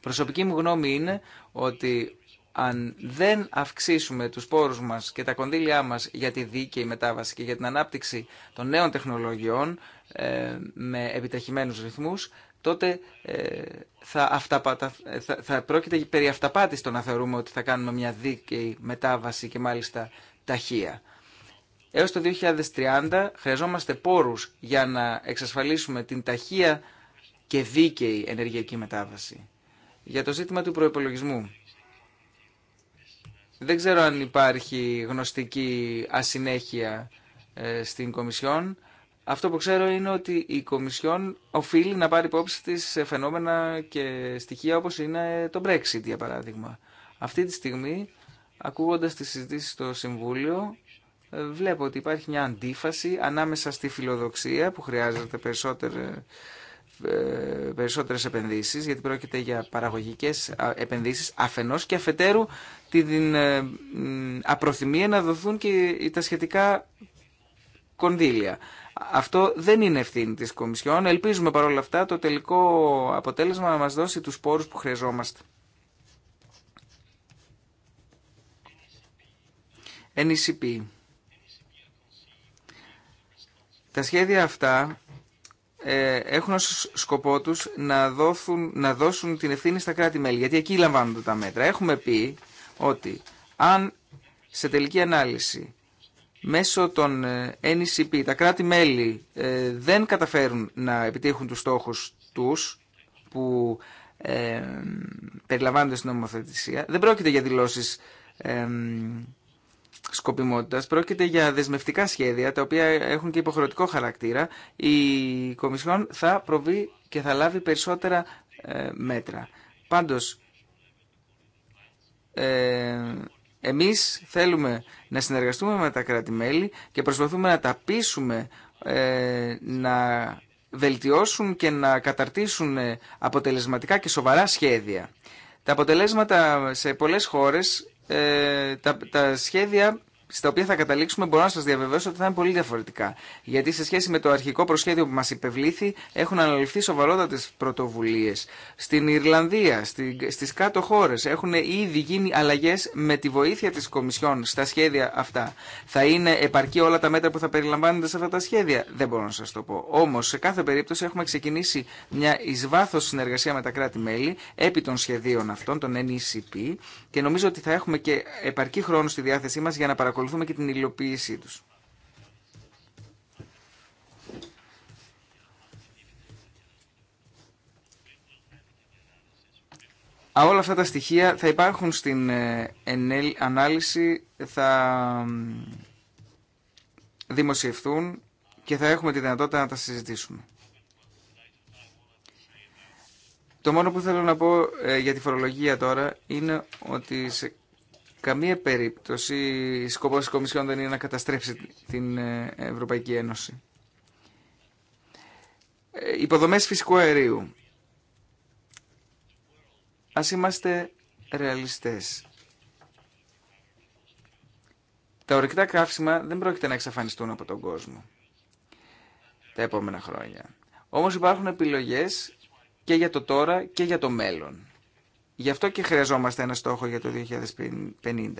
Προσωπική μου γνώμη είναι ότι αν δεν αυξήσουμε τους πόρους μας και τα κονδύλια μας για τη δίκαιη μετάβαση και για την ανάπτυξη των νέων τεχνολογιών ε, με επιταχυμένους ρυθμούς, τότε ε, θα, αυταπατα, θα, θα πρόκειται περί αυταπάτης το να θεωρούμε ότι θα κάνουμε μια δίκαιη μετάβαση και μάλιστα ταχεία. Έως το 2030 χρειαζόμαστε πόρους για να εξασφαλίσουμε την ταχεία και δίκαιη ενεργειακή μετάβαση. Για το ζήτημα του προϋπολογισμού δεν ξέρω αν υπάρχει γνωστική ασυνέχεια ε, στην Κομισιόν. Αυτό που ξέρω είναι ότι η Κομισιόν οφείλει να πάρει υπόψη της φαινόμενα και στοιχεία όπως είναι το Brexit, για παράδειγμα. Αυτή τη στιγμή, ακούγοντας τις συζητήσεις στο Συμβούλιο, ε, βλέπω ότι υπάρχει μια αντίφαση ανάμεσα στη φιλοδοξία που χρειάζεται περισσότερο ε, Περισσότερε επενδύσει γιατί πρόκειται για παραγωγικέ επενδύσει αφενός και αφετέρου την ε, απροθυμία να δοθούν και τα σχετικά κονδύλια. Αυτό δεν είναι ευθύνη της Κομισιόν. Ελπίζουμε παρόλα αυτά το τελικό αποτέλεσμα να μας δώσει τους πόρους που χρειαζόμαστε. NECP. Τα σχέδια αυτά ε, έχουν ως σκοπό τους να, δώσουν, να δώσουν την ευθύνη στα κράτη-μέλη, γιατί εκεί λαμβάνονται τα μέτρα. Έχουμε πει ότι αν σε τελική ανάλυση μέσω των ε, NCP, e τα κράτη-μέλη ε, δεν καταφέρουν να επιτύχουν τους στόχους τους που ε, περιλαμβάνονται στην νομοθετησία, δεν πρόκειται για δηλώσεις σκοπιμότητας πρόκειται για δεσμευτικά σχέδια τα οποία έχουν και υποχρεωτικό χαρακτήρα. Η Κομισιόν θα προβεί και θα λάβει περισσότερα ε, μέτρα. Πάντω, ε, εμείς θέλουμε να συνεργαστούμε με τα κράτη-μέλη και προσπαθούμε να τα πείσουμε ε, να βελτιώσουν και να καταρτήσουν αποτελεσματικά και σοβαρά σχέδια. Τα αποτελέσματα σε πολλές χώρες ε, τα, τα σχέδια στα οποία θα καταλήξουμε μπορώ να σα διαβεβαιώσω ότι θα είναι πολύ διαφορετικά. Γιατί σε σχέση με το αρχικό προσχέδιο που μα υπευλήθη έχουν αναλυφθεί σοβαρότατε πρωτοβουλίε. Στην Ιρλανδία, στι κάτω χώρε, έχουν ήδη γίνει αλλαγέ με τη βοήθεια τη Κομισιόν στα σχέδια αυτά. Θα είναι επαρκή όλα τα μέτρα που θα περιλαμβάνονται σε αυτά τα σχέδια. Δεν μπορώ να σα το πω. Όμω, σε κάθε περίπτωση έχουμε ξεκινήσει μια ει βάθο συνεργασία με τα κράτη-μέλη επί των σχεδίων αυτών, των NECP και νομίζω ότι θα έχουμε και επαρκή χρόνο στη διάθεσή μα για να παρακολουθήσουμε παρακολουθούμε και την υλοποίησή τους. Α, όλα αυτά τα στοιχεία θα υπάρχουν στην ε, ανάλυση, θα δημοσιευθούν και θα έχουμε τη δυνατότητα να τα συζητήσουμε. Το μόνο που θέλω να πω ε, για τη φορολογία τώρα είναι ότι καμία περίπτωση σκοπός της Κομισιόν δεν είναι να καταστρέψει την ε, Ευρωπαϊκή Ένωση. Ε, υποδομές φυσικού αερίου. Ας είμαστε ρεαλιστές. Τα ορυκτά καύσιμα δεν πρόκειται να εξαφανιστούν από τον κόσμο τα επόμενα χρόνια. Όμως υπάρχουν επιλογές και για το τώρα και για το μέλλον. Γι' αυτό και χρειαζόμαστε ένα στόχο για το 2050.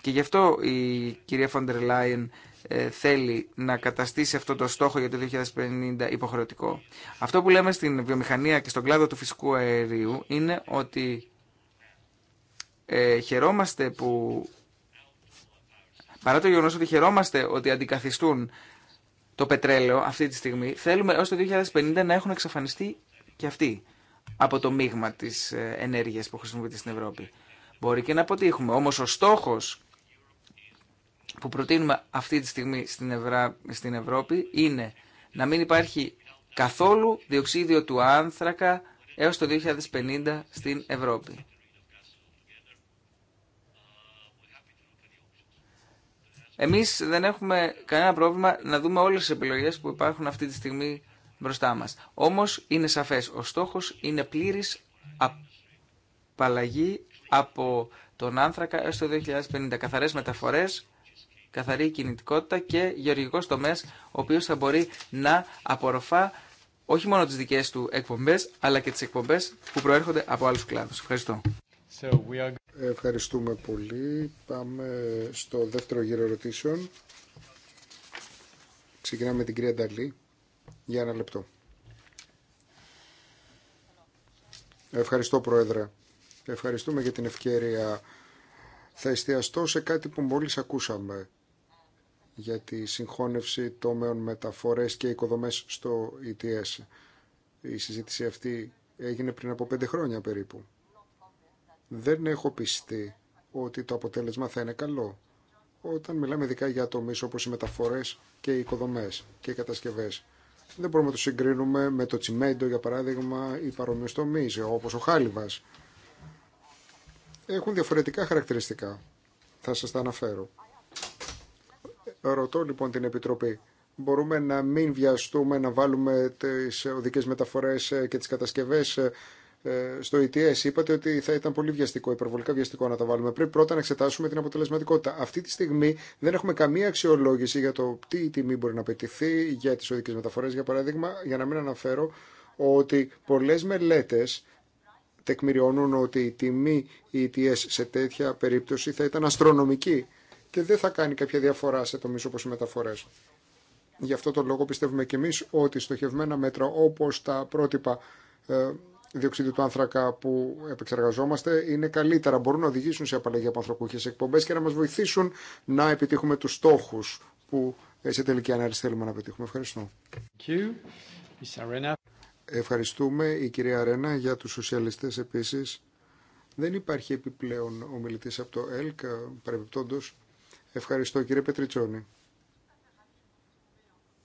Και γι' αυτό η κυρία Φόντερ Λάιεν ε, θέλει να καταστήσει αυτό το στόχο για το 2050 υποχρεωτικό. Αυτό που λέμε στην βιομηχανία και στον κλάδο του φυσικού αερίου είναι ότι ε, χαιρόμαστε που παρά το γεγονός ότι χαιρόμαστε ότι αντικαθιστούν το πετρέλαιο αυτή τη στιγμή θέλουμε έως το 2050 να έχουν εξαφανιστεί και αυτοί από το μείγμα της ε, ενέργειας που χρησιμοποιείται στην Ευρώπη. Μπορεί και να αποτύχουμε. Όμως ο στόχος που προτείνουμε αυτή τη στιγμή στην Ευρώπη είναι να μην υπάρχει καθόλου διοξίδιο του άνθρακα έως το 2050 στην Ευρώπη. Εμείς δεν έχουμε κανένα πρόβλημα να δούμε όλες τις επιλογές που υπάρχουν αυτή τη στιγμή μπροστά μας. Όμως είναι σαφές, ο στόχος είναι πλήρης απαλλαγή από τον άνθρακα έως το 2050. Καθαρές μεταφορές, καθαρή κινητικότητα και γεωργικός τομέας, ο οποίος θα μπορεί να απορροφά όχι μόνο τις δικές του εκπομπές, αλλά και τις εκπομπές που προέρχονται από άλλους κλάδους. Ευχαριστώ.
Ευχαριστούμε πολύ. Πάμε στο δεύτερο γύρο ερωτήσεων. Ξεκινάμε με την κυρία Νταλή. Για ένα λεπτό. Ευχαριστώ Πρόεδρε. Ευχαριστούμε για την ευκαιρία. Θα εστιαστώ σε κάτι που μόλις ακούσαμε για τη συγχώνευση τομέων μεταφορές και οικοδομές στο ETS. Η συζήτηση αυτή έγινε πριν από πέντε χρόνια περίπου. Δεν έχω πιστεί ότι το αποτέλεσμα θα είναι καλό όταν μιλάμε ειδικά για τομείς όπως οι μεταφορές και οι οικοδομές και οι κατασκευές δεν μπορούμε να το συγκρίνουμε με το τσιμέντο για παράδειγμα ή παρόμοιους τομείς όπως ο χάλιβας. Έχουν διαφορετικά χαρακτηριστικά. Θα σας τα αναφέρω. Ρωτώ λοιπόν την Επιτροπή. Μπορούμε να μην βιαστούμε να βάλουμε τις οδικές μεταφορές και τις κατασκευές ε, στο ETS είπατε ότι θα ήταν πολύ βιαστικό, υπερβολικά βιαστικό να τα βάλουμε. Πρέπει πρώτα να εξετάσουμε την αποτελεσματικότητα. Αυτή τη στιγμή δεν έχουμε καμία αξιολόγηση για το τι τιμή μπορεί να πετυχθεί για τι οδικέ μεταφορέ, για παράδειγμα, για να μην αναφέρω ότι πολλέ μελέτε τεκμηριώνουν ότι η τιμή ETS σε τέτοια περίπτωση θα ήταν αστρονομική και δεν θα κάνει κάποια διαφορά σε τομείς όπως οι μεταφορές. Γι' αυτό το λόγο πιστεύουμε και εμείς ότι στοχευμένα μέτρα όπως τα πρότυπα ε, διοξίδιο του άνθρακα που επεξεργαζόμαστε είναι καλύτερα. Μπορούν να οδηγήσουν σε απαλλαγή από ανθρωπούχε εκπομπέ και να μα βοηθήσουν να επιτύχουμε του στόχου που ε, σε τελική ανάλυση θέλουμε να πετύχουμε. Ευχαριστώ. Ευχαριστούμε η κυρία Αρένα για τους σοσιαλιστές επίσης. Δεν υπάρχει επιπλέον ομιλητής από το ΕΛΚ, ε, Ευχαριστώ κύριε Πετριτσόνη.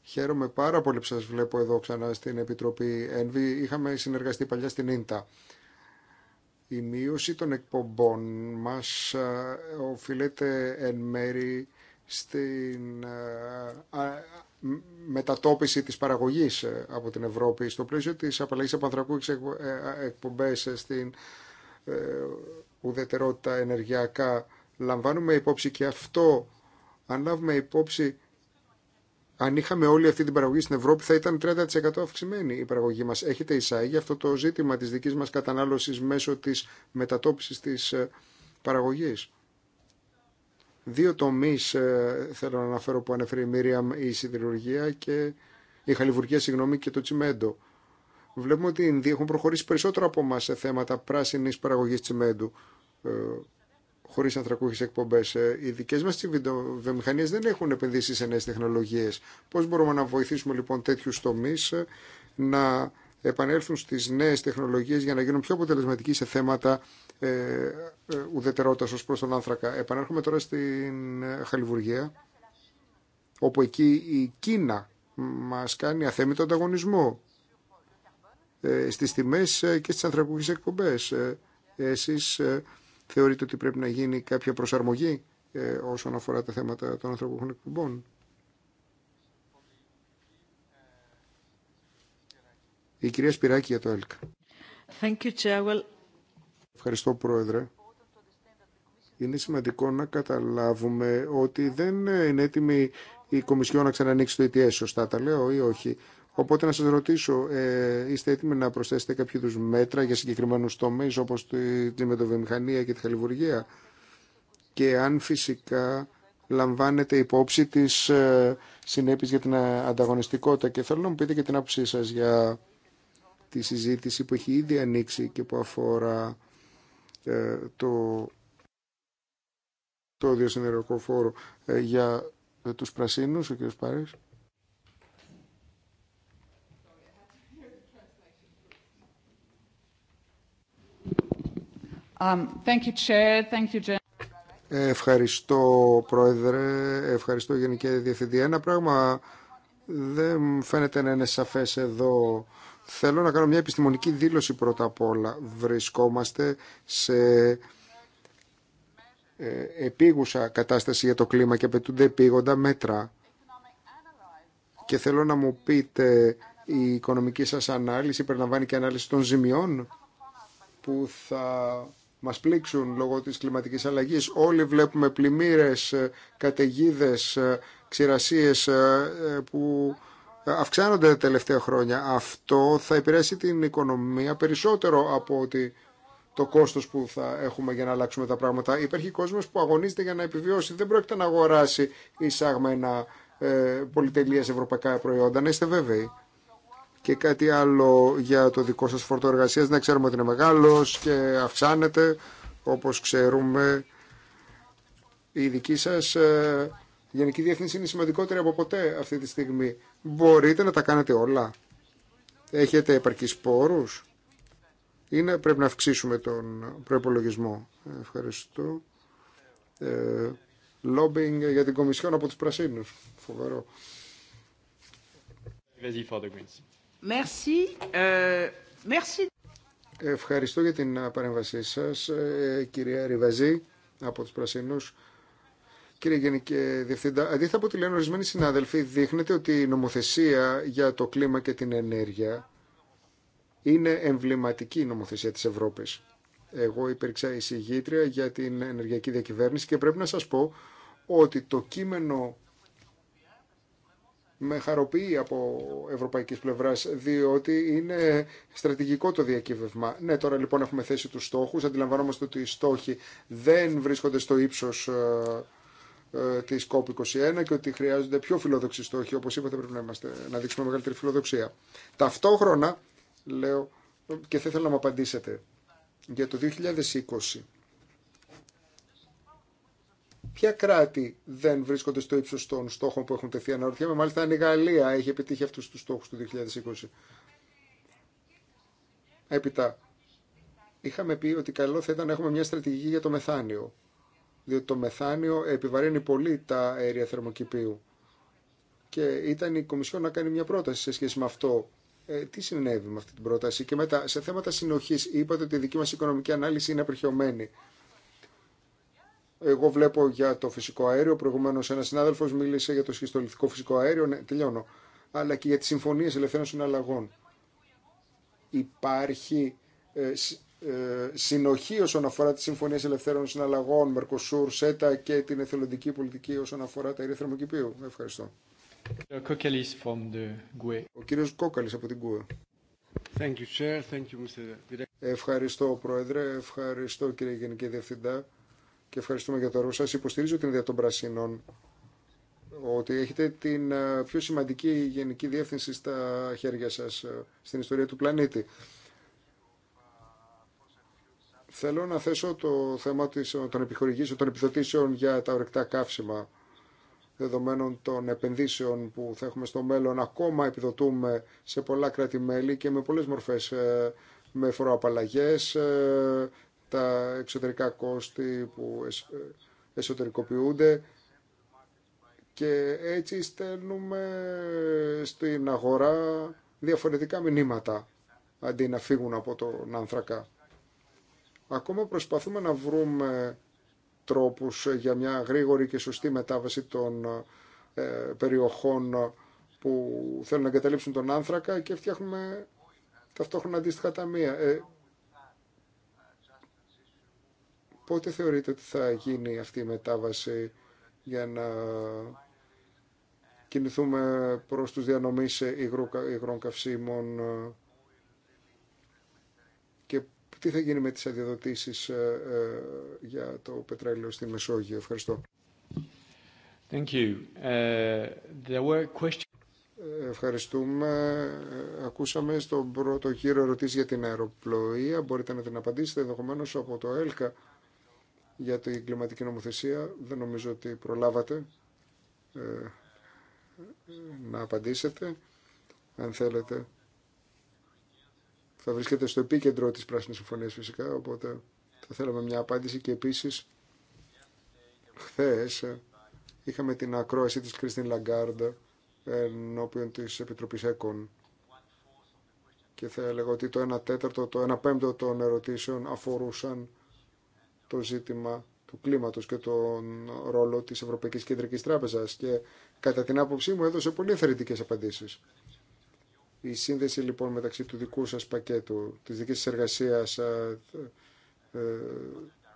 Χαίρομαι πάρα πολύ που σας βλέπω εδώ ξανά στην Επιτροπή ΕΝΒΗ. Είχαμε συνεργαστεί παλιά στην ΙΝΤΑ. Η μείωση των εκπομπών μας ε, οφείλεται εν μέρη στην ε, μετατόπιση της παραγωγής ε, από την Ευρώπη στο πλαίσιο της απαλλαγής από ανθρακού εκπομπές στην ουδετερότητα ενεργειακά. Λαμβάνουμε υπόψη και αυτό. Αν λάβουμε υπόψη αν είχαμε όλη αυτή την παραγωγή στην Ευρώπη θα ήταν 30% αυξημένη η παραγωγή μας. Έχετε εισάγει αυτό το ζήτημα της δικής μας κατανάλωσης μέσω της μετατόπισης τη ε, παραγωγής. Δύο τομείς ε, θέλω να αναφέρω που ανέφερε η Μίριαμ, η σιδηρουργία και η χαλιβουργία συγγνώμη, και το τσιμέντο. Βλέπουμε ότι οι Ινδοί έχουν προχωρήσει περισσότερο από εμά σε θέματα πράσινη παραγωγή τσιμέντου ε, χωρί ανθρακούχε εκπομπέ. Ε, οι δικέ μα βιομηχανίε δεν έχουν επενδύσει σε νέε τεχνολογίε. Πώ μπορούμε να βοηθήσουμε λοιπόν τέτοιου τομεί ε, να επανέλθουν στι νέε τεχνολογίε για να γίνουν πιο αποτελεσματικοί σε θέματα ε, ε, ουδετερότητα ω προ τον άνθρακα. Επανέρχομαι τώρα στην ε, Χαλιβουργία, όπου εκεί η Κίνα μα κάνει αθέμητο ανταγωνισμό ε, στι τιμέ και στι ανθρακούχε εκπομπέ. Εσείς Θεωρείτε ότι πρέπει να γίνει κάποια προσαρμογή ε, όσον αφορά τα θέματα των ανθρώπων εκπομπών. Η κυρία Σπυράκη για το ΕΛΚ. Ευχαριστώ, Πρόεδρε. Είναι σημαντικό να καταλάβουμε ότι δεν είναι έτοιμη η Κομισιόν να ξανανοίξει το ETS, ε σωστά τα λέω ή όχι. Οπότε να σας ρωτήσω, ε, είστε έτοιμοι να προσθέσετε κάποιο μέτρα για συγκεκριμένους τομείς όπως τη μετοβιομηχανία και τη χαλιβουργία και αν φυσικά λαμβάνετε υπόψη τις ε, συνέπειες για την ανταγωνιστικότητα και θέλω να μου πείτε και την άποψή σας για τη συζήτηση που έχει ήδη ανοίξει και που αφορά ε, το, το φόρο ε, για τους πρασίνους, ο κ. Πάρης. Um, ευχαριστώ, Πρόεδρε. Ευχαριστώ, Γενική Διευθυντή. Ένα πράγμα δεν φαίνεται να είναι σαφές εδώ. Θέλω να κάνω μια επιστημονική δήλωση πρώτα απ' όλα. Βρισκόμαστε σε ε, επίγουσα κατάσταση για το κλίμα και απαιτούνται επίγοντα μέτρα. Και θέλω να μου πείτε, η οικονομική σας ανάλυση περιλαμβάνει και ανάλυση των ζημιών που θα Μα πλήξουν λόγω τη κλιματική αλλαγή. Όλοι βλέπουμε πλημμύρε καταιγίδε, ε, ξηρασίε ε, ε, που αυξάνονται τα τελευταία χρόνια. Αυτό θα επηρεάσει την οικονομία περισσότερο από ότι το κόστο που θα έχουμε για να αλλάξουμε τα πράγματα. Υπάρχει κόσμο που αγωνίζεται για να επιβιώσει. Δεν πρόκειται να αγοράσει εισάγμενα πολυτελεία ευρωπαϊκά προϊόντα. Να είστε βέβαιοι και κάτι άλλο για το δικό σας φόρτο Να ξέρουμε ότι είναι μεγάλος και αυξάνεται. Όπως ξέρουμε, ε, η δική σας γενική διεύθυνση είναι σημαντικότερη από ποτέ αυτή τη στιγμή. Μπορείτε να τα κάνετε όλα. Έχετε επαρκείς πόρους. Είναι, πρέπει να αυξήσουμε τον προπολογισμό. Ευχαριστώ. Ε, lobbying για την Κομισιόν από τους Πρασίνους. Euh, Ευχαριστώ για την παρέμβασή σας, ε, κυρία Ριβαζή, από τους Πρασίνους. Κύριε Γενική Διευθύντα, αντίθετα από ό,τι λένε ορισμένοι συνάδελφοι, δείχνεται ότι η νομοθεσία για το κλίμα και την ενέργεια είναι εμβληματική η νομοθεσία της Ευρώπης. Εγώ υπήρξα εισηγήτρια για την ενεργειακή διακυβέρνηση και πρέπει να σας πω ότι το κείμενο με χαροποιεί από ευρωπαϊκής πλευράς, διότι είναι στρατηγικό το διακύβευμα. Ναι, τώρα λοιπόν έχουμε θέσει τους στόχους, αντιλαμβανόμαστε ότι οι στόχοι δεν βρίσκονται στο ύψος τη ε, ε, της COP21 και ότι χρειάζονται πιο φιλόδοξοι στόχοι, όπως είπατε πρέπει να, είμαστε, να δείξουμε μεγαλύτερη φιλοδοξία. Ταυτόχρονα, λέω, και θα ήθελα να μου απαντήσετε, για το 2020 Ποια κράτη δεν βρίσκονται στο ύψο των στόχων που έχουν τεθεί, αναρωτιέμαι. Μάλιστα, αν η Γαλλία έχει επιτύχει αυτού του στόχου του 2020. Έπειτα, είχαμε πει ότι καλό θα ήταν να έχουμε μια στρατηγική για το μεθάνιο. Διότι το μεθάνιο επιβαρύνει πολύ τα αέρια θερμοκηπίου. Και ήταν η Κομισιόν να κάνει μια πρόταση σε σχέση με αυτό. Ε, τι συνέβη με αυτή την πρόταση. Και μετά, σε θέματα συνοχή, είπατε ότι η δική μα οικονομική ανάλυση είναι απερχαιωμένη. Εγώ βλέπω για το φυσικό αέριο. Προηγουμένω, ένα συνάδελφο μίλησε για το σχιστολιθικό φυσικό αέριο. Ναι, τελειώνω. Αλλά και για τι συμφωνίε ελευθέρων συναλλαγών. Υπάρχει ε, ε, συνοχή όσον αφορά τι συμφωνίε ελευθέρων συναλλαγών, Μερκοσούρ, ΣΕΤΑ και την εθελοντική πολιτική όσον αφορά τα αερία θερμοκηπίου. Ευχαριστώ. Ο e. κύριος Κόκαλης από την ΚΟΕ. E. Ευχαριστώ, Πρόεδρε. Ευχαριστώ, κύριε Γενική Διευθυντά και ευχαριστούμε για το έργο σας. Υποστηρίζω την ιδέα των πρασίνων ότι έχετε την ε, πιο σημαντική γενική διεύθυνση στα χέρια σας ε, στην ιστορία του πλανήτη. Θέλω να θέσω το θέμα ε, των επιχορηγήσεων, των επιδοτήσεων για τα ορεκτά καύσιμα δεδομένων των επενδύσεων που θα έχουμε στο μέλλον. Ακόμα επιδοτούμε σε πολλά κράτη-μέλη και με πολλές μορφές με φοροαπαλλαγές, τα εξωτερικά κόστη που ε, εσωτερικοποιούνται και έτσι στέλνουμε στην αγορά διαφορετικά μηνύματα αντί να φύγουν από τον άνθρακα. Ακόμα προσπαθούμε να βρούμε τρόπους για μια γρήγορη και σωστή μετάβαση των ε, περιοχών που θέλουν να εγκαταλείψουν τον άνθρακα και φτιάχνουμε ταυτόχρονα αντίστοιχα ταμεία. Ε, Πότε θεωρείτε ότι θα γίνει αυτή η μετάβαση για να κινηθούμε προς τους διανομής υγρών καυσίμων και τι θα γίνει με τις αδειοδοτήσεις ε, ε, για το πετρέλαιο στη Μεσόγειο. Ευχαριστώ. Thank you. Uh, there were questions... Ευχαριστούμε. Ακούσαμε στον πρώτο γύρο ερωτήσει για την αεροπλοεία. Μπορείτε να την απαντήσετε ενδεχομένω από το ΕΛΚΑ για την κλιματική νομοθεσία. Δεν νομίζω ότι προλάβατε ε, να απαντήσετε. Αν θέλετε, θα βρίσκεται στο επίκεντρο της Πράσινης Συμφωνίας φυσικά, οπότε θα θέλαμε μια απάντηση και επίσης χθες ε, είχαμε την ακρόαση της Κριστίν Λαγκαρντ ε, ενώπιον της Επιτροπής ΕΚΟΝ και θα έλεγα ότι το 1 τέταρτο, το 1 πέμπτο των ερωτήσεων αφορούσαν το ζήτημα του κλίματος και τον ρόλο της Ευρωπαϊκής Κεντρικής Τράπεζας και κατά την άποψή μου έδωσε πολύ εθερετικές απαντήσεις. Η σύνδεση λοιπόν μεταξύ του δικού σας πακέτου, της δικής σας εργασίας, ε, ε,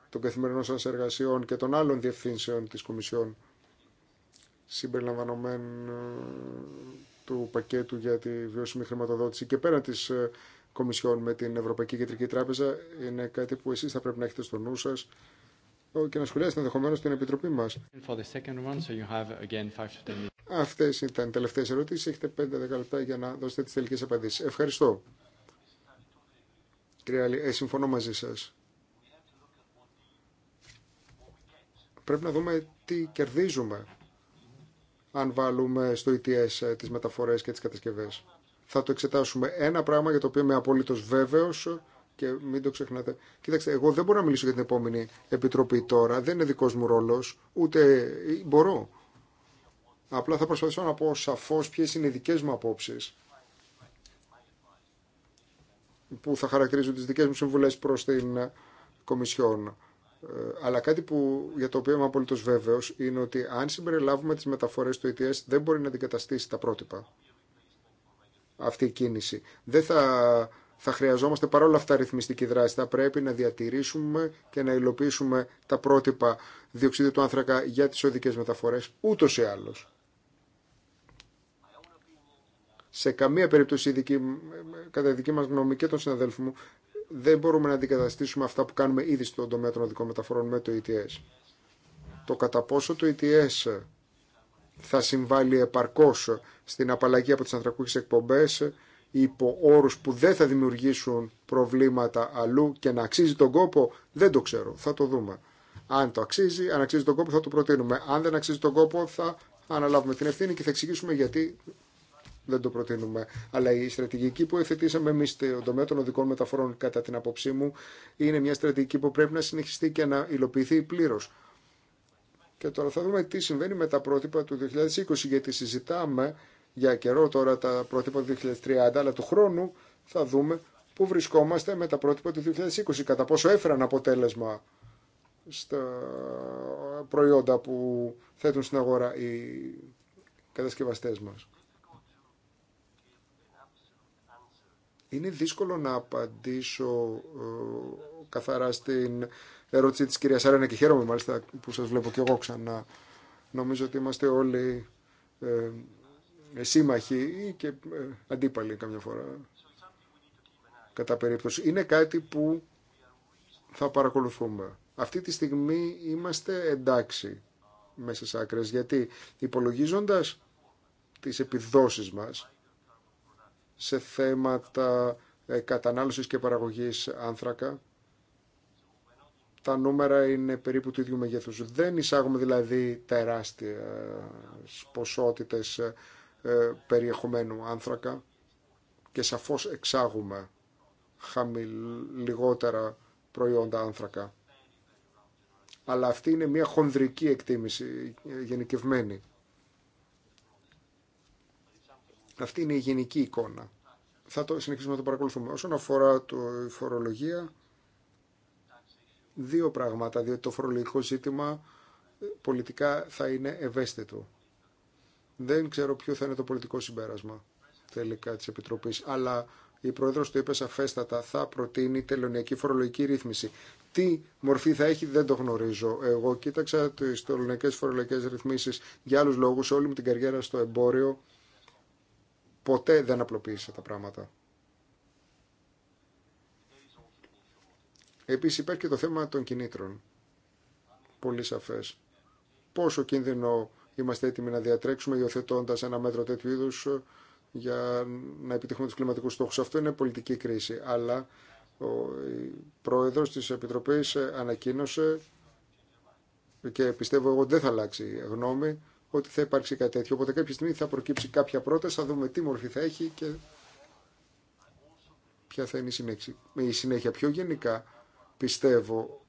των καθημερινών σας εργασιών και των άλλων διευθύνσεων της Κομισιόν συμπεριλαμβανομένου του πακέτου για τη βιώσιμη χρηματοδότηση και πέραν της ε, Κομισιόν με την Ευρωπαϊκή Κεντρική Τράπεζα είναι κάτι που εσείς θα πρέπει να έχετε στο νου σας και να σχολιάσετε ενδεχομένω την Επιτροπή μας. Αυτές ήταν οι τελευταίες ερωτήσεις. Έχετε 5-10 λεπτά για να δώσετε τις τελικές απαντήσεις. Ευχαριστώ. Κυρία Άλλη, ε, συμφωνώ μαζί σας. Πρέπει να δούμε τι κερδίζουμε αν βάλουμε στο ETS ε, τις μεταφορές και τις κατασκευές θα το εξετάσουμε. Ένα πράγμα για το οποίο είμαι απολύτω βέβαιο και μην το ξεχνάτε. Κοίταξτε, εγώ δεν μπορώ να μιλήσω για την επόμενη επιτροπή τώρα. Δεν είναι δικό μου ρόλο, ούτε μπορώ. Απλά θα προσπαθήσω να πω σαφώ ποιε είναι οι δικέ μου απόψει που θα χαρακτηρίζουν τι δικέ μου συμβουλέ προ την ε, Κομισιόν. Ε, αλλά κάτι που, για το οποίο είμαι απολύτω βέβαιο είναι ότι αν συμπεριλάβουμε τι μεταφορέ ε του ETS, δεν μπορεί να αντικαταστήσει τα πρότυπα αυτή η κίνηση. Δεν θα, θα χρειαζόμαστε παρόλα αυτά ρυθμιστική δράση. Θα πρέπει να διατηρήσουμε και να υλοποιήσουμε τα πρότυπα διοξίδιου του άνθρακα για τις οδικές μεταφορές ούτως ή άλλως. Σε καμία περίπτωση δική, κατά δική μας γνώμη και των συναδέλφων μου δεν μπορούμε να αντικαταστήσουμε αυτά που κάνουμε ήδη στον τομέα των οδικών μεταφορών με το ETS. Το κατά πόσο το ETS θα συμβάλλει επαρκώς στην απαλλαγή από τις ανθρακούχες εκπομπές υπό όρους που δεν θα δημιουργήσουν προβλήματα αλλού και να αξίζει τον κόπο δεν το ξέρω, θα το δούμε. Αν το αξίζει, αν αξίζει τον κόπο θα το προτείνουμε. Αν δεν αξίζει τον κόπο θα αναλάβουμε την ευθύνη και θα εξηγήσουμε γιατί δεν το προτείνουμε. Αλλά η στρατηγική που εθετήσαμε εμεί στον τομέα των οδικών μεταφορών, κατά την άποψή μου, είναι μια στρατηγική που πρέπει να συνεχιστεί και να υλοποιηθεί πλήρω. Και τώρα θα δούμε τι συμβαίνει με τα πρότυπα του 2020, γιατί συζητάμε για καιρό τώρα τα πρότυπα του 2030, αλλά του χρόνου θα δούμε πού βρισκόμαστε με τα πρότυπα του 2020, κατά πόσο έφεραν αποτέλεσμα στα προϊόντα που θέτουν στην αγορά οι κατασκευαστές μας. Είναι δύσκολο να απαντήσω ε, καθαρά στην ερώτηση τη κυρία Σαρένα και χαίρομαι μάλιστα που σας βλέπω και εγώ ξανά. Νομίζω ότι είμαστε όλοι ε, ε σύμμαχοι και ε, αντίπαλοι καμιά φορά κατά περίπτωση. Είναι κάτι που θα παρακολουθούμε. Αυτή τη στιγμή είμαστε εντάξει μέσα σε άκρες γιατί υπολογίζοντας τις επιδόσεις μας σε θέματα ε, κατανάλωσης και παραγωγής άνθρακα τα νούμερα είναι περίπου του ίδιου μεγέθους. Δεν εισάγουμε δηλαδή τεράστιες ποσότητες ε, περιεχομένου άνθρακα και σαφώς εξάγουμε λιγότερα προϊόντα άνθρακα. Αλλά αυτή είναι μια χονδρική εκτίμηση, ε, γενικευμένη. Αυτή είναι η γενική εικόνα. Θα το συνεχίσουμε να το παρακολουθούμε. Όσον αφορά το, η φορολογία, δύο πράγματα, διότι το φορολογικό ζήτημα ε, πολιτικά θα είναι ευαίσθητο. Δεν ξέρω ποιο θα είναι το πολιτικό συμπέρασμα τελικά της Επιτροπής, αλλά η Πρόεδρος του είπε σαφέστατα, θα προτείνει τελωνιακή φορολογική ρύθμιση. Τι μορφή θα έχει δεν το γνωρίζω. Εγώ κοίταξα τις τελωνιακές φορολογικές ρυθμίσεις για άλλους λόγους, όλη μου την καριέρα στο εμπόριο. Ποτέ δεν απλοποίησα τα πράγματα. Επίσης υπάρχει και το θέμα των κινήτρων. Πολύ σαφές. Πόσο κίνδυνο είμαστε έτοιμοι να διατρέξουμε υιοθετώντα ένα μέτρο τέτοιου είδου ε, για να επιτύχουμε του κλιματικού στόχου. Αυτό είναι πολιτική κρίση, αλλά ο πρόεδρο τη Επιτροπής ε, ανακοίνωσε και πιστεύω εγώ δεν θα αλλάξει γνώμη ότι θα υπάρξει κάτι τέτοιο. Οπότε κάποια στιγμή θα προκύψει κάποια πρόταση, θα δούμε τι μορφή θα έχει και ποια θα είναι η συνέχεια. Η συνέχεια πιο γενικά πιστεύω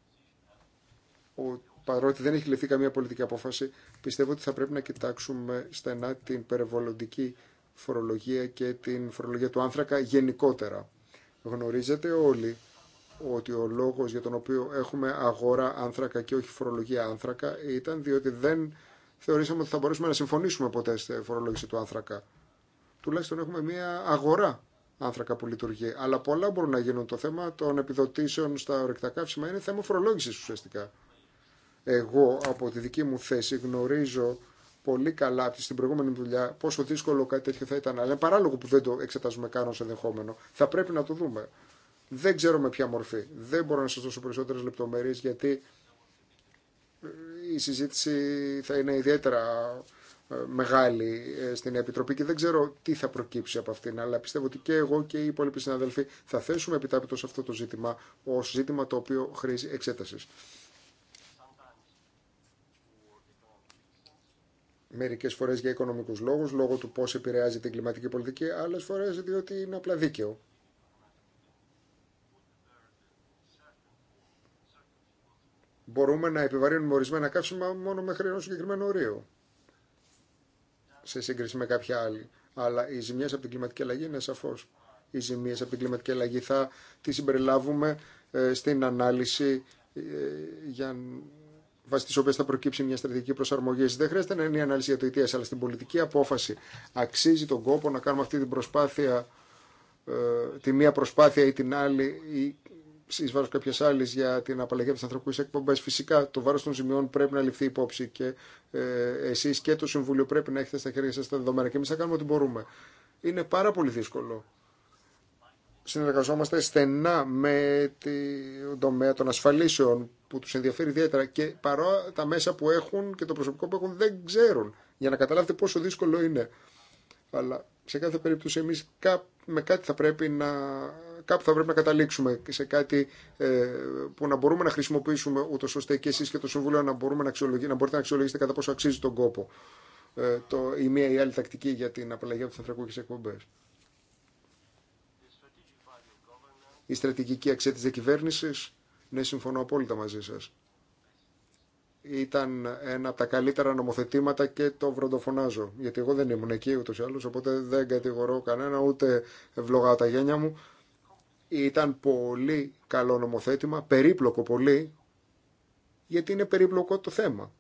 παρότι δεν έχει λεφθεί καμία πολιτική απόφαση, πιστεύω ότι θα πρέπει να κοιτάξουμε στενά την περιβαλλοντική φορολογία και την φορολογία του άνθρακα γενικότερα. Γνωρίζετε όλοι ότι ο λόγος για τον οποίο έχουμε αγορά άνθρακα και όχι φορολογία άνθρακα ήταν διότι δεν θεωρήσαμε ότι θα μπορέσουμε να συμφωνήσουμε ποτέ στη φορολόγηση του άνθρακα. Τουλάχιστον έχουμε μία αγορά άνθρακα που λειτουργεί. Αλλά πολλά μπορούν να γίνουν. Το θέμα των επιδοτήσεων στα ορεκτά καύσιμα είναι θέμα φορολόγηση ουσιαστικά. Εγώ από τη δική μου θέση γνωρίζω πολύ καλά από την προηγούμενη δουλειά πόσο δύσκολο κάτι τέτοιο θα ήταν. Αλλά είναι παράλογο που δεν το εξετάζουμε καν ω ενδεχόμενο. Θα πρέπει να το δούμε. Δεν ξέρω με ποια μορφή. Δεν μπορώ να σα δώσω περισσότερε λεπτομέρειε γιατί ε, η συζήτηση θα είναι ιδιαίτερα ε, μεγάλη ε, στην Επιτροπή και δεν ξέρω τι θα προκύψει από αυτήν, αλλά πιστεύω ότι και εγώ και οι υπόλοιποι συναδελφοί θα θέσουμε σε αυτό το ζήτημα ως ζήτημα το οποίο χρήζει εξέταση. Μερικές φορές για οικονομικούς λόγους, λόγω του πώς επηρεάζει την κλιματική πολιτική, άλλες φορές διότι είναι απλά δίκαιο. Μπορούμε να επιβαρύνουμε ορισμένα καύσιμα μόνο μέχρι ενό συγκεκριμένο ορίο σε σύγκριση με κάποια άλλη. Αλλά οι ζημιε από την κλιματική αλλαγή είναι σαφω Οι ζημιε από την κλιματική αλλαγή θα τι συμπεριλάβουμε ε, στην ανάλυση ε, για βάσει τη οποίε θα προκύψει μια στρατηγική προσαρμογή. Δεν χρειάζεται να είναι η ανάλυση για το ETS, αλλά στην πολιτική απόφαση αξίζει τον κόπο να κάνουμε αυτή την προσπάθεια, ε, τη μία προσπάθεια ή την άλλη, ή ει βάρο κάποιες άλλες για την απαλλαγή από τι εκπομπές. Φυσικά το βάρο των ζημιών πρέπει να ληφθεί υπόψη και ε, εσείς και το Συμβούλιο πρέπει να έχετε στα χέρια σα τα δεδομένα και εμεί θα κάνουμε ό,τι μπορούμε. Είναι πάρα πολύ δύσκολο. Συνεργαζόμαστε στενά με τον τομέα των ασφαλίσεων που του ενδιαφέρει ιδιαίτερα και παρόλα τα μέσα που έχουν και το προσωπικό που έχουν δεν ξέρουν για να καταλάβετε πόσο δύσκολο είναι. Αλλά σε κάθε περίπτωση εμείς με κάτι θα πρέπει να, κάπου θα πρέπει να καταλήξουμε σε κάτι ε, που να μπορούμε να χρησιμοποιήσουμε ούτω ώστε και εσείς και το Συμβούλιο να, μπορούμε να, να μπορείτε να αξιολογήσετε κατά πόσο αξίζει τον κόπο ε, το, η μία ή η αλλη τακτική για την απαλλαγή από τι ανθρακούχε εκπομπέ. Η στρατηγική αξία τη διακυβέρνηση, ναι, συμφωνώ απόλυτα μαζί σας ήταν ένα από τα καλύτερα νομοθετήματα και το βροντοφωνάζω. Γιατί εγώ δεν ήμουν εκεί ούτω ή άλλω, οπότε δεν κατηγορώ κανένα, ούτε ευλογάω τα γένια μου. Ήταν πολύ καλό νομοθέτημα, περίπλοκο πολύ, γιατί είναι περίπλοκο το θέμα.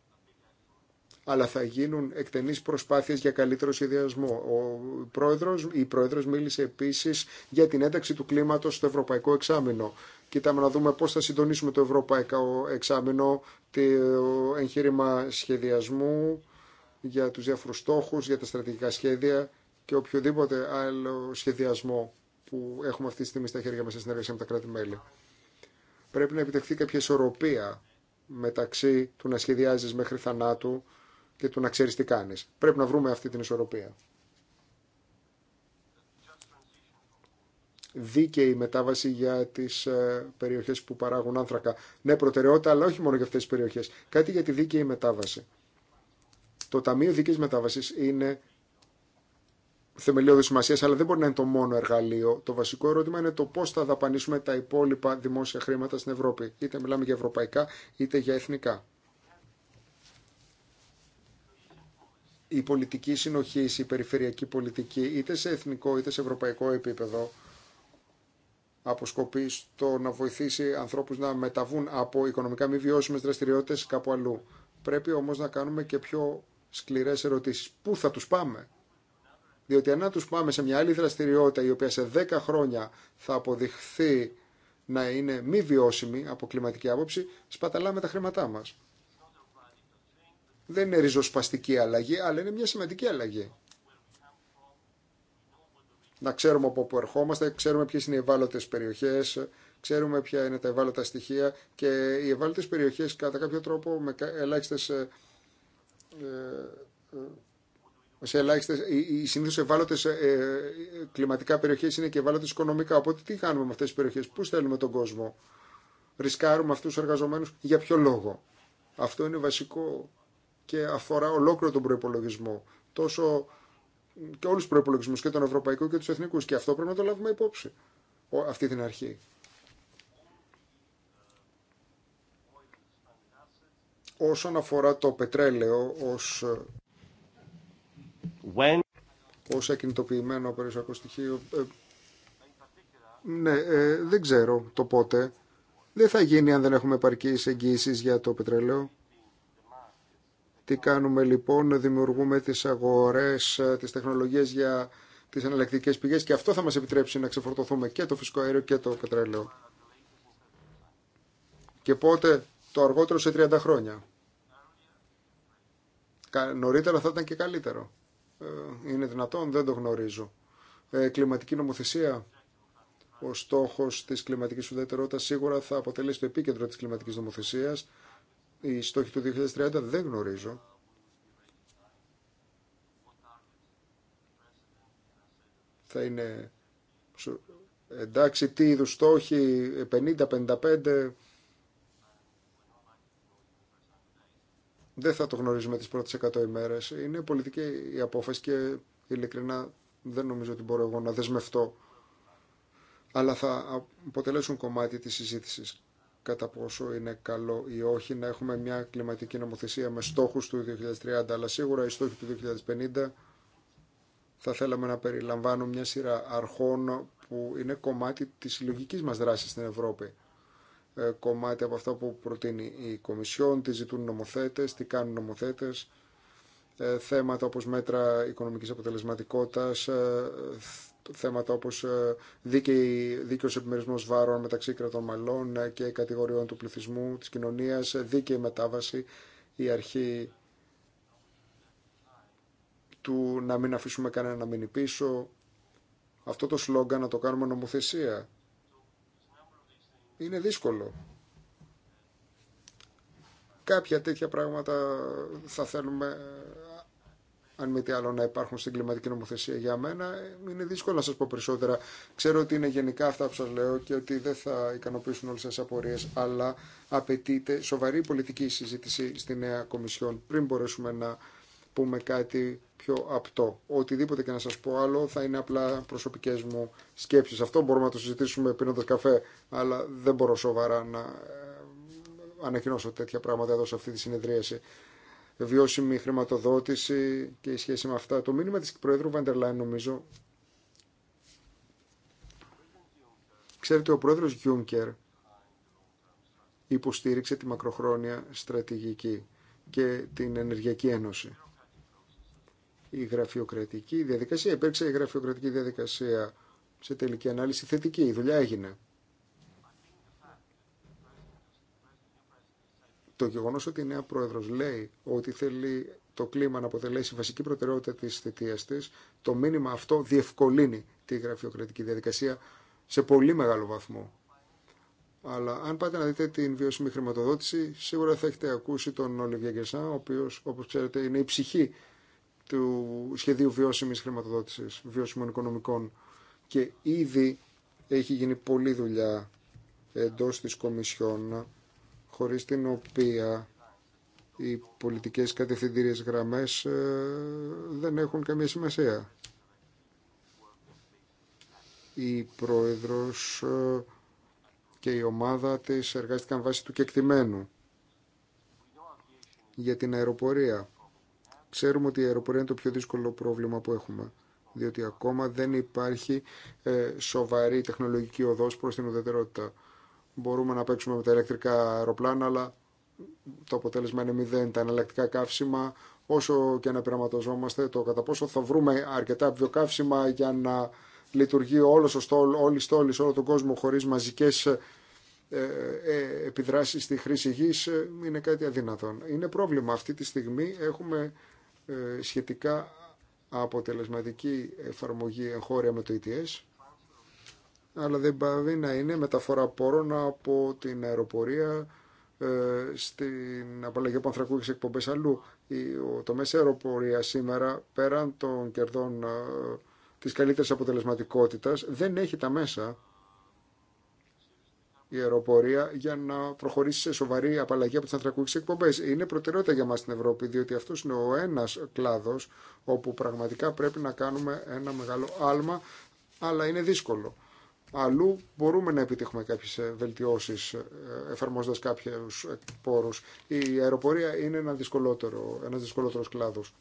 Αλλά θα γίνουν εκτενείς προσπάθειες για καλύτερο σχεδιασμό. Ο πρόεδρος, η πρόεδρος μίλησε επίσης για την ένταξη του κλίματος στο ευρωπαϊκό εξάμεινο κοιτάμε να δούμε πώς θα συντονίσουμε το ευρωπαϊκό εξάμεινο, το εγχείρημα σχεδιασμού για τους διάφορους στόχους, για τα στρατηγικά σχέδια και οποιοδήποτε άλλο σχεδιασμό που έχουμε αυτή τη στιγμή στα χέρια μας σε συνεργασία με τα κράτη-μέλη. Πρέπει να επιτευχθεί κάποια ισορροπία μεταξύ του να σχεδιάζεις μέχρι θανάτου και του να ξέρεις τι κάνεις. Πρέπει να βρούμε αυτή την ισορροπία. δίκαιη μετάβαση για τις ε, περιοχέ που παράγουν άνθρακα. Ναι, προτεραιότητα, αλλά όχι μόνο για αυτέ τι περιοχέ. Κάτι για τη δίκαιη μετάβαση. Το Ταμείο Δίκαιη μετάβαση είναι θεμελιώδη σημασία, αλλά δεν μπορεί να είναι το μόνο εργαλείο. Το βασικό ερώτημα είναι το πώ θα δαπανίσουμε τα υπόλοιπα δημόσια χρήματα στην Ευρώπη. Είτε μιλάμε για ευρωπαϊκά, είτε για εθνικά. Η πολιτική συνοχή, η περιφερειακή πολιτική, είτε σε εθνικό είτε σε ευρωπαϊκό επίπεδο, αποσκοπεί στο να βοηθήσει ανθρώπους να μεταβούν από οικονομικά μη βιώσιμες δραστηριότητες κάπου αλλού. Πρέπει όμως να κάνουμε και πιο σκληρέ ερωτήσει. Πού θα τους πάμε. Διότι αν του τους πάμε σε μια άλλη δραστηριότητα η οποία σε 10 χρόνια θα αποδειχθεί να είναι μη βιώσιμη από κλιματική άποψη, σπαταλάμε τα χρήματά μα. Δεν είναι ριζοσπαστική αλλαγή, αλλά είναι μια σημαντική αλλαγή να ξέρουμε από πού ερχόμαστε, ξέρουμε ποιε είναι οι ευάλωτε περιοχέ, ξέρουμε ποια είναι τα ευάλωτα στοιχεία και οι ευάλωτε περιοχέ κατά κάποιο τρόπο με ελάχιστε. Ε, ε, ε, οι συνήθω ευάλωτε κλιματικά περιοχέ είναι και ευάλωτε οικονομικά. Οπότε τι κάνουμε με αυτέ τι περιοχέ, πού στέλνουμε τον κόσμο, ρισκάρουμε αυτού του εργαζομένου, για ποιο λόγο. Αυτό είναι βασικό και αφορά ολόκληρο τον προπολογισμό. Τόσο και όλου του προπολογισμού και τον ευρωπαϊκό και του εθνικούς και αυτό πρέπει να το λάβουμε υπόψη αυτή την αρχή. Όσον αφορά το πετρέλαιο ως, When... ως ακινητοποιημένο περιουσιακό στοιχείο, ε, ναι, ε, δεν ξέρω το πότε. Δεν θα γίνει αν δεν έχουμε επαρκείς εγγύησεις για το πετρέλαιο. Τι κάνουμε λοιπόν, δημιουργούμε τις αγορές, τις τεχνολογίες για τις εναλλακτικέ πηγές και αυτό θα μας επιτρέψει να ξεφορτωθούμε και το φυσικό αέριο και το πετρέλαιο. Και πότε, το αργότερο σε 30 χρόνια. Νωρίτερα θα ήταν και καλύτερο. Ε, είναι δυνατόν, δεν το γνωρίζω. Ε, κλιματική νομοθεσία. Ο στόχος της κλιματικής ουδετερότητας σίγουρα θα αποτελεί το επίκεντρο της κλιματικής νομοθεσίας οι στόχοι του 2030 δεν γνωρίζω. Θα είναι εντάξει τι είδους στόχοι 50-55 δεν θα το γνωρίζουμε τις πρώτες 100 ημέρες. Είναι πολιτική η απόφαση και ειλικρινά δεν νομίζω ότι μπορώ εγώ να δεσμευτώ αλλά θα αποτελέσουν κομμάτι της συζήτησης κατά πόσο είναι καλό ή όχι να έχουμε μια κλιματική νομοθεσία με στόχους του 2030, αλλά σίγουρα οι στόχοι του 2050 θα θέλαμε να περιλαμβάνουν μια σειρά αρχών που είναι κομμάτι της συλλογική μας δράσης στην Ευρώπη. Ε, κομμάτι από αυτά που προτείνει η Κομισιόν, τι ζητούν νομοθέτες, τι κάνουν νομοθέτες, ε, θέματα όπως μέτρα οικονομικής αποτελεσματικότητας, ε, θέματα όπως ε, δίκαιο, δίκαιος επιμερισμός βάρων μεταξύ κρατών μαλλών και κατηγοριών του πληθυσμού, της κοινωνίας, δίκαιη μετάβαση, η αρχή του να μην αφήσουμε κανένα να μείνει πίσω, αυτό το σλόγγαν να το κάνουμε νομοθεσία. Είναι δύσκολο. Κάποια τέτοια πράγματα θα θέλουμε αν μη τι άλλο να υπάρχουν στην κλιματική νομοθεσία για μένα, είναι δύσκολο να σα πω περισσότερα. Ξέρω ότι είναι γενικά αυτά που σα λέω και ότι δεν θα ικανοποιήσουν όλε τι απορίε, αλλά απαιτείται σοβαρή πολιτική συζήτηση στη νέα Κομισιόν πριν μπορέσουμε να πούμε κάτι πιο απτό. Οτιδήποτε και να σα πω άλλο θα είναι απλά προσωπικέ μου σκέψει. Αυτό μπορούμε να το συζητήσουμε πίνοντα καφέ, αλλά δεν μπορώ σοβαρά να ε, ανακοινώσω τέτοια πράγματα εδώ σε αυτή τη συνεδρίαση βιώσιμη χρηματοδότηση και η σχέση με αυτά. Το μήνυμα της Προέδρου Βαντερλάιν νομίζω. Ξέρετε, ο Πρόεδρος Γιούνκερ υποστήριξε τη μακροχρόνια στρατηγική και την Ενεργειακή Ένωση. Η γραφειοκρατική διαδικασία, υπήρξε η γραφειοκρατική διαδικασία σε τελική ανάλυση θετική, η δουλειά έγινε. Το γεγονό ότι η νέα πρόεδρο λέει ότι θέλει το κλίμα να αποτελέσει βασική προτεραιότητα τη θητεία τη, το μήνυμα αυτό διευκολύνει τη γραφειοκρατική διαδικασία σε πολύ μεγάλο βαθμό. Αλλά αν πάτε να δείτε την βιώσιμη χρηματοδότηση, σίγουρα θα έχετε ακούσει τον Ολιβιέ Γκεσά, ο οποίο, όπω ξέρετε, είναι η ψυχή του σχεδίου βιώσιμη χρηματοδότηση βιώσιμων οικονομικών και ήδη έχει γίνει πολλή δουλειά εντός τη Κομισιόν χωρίς την οποία οι πολιτικές κατευθυντήριες γραμμές ε, δεν έχουν καμία σημασία. Η πρόεδρος ε, και η ομάδα της εργάστηκαν βάσει του κεκτημένου για την αεροπορία. Ξέρουμε ότι η αεροπορία είναι το πιο δύσκολο πρόβλημα που έχουμε, διότι ακόμα δεν υπάρχει ε, σοβαρή τεχνολογική οδός προς την ουδετερότητα. Μπορούμε να παίξουμε με τα ηλεκτρικά αεροπλάνα, αλλά το αποτέλεσμα είναι μηδέν. Τα εναλλακτικά καύσιμα, όσο και να πειραματοζόμαστε, το κατά πόσο θα βρούμε αρκετά βιοκαύσιμα για να λειτουργεί όλος ο στόλ, όλοι οι στόλοι όλο τον κόσμο χωρίς μαζικές ε, ε επιδράσεις στη χρήση γης, ε, είναι κάτι αδύνατον. Είναι πρόβλημα. Αυτή τη στιγμή έχουμε ε, σχετικά αποτελεσματική εφαρμογή εγχώρια με το ETS αλλά δεν πάει να είναι μεταφορά πόρων από την αεροπορία ε, στην απαλλαγή από ανθρακού και εκπομπές αλλού. Το μέσο αεροπορία σήμερα, πέραν των κερδών ε, της καλύτερης αποτελεσματικότητας, δεν έχει τα μέσα η αεροπορία για να προχωρήσει σε σοβαρή απαλλαγή από τι ανθρακούχε εκπομπέ. Είναι προτεραιότητα για μα στην Ευρώπη, διότι αυτό είναι ο ένα κλάδο όπου πραγματικά πρέπει να κάνουμε ένα μεγάλο άλμα, αλλά είναι δύσκολο αλλού μπορούμε να επιτύχουμε κάποιες ε, βελτιώσεις ε, εφαρμόζοντας κάποιους ε, πόρους. Η αεροπορία είναι ένα δυσκολότερο, ένας δυσκολότερος κλάδος.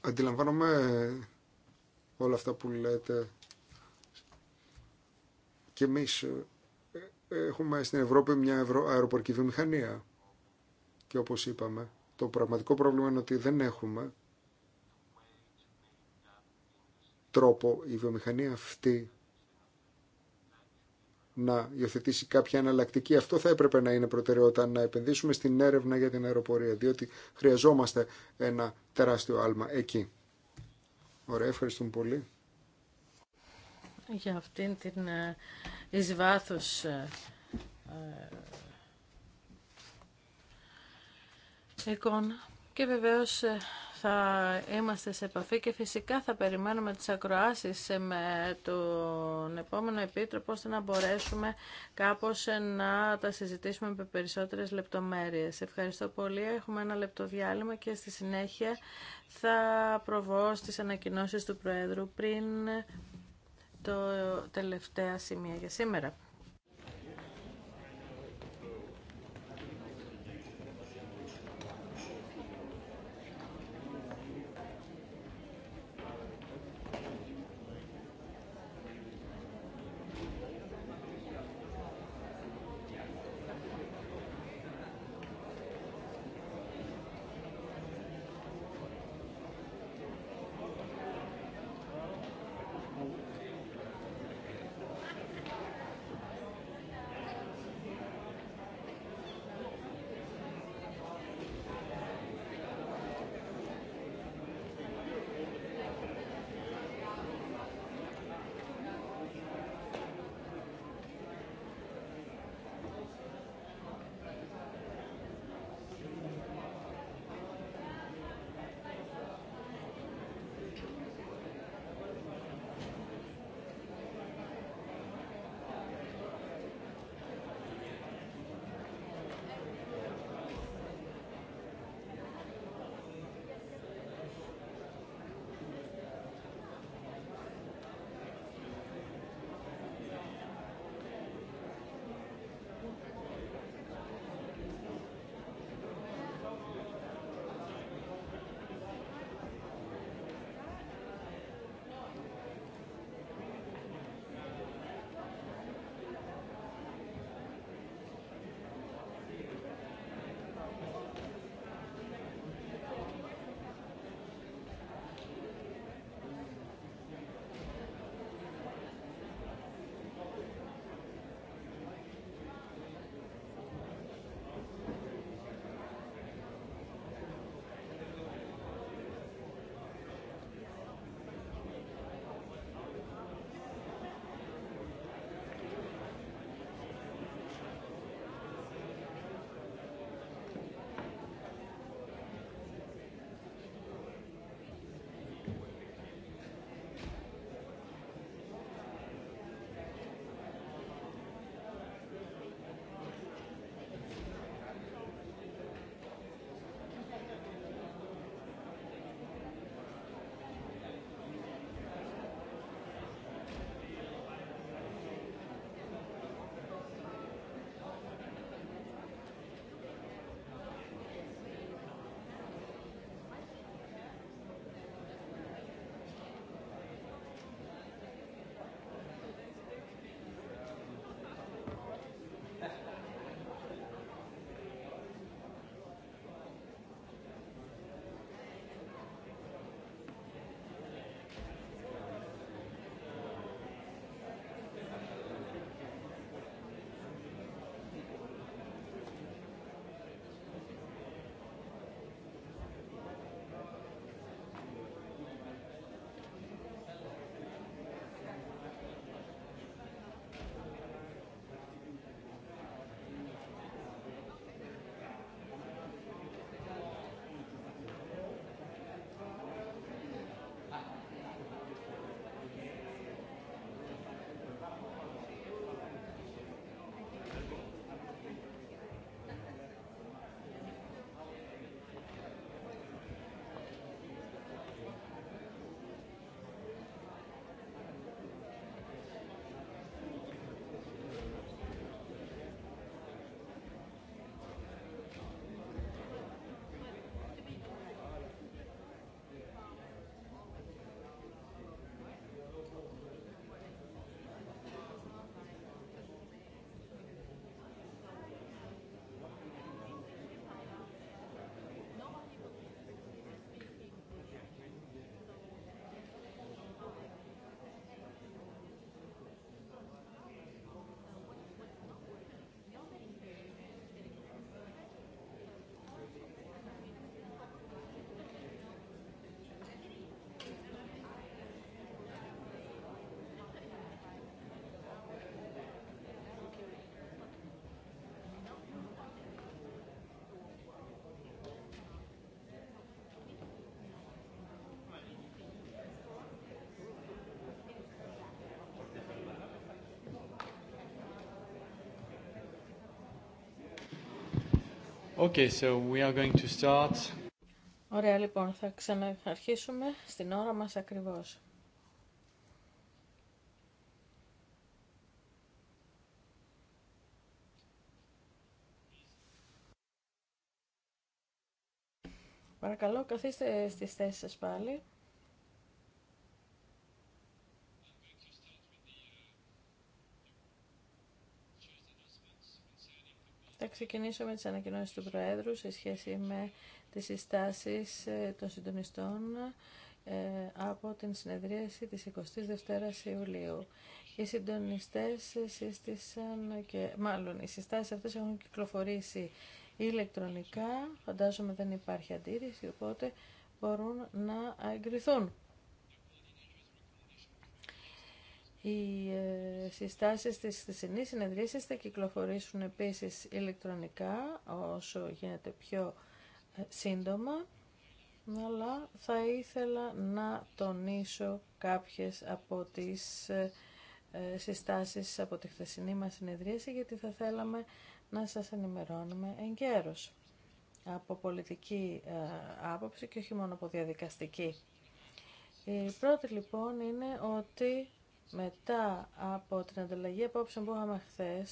Αντιλαμβάνομαι όλα αυτά που λέτε και εμείς έχουμε στην Ευρώπη μια αεροπορική βιομηχανία και όπως είπαμε το πραγματικό πρόβλημα είναι ότι δεν έχουμε τρόπο η βιομηχανία αυτή να υιοθετήσει κάποια αναλλακτική. Αυτό θα έπρεπε να είναι προτεραιότητα, να επενδύσουμε στην έρευνα για την αεροπορία, διότι χρειαζόμαστε ένα τεράστιο άλμα εκεί. Ωραία, ευχαριστούμε πολύ.
Για αυτήν την ε, εις βάθος ε, ε, εικόνα και βεβαίως θα είμαστε σε επαφή και φυσικά θα περιμένουμε τις ακροάσεις με τον επόμενο επίτροπο ώστε να μπορέσουμε κάπως να τα συζητήσουμε με περισσότερες λεπτομέρειες. Ευχαριστώ πολύ. Έχουμε ένα λεπτό διάλειμμα και στη συνέχεια θα προβώ στις ανακοινώσεις του Προέδρου πριν το τελευταία σημεία για σήμερα.
Okay, so we are going to
Ωραία, λοιπόν, θα ξαναρχίσουμε στην ώρα μας ακριβώς. Παρακαλώ, καθίστε στις θέσεις σας πάλι. ξεκινήσω με τις ανακοινώσεις του Προέδρου σε σχέση με τις συστάσεις ε, των συντονιστών ε, από την συνεδρίαση της 22ης Ιουλίου. Οι συντονιστές σύστησαν και μάλλον οι συστάσεις αυτές έχουν κυκλοφορήσει ηλεκτρονικά. Φαντάζομαι δεν υπάρχει αντίρρηση, οπότε μπορούν να εγκριθούν. Οι ε, συστάσεις της χθεσινής συνεδρίασης θα κυκλοφορήσουν επίσης ηλεκτρονικά όσο γίνεται πιο ε, σύντομα, αλλά θα ήθελα να τονίσω κάποιες από τις ε, συστάσεις από τη χθεσινή μας συνεδρίαση γιατί θα θέλαμε να σας ενημερώνουμε καιρός από πολιτική άποψη και όχι μόνο από διαδικαστική. Η πρώτη λοιπόν είναι ότι μετά από την ανταλλαγή απόψεων που είχαμε χθε.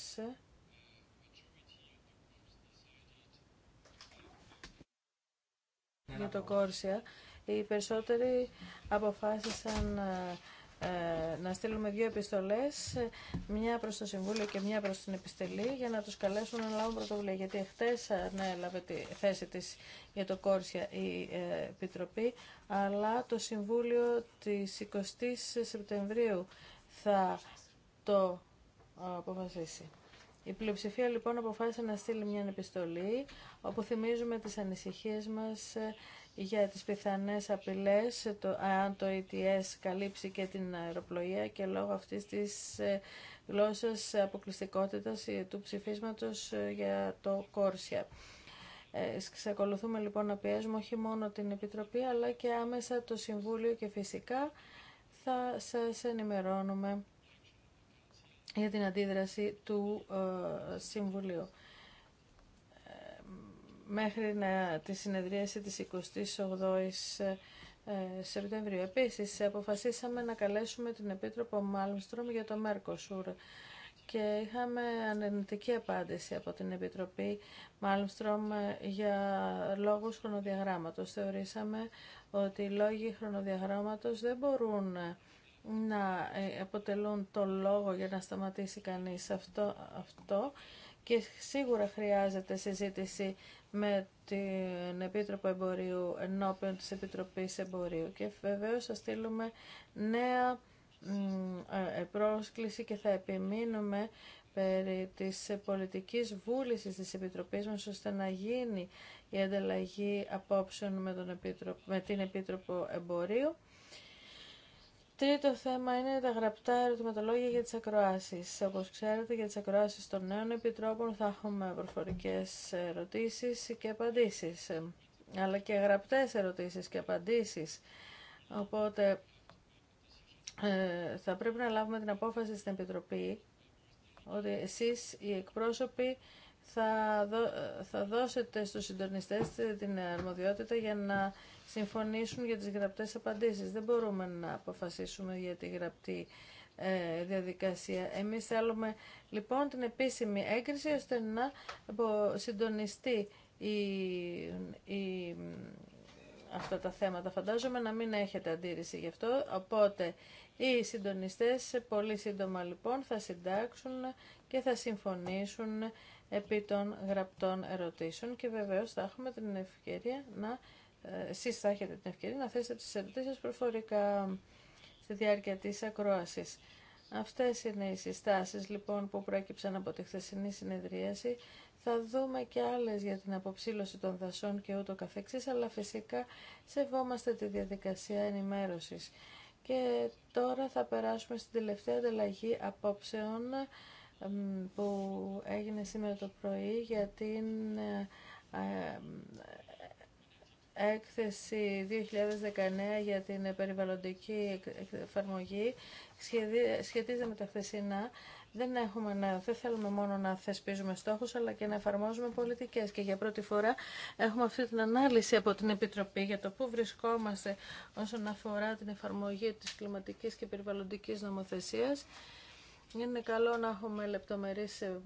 για το Κόρσια, οι περισσότεροι αποφάσισαν ε, ε, να στείλουμε δύο επιστολές, μια προς το Συμβούλιο και μια προς την Επιστελή, για να τους καλέσουν να λάβουν πρωτοβουλία. Γιατί εχθές ανέλαβε τη θέση της για το Κόρσια η ε, Επιτροπή, αλλά το Συμβούλιο της 20 Σεπτεμβρίου θα το ε, αποφασίσει. Η πλειοψηφία λοιπόν αποφάσισε να στείλει μια επιστολή όπου θυμίζουμε τις ανησυχίες μας για τις πιθανές απειλές, το, αν το ETS ε καλύψει και την αεροπλοεία και λόγω αυτής της ε, γλώσσας αποκλειστικότητας ε, του ψηφίσματος για το Κόρσια. ξεκολουθούμε λοιπόν να πιέζουμε όχι μόνο την Επιτροπή αλλά και άμεσα το Συμβούλιο και φυσικά θα σας ενημερώνουμε για την αντίδραση του Συμβουλίου μέχρι να, τη συνεδρίαση της 28ης ε, ε, Σεπτεμβρίου. Επίσης, αποφασίσαμε να καλέσουμε την Επίτροπο Μάλμστρομ για το Μέρκοσουρ και είχαμε ανερνητική απάντηση από την Επιτροπή Μάλμστρομ ε, για λόγους χρονοδιαγράμματος. Θεωρήσαμε ότι οι λόγοι χρονοδιαγράμματος δεν μπορούν να αποτελούν το λόγο για να σταματήσει κανείς αυτό, αυτό και σίγουρα χρειάζεται συζήτηση με την Επίτροπο Εμπορίου ενώπιον της Επιτροπής Εμπορίου και βεβαίως θα στείλουμε νέα ε, πρόσκληση και θα επιμείνουμε περί της πολιτικής βούλησης της Επιτροπής μας ώστε να γίνει η ανταλλαγή απόψεων με, τον με την Επίτροπο Εμπορίου Τρίτο θέμα είναι τα γραπτά ερωτηματολόγια για τις ακροάσεις. Όπως ξέρετε, για τις ακροάσεις των νέων επιτρόπων θα έχουμε προφορικές ερωτήσεις και απαντήσεις, ε, αλλά και γραπτές ερωτήσεις και απαντήσεις. Οπότε ε, θα πρέπει να λάβουμε την απόφαση στην Επιτροπή ότι εσείς οι εκπρόσωποι θα, ε, δώσετε στους συντονιστές την αρμοδιότητα για να συμφωνήσουν για τις γραπτές απαντήσεις. Δεν μπορούμε να αποφασίσουμε για τη γραπτή ε, διαδικασία. Εμείς θέλουμε λοιπόν την επίσημη έγκριση ώστε να συντονιστεί η, η, αυτά τα θέματα. Φαντάζομαι να μην έχετε αντίρρηση γι' αυτό. Οπότε οι συντονιστές πολύ σύντομα λοιπόν θα συντάξουν και θα συμφωνήσουν επί των γραπτών ερωτήσεων και βεβαίως θα έχουμε την ευκαιρία να ε, εσείς θα έχετε την ευκαιρία να θέσετε τις ερωτήσεις προφορικά στη διάρκεια της ακρόασης. Αυτές είναι οι συστάσεις λοιπόν που προέκυψαν από τη χθεσινή συνεδρίαση. Θα δούμε και άλλες για την αποψήλωση των δασών και ούτω καθεξής, αλλά φυσικά σεβόμαστε τη διαδικασία ενημέρωσης. Και τώρα θα περάσουμε στην τελευταία ανταλλαγή απόψεων που έγινε σήμερα το πρωί για την ε, έκθεση 2019 για την περιβαλλοντική εφαρμογή σχετίζεται με τα χθεσινά. Δεν, έχουμε να, θέλουμε μόνο να θεσπίζουμε στόχους, αλλά και να εφαρμόζουμε πολιτικές. Και για πρώτη φορά έχουμε αυτή την ανάλυση από την Επιτροπή για το πού βρισκόμαστε όσον αφορά την εφαρμογή της κλιματικής και περιβαλλοντικής νομοθεσίας. Είναι καλό να έχουμε λεπτομερείς ε,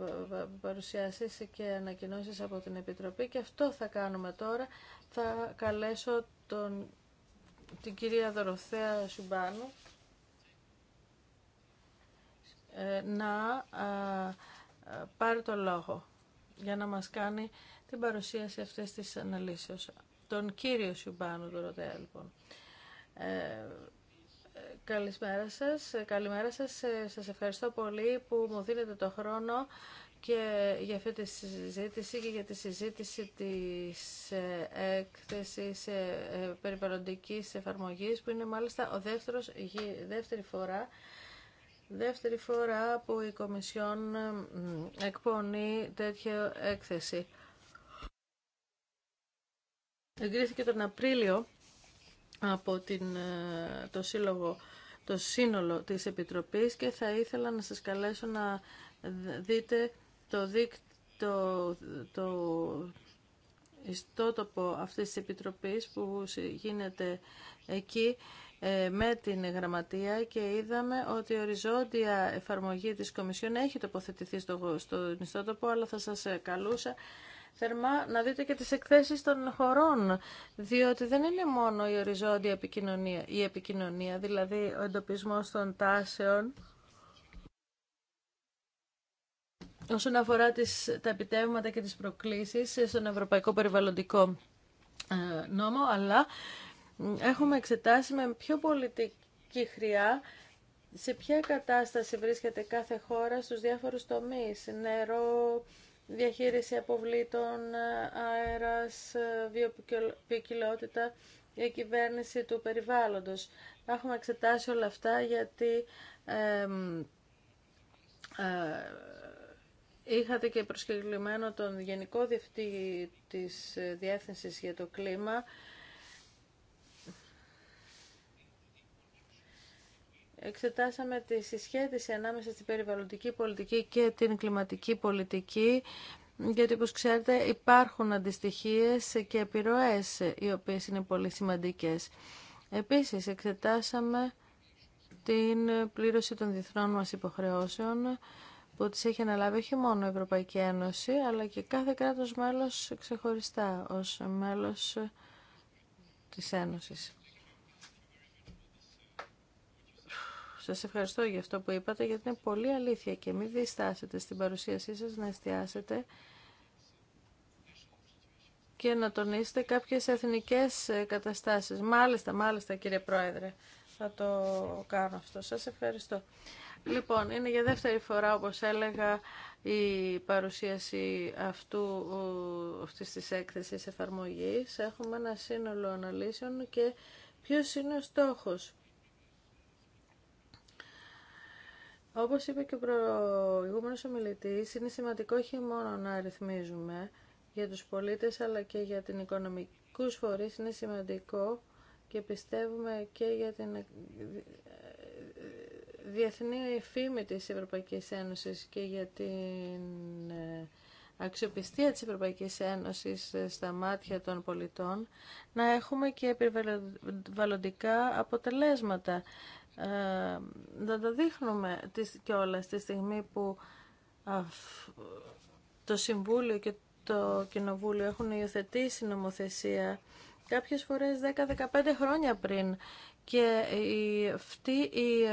παρουσιάσεις και ανακοινώσεις από την Επιτροπή και αυτό θα κάνουμε τώρα θα καλέσω τον, την κυρία Δωροθέα Σουμπάνου ε, να πάρει το λόγο για να μας κάνει την παρουσίαση αυτής της αναλύσεως. Τον κύριο Σουμπάνου Δωροθέα, λοιπόν. Ε, καλησπέρα σας, ε, καλημέρα σας. Ε, σας ευχαριστώ πολύ που μου δίνετε το χρόνο και για αυτή τη συζήτηση και για τη συζήτηση της ε, έκθεσης ε, ε, περιβαλλοντικής εφαρμογής που είναι μάλιστα ο δεύτερος, δεύτερη φορά δεύτερη φορά που η Κομισιόν εκπονεί τέτοια έκθεση. Εγκρίθηκε τον Απρίλιο από την, το σύλλογο το σύνολο της Επιτροπής και θα ήθελα να σας καλέσω να δείτε το δίκτυο, το ιστότοπο αυτής της Επιτροπής που γίνεται εκεί ε, με την Γραμματεία και είδαμε ότι η οριζόντια εφαρμογή της Κομισιόν έχει τοποθετηθεί στο, το ιστότοπο, αλλά θα σας ε, καλούσα θερμά να δείτε και τις εκθέσεις των χωρών, διότι δεν είναι μόνο η οριζόντια επικοινωνία, η επικοινωνία, δηλαδή ο εντοπισμός των τάσεων, όσον αφορά τα επιτεύγματα και τις προκλήσεις στον Ευρωπαϊκό Περιβαλλοντικό ε, Νόμο, αλλά έχουμε εξετάσει με πιο πολιτική χρειά σε ποια κατάσταση βρίσκεται κάθε χώρα στους διάφορους τομείς, νερό, διαχείριση αποβλήτων, αέρας, βιοποικιλότητα, κυβέρνηση του περιβάλλοντος. Έχουμε εξετάσει όλα αυτά γιατί ε, ε, Είχατε και προσκεκλημένο τον Γενικό Διευθυντή της Διεύθυνσης για το Κλίμα. Εξετάσαμε τη συσχέτιση ανάμεσα στην περιβαλλοντική πολιτική και την κλιματική πολιτική γιατί όπως ξέρετε υπάρχουν αντιστοιχίες και επιρροές οι οποίες είναι πολύ σημαντικές. Επίσης εξετάσαμε την πλήρωση των διεθνών μας υποχρεώσεων που τις έχει αναλάβει όχι μόνο η Ευρωπαϊκή Ένωση, αλλά και κάθε κράτος μέλος ξεχωριστά ως μέλος της Ένωσης. Σας ευχαριστώ για αυτό που είπατε, γιατί είναι πολύ αλήθεια και μην διστάσετε στην παρουσίασή σας να εστιάσετε και να τονίσετε κάποιες εθνικές καταστάσεις. Μάλιστα, μάλιστα κύριε Πρόεδρε, θα το κάνω αυτό. Σας ευχαριστώ. Λοιπόν, είναι για δεύτερη φορά, όπως έλεγα, η παρουσίαση αυτού, αυτής της έκθεσης εφαρμογής. Έχουμε ένα σύνολο αναλύσεων και ποιος είναι ο στόχος. Όπως είπε και ο προηγούμενος ομιλητής, είναι σημαντικό όχι μόνο να αριθμίζουμε για τους πολίτες, αλλά και για την οικονομικούς φορείς είναι σημαντικό και πιστεύουμε και για την διεθνή φήμη της Ευρωπαϊκής Ένωσης και για την ε, αξιοπιστία της Ευρωπαϊκής Ένωσης ε, στα μάτια των πολιτών, να έχουμε και περιβαλλοντικά αποτελέσματα. Ε, να τα δείχνουμε κιόλα στη στιγμή που το Συμβούλιο και το Κοινοβούλιο έχουν υιοθετήσει νομοθεσία κάποιες φορές 10-15 χρόνια πριν και αυτή η,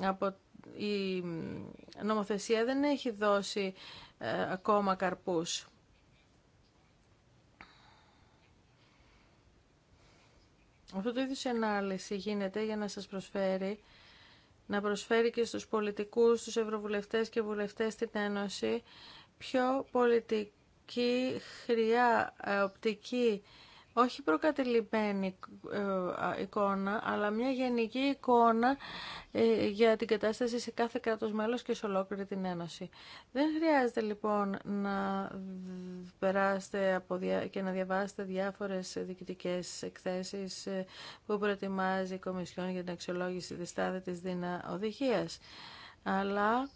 από, η νομοθεσία δεν έχει δώσει ε, ακόμα καρπούς. Αυτό το είδους ανάλυση γίνεται για να σας προσφέρει να προσφέρει και στους πολιτικούς, στους ευρωβουλευτές και βουλευτές στην Ένωση πιο πολιτική χρειά, ε, οπτική όχι προκατελημένη ε, εικόνα, αλλά μια γενική εικόνα ε, για την κατάσταση σε κάθε κράτος μέλος και σε ολόκληρη την Ένωση. Δεν χρειάζεται λοιπόν να περάσετε και να διαβάσετε διάφορες διοικητικές εκθέσεις ε, που προετοιμάζει η Κομισιόν για την αξιολόγηση της τάδε της οδηγίας. Αλλά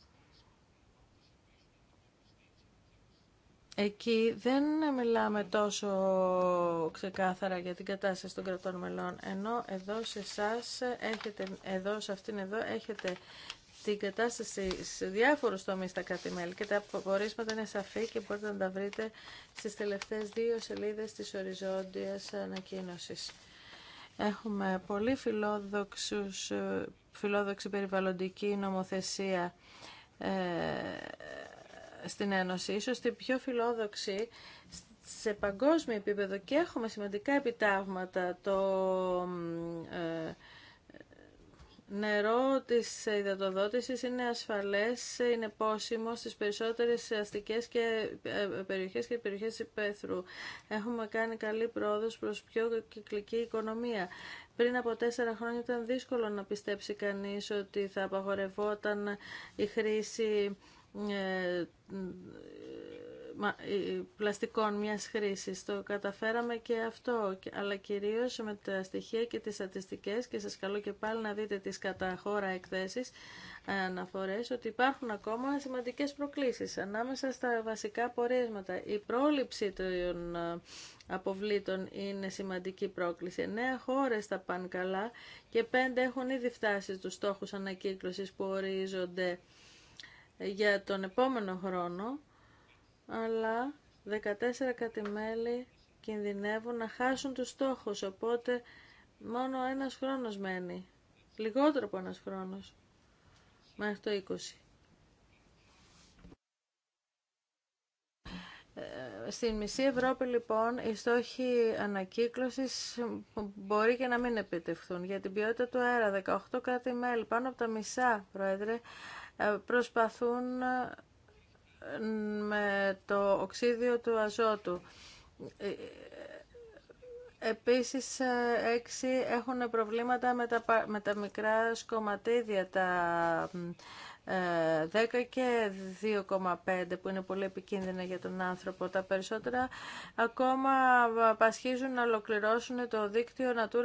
Εκεί δεν μιλάμε τόσο ξεκάθαρα για την κατάσταση των κρατών μελών, ενώ εδώ σε έχετε, εδώ σε αυτήν εδώ έχετε την κατάσταση σε διάφορους τομείς στα κάτι μελη και τα απορίσματα είναι σαφή και μπορείτε να τα βρείτε στις τελευταίες δύο σελίδες της οριζόντιας ανακοίνωσης. Έχουμε πολύ φιλόδοξους, φιλόδοξη περιβαλλοντική νομοθεσία ε, στην Ένωση, ίσως την πιο φιλόδοξη σε παγκόσμιο επίπεδο και έχουμε σημαντικά επιτάγματα το ε, νερό της υδατοδότησης είναι ασφαλές, είναι πόσιμο στις περισσότερες αστικές και ε, περιοχές και περιοχές υπέθρου. υπαίθρου. Έχουμε κάνει καλή πρόοδο προς πιο κυκλική οικονομία. Πριν από τέσσερα χρόνια ήταν δύσκολο να πιστέψει κανείς ότι θα απαγορευόταν η χρήση ε, ε, πλαστικών μιας χρήσης. Το καταφέραμε και αυτό, αλλά κυρίως με τα στοιχεία και τις στατιστικές και σας καλώ και πάλι να δείτε τις κατά χώρα εκθέσεις αναφορές ότι υπάρχουν ακόμα σημαντικές προκλήσεις ανάμεσα στα βασικά πορίσματα. Η πρόληψη των ε, αποβλήτων είναι σημαντική πρόκληση. Νέα χώρες τα πάνε καλά και πέντε έχουν ήδη φτάσει στους στόχους ανακύκλωσης που ορίζονται για τον επόμενο χρόνο, αλλά 14 κατημέλη κινδυνεύουν να χάσουν τους στόχους, οπότε μόνο ένας χρόνος μένει, λιγότερο από ένας χρόνος, μέχρι το 20. Ε, στην μισή Ευρώπη λοιπόν οι στόχοι ανακύκλωσης μπορεί και να μην επιτευχθούν. Για την ποιότητα του αέρα 18 κάτι μελη πάνω από τα μισά, Πρόεδρε, ε, προσπαθούν ε, με το οξύδιο του αζότου ε, Επίσης, ε, έξι έχουν προβλήματα με τα, με τα μικρά σκοματίδια, τα 10 ε, και 2,5 που είναι πολύ επικίνδυνα για τον άνθρωπο. Τα περισσότερα ακόμα πασχίζουν να ολοκληρώσουν το δίκτυο Natura 2000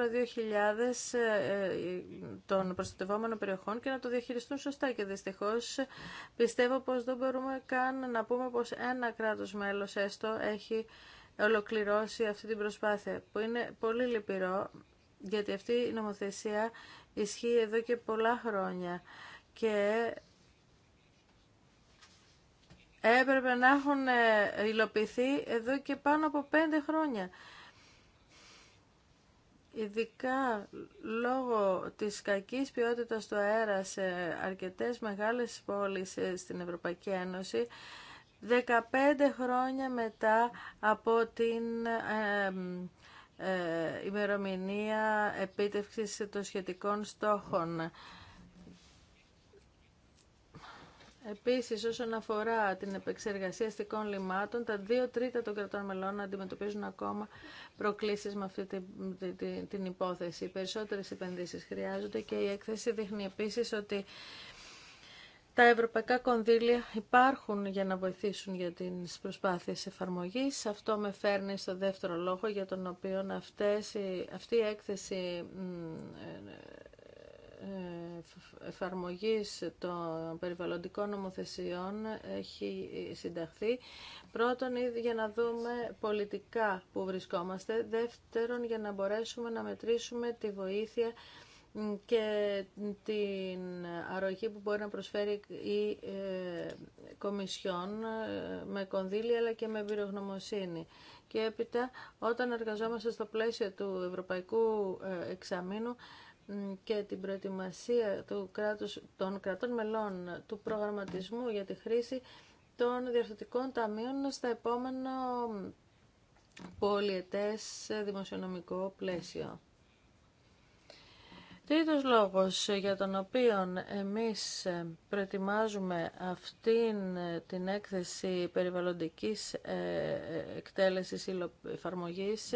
ε, των προστατευόμενων περιοχών και να το διαχειριστούν σωστά και δυστυχώς πιστεύω πως δεν μπορούμε καν να πούμε πως ένα κράτος μέλος έστω έχει ολοκληρώσει αυτή την προσπάθεια, που είναι πολύ λυπηρό, γιατί αυτή η νομοθεσία ισχύει εδώ και πολλά χρόνια και έπρεπε να έχουν ε, υλοποιηθεί εδώ και πάνω από πέντε χρόνια. Ειδικά λόγω της κακής ποιότητας του αέρα σε αρκετές μεγάλες πόλεις ε, στην Ευρωπαϊκή Ένωση, 15 χρόνια μετά από την ε, ε, ημερομηνία επίτευξης των σχετικών στόχων. Επίσης, όσον αφορά την επεξεργασία αστικών λιμάτων, τα δύο τρίτα των κρατών μελών αντιμετωπίζουν ακόμα προκλήσεις με αυτή την, την, υπόθεση. Οι περισσότερες επενδύσεις χρειάζονται και η έκθεση δείχνει επίσης ότι τα ευρωπαϊκά κονδύλια υπάρχουν για να βοηθήσουν για τις προσπάθειες εφαρμογής. Αυτό με φέρνει στο δεύτερο λόγο για τον οποίο αυτές, αυτή η έκθεση ε, ε, ε, εφαρμογής των περιβαλλοντικών νομοθεσιών έχει συνταχθεί. Πρώτον, για να δούμε πολιτικά που βρισκόμαστε. Δεύτερον, για να μπορέσουμε να μετρήσουμε τη βοήθεια και την αρρωγή που μπορεί να προσφέρει η ε, Κομισιόν ε, με κονδύλια αλλά και με εμπειρογνωμοσύνη. Και έπειτα όταν εργαζόμαστε στο πλαίσιο του Ευρωπαϊκού ε, Εξαμήνου και την προετοιμασία του κράτους, των κρατών μελών του προγραμματισμού για τη χρήση των διαρθωτικών ταμείων στα επόμενο πολιετές δημοσιονομικό πλαίσιο. Τρίτος λόγος για τον οποίο εμείς προετοιμάζουμε αυτήν την έκθεση περιβαλλοντικής ε, εκτέλεσης εφαρμογής,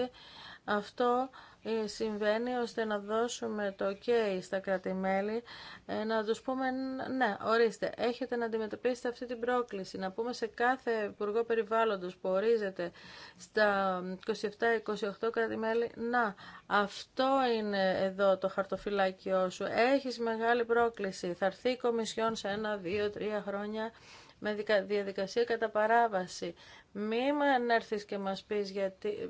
αυτό ε, συμβαίνει ώστε να δώσουμε το ok στα κρατημέλη, ε, να τους πούμε ναι, ορίστε, έχετε να αντιμετωπίσετε αυτή την πρόκληση, να πούμε σε κάθε υπουργό περιβάλλοντος που ορίζεται στα 27-28 κρατημέλη, να, αυτό είναι εδώ το χαρτοφυλάκιό σου, έχεις μεγάλη πρόκληση, θα έρθει η Κομισιόν σε ένα, δύο, τρία χρόνια με διαδικασία κατά παράβαση. Μη με έρθει και μας πεις γιατί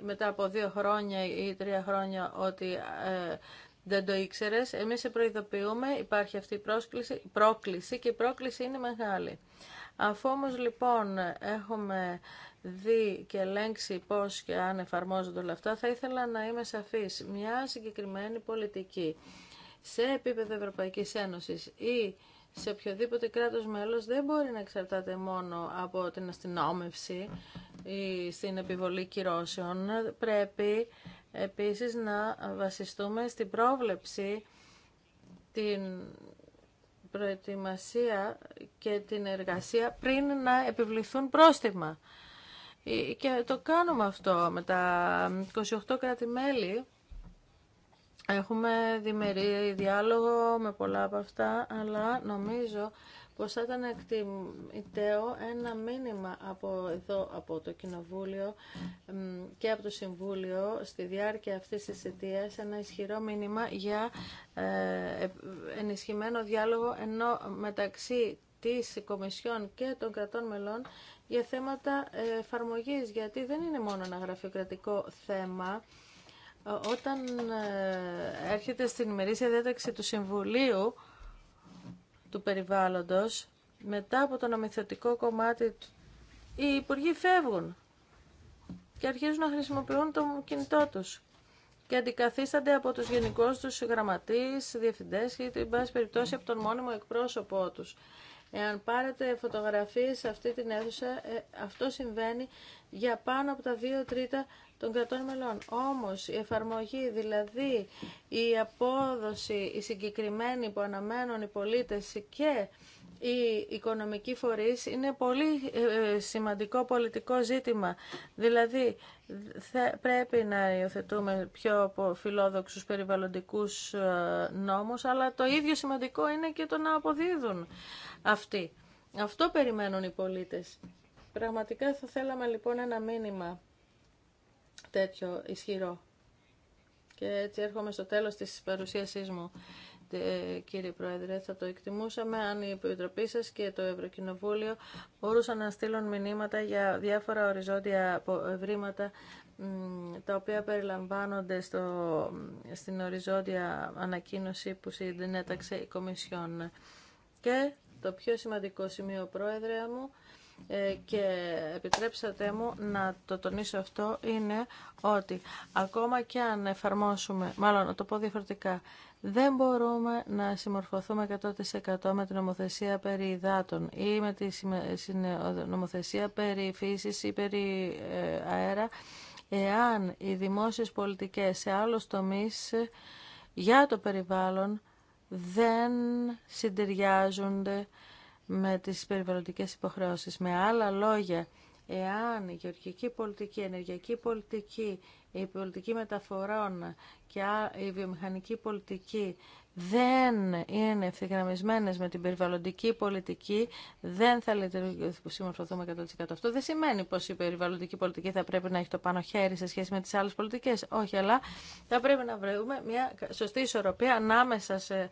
μετά από δύο χρόνια ή τρία χρόνια ότι ε, δεν το ήξερε. Εμείς σε προειδοποιούμε, υπάρχει αυτή η πρόκληση, πρόκληση και η πρόκληση είναι μεγάλη. Αφού όμως λοιπόν έχουμε δει και ελέγξει πώς και αν εφαρμόζονται όλα αυτά, θα ήθελα να είμαι σαφής. Μια συγκεκριμένη πολιτική σε επίπεδο Ευρωπαϊκής Ένωσης ή σε οποιοδήποτε κράτος μέλος δεν μπορεί να εξαρτάται μόνο από την αστυνόμευση ή στην επιβολή κυρώσεων. Πρέπει επίσης να βασιστούμε στην πρόβλεψη, την προετοιμασία και την εργασία πριν να επιβληθούν πρόστιμα. Ε, και το κάνουμε αυτό με τα 28 κράτη-μέλη Έχουμε διμερή διάλογο με πολλά από αυτά, αλλά νομίζω πως θα ήταν εκτιμητέο ένα μήνυμα από εδώ, από το Κοινοβούλιο και από το Συμβούλιο στη διάρκεια αυτής της αιτίας, ένα ισχυρό μήνυμα για ε, ε, ενισχυμένο διάλογο ενώ μεταξύ της Κομισιόν και των κρατών μελών για θέματα ε, εφαρμογής, γιατί δεν είναι μόνο ένα γραφειοκρατικό θέμα, ε, όταν ε, έρχεται στην ημερήσια διάταξη του Συμβουλίου του Περιβάλλοντος, μετά από το νομιθετικό κομμάτι, οι υπουργοί φεύγουν και αρχίζουν να χρησιμοποιούν το κινητό τους και αντικαθίστανται από τους γενικούς τους γραμματείς, διευθυντές ή, εν πάση περιπτώσει, από τον μόνιμο εκπρόσωπό τους. Εάν πάρετε φωτογραφίες σε αυτή την αίθουσα, ε, αυτό συμβαίνει για πάνω από τα δύο τρίτα των κρατών μελών. Όμως η εφαρμογή, δηλαδή η απόδοση, η συγκεκριμένη που αναμένουν οι πολίτες και οι οικονομικοί φορείς είναι πολύ ε, σημαντικό πολιτικό ζήτημα. Δηλαδή πρέπει να υιοθετούμε πιο φιλόδοξους περιβαλλοντικούς ε, νόμους, αλλά το ίδιο σημαντικό είναι και το να αποδίδουν αυτοί. Αυτό περιμένουν οι πολίτες. Πραγματικά θα θέλαμε λοιπόν ένα μήνυμα τέτοιο ισχυρό. Και έτσι έρχομαι στο τέλος της παρουσίασής μου, ε, κύριε Πρόεδρε. Θα το εκτιμούσαμε αν η Επιτροπή σα και το Ευρωκοινοβούλιο μπορούσαν να στείλουν μηνύματα για διάφορα οριζόντια ευρήματα τα οποία περιλαμβάνονται στο, στην οριζόντια ανακοίνωση που συνέταξε η Κομισιόν. Και το πιο σημαντικό σημείο, Πρόεδρε μου, ε, και επιτρέψατε μου να το τονίσω αυτό είναι ότι ακόμα και αν εφαρμόσουμε, μάλλον να το πω διαφορετικά, δεν μπορούμε να συμμορφωθούμε 100% με την νομοθεσία περί υδάτων ή με τη νομοθεσία περί φύσης ή περί ε, αέρα εάν οι δημόσιες πολιτικές σε άλλους τομείς ε, για το περιβάλλον δεν συντηριάζονται με τις περιβαλλοντικές υποχρεώσεις. Με άλλα λόγια, εάν η γεωργική πολιτική, η ενεργειακή πολιτική, η πολιτική μεταφορών και η βιομηχανική πολιτική δεν είναι ευθυγραμμισμένε με την περιβαλλοντική πολιτική, δεν θα συμμορφωθούμε 100%. Αυτό δεν σημαίνει πω η περιβαλλοντική πολιτική θα πρέπει να έχει το πάνω χέρι σε σχέση με τι άλλε πολιτικέ. Όχι, αλλά θα πρέπει να βρούμε μια σωστή ισορροπία ανάμεσα σε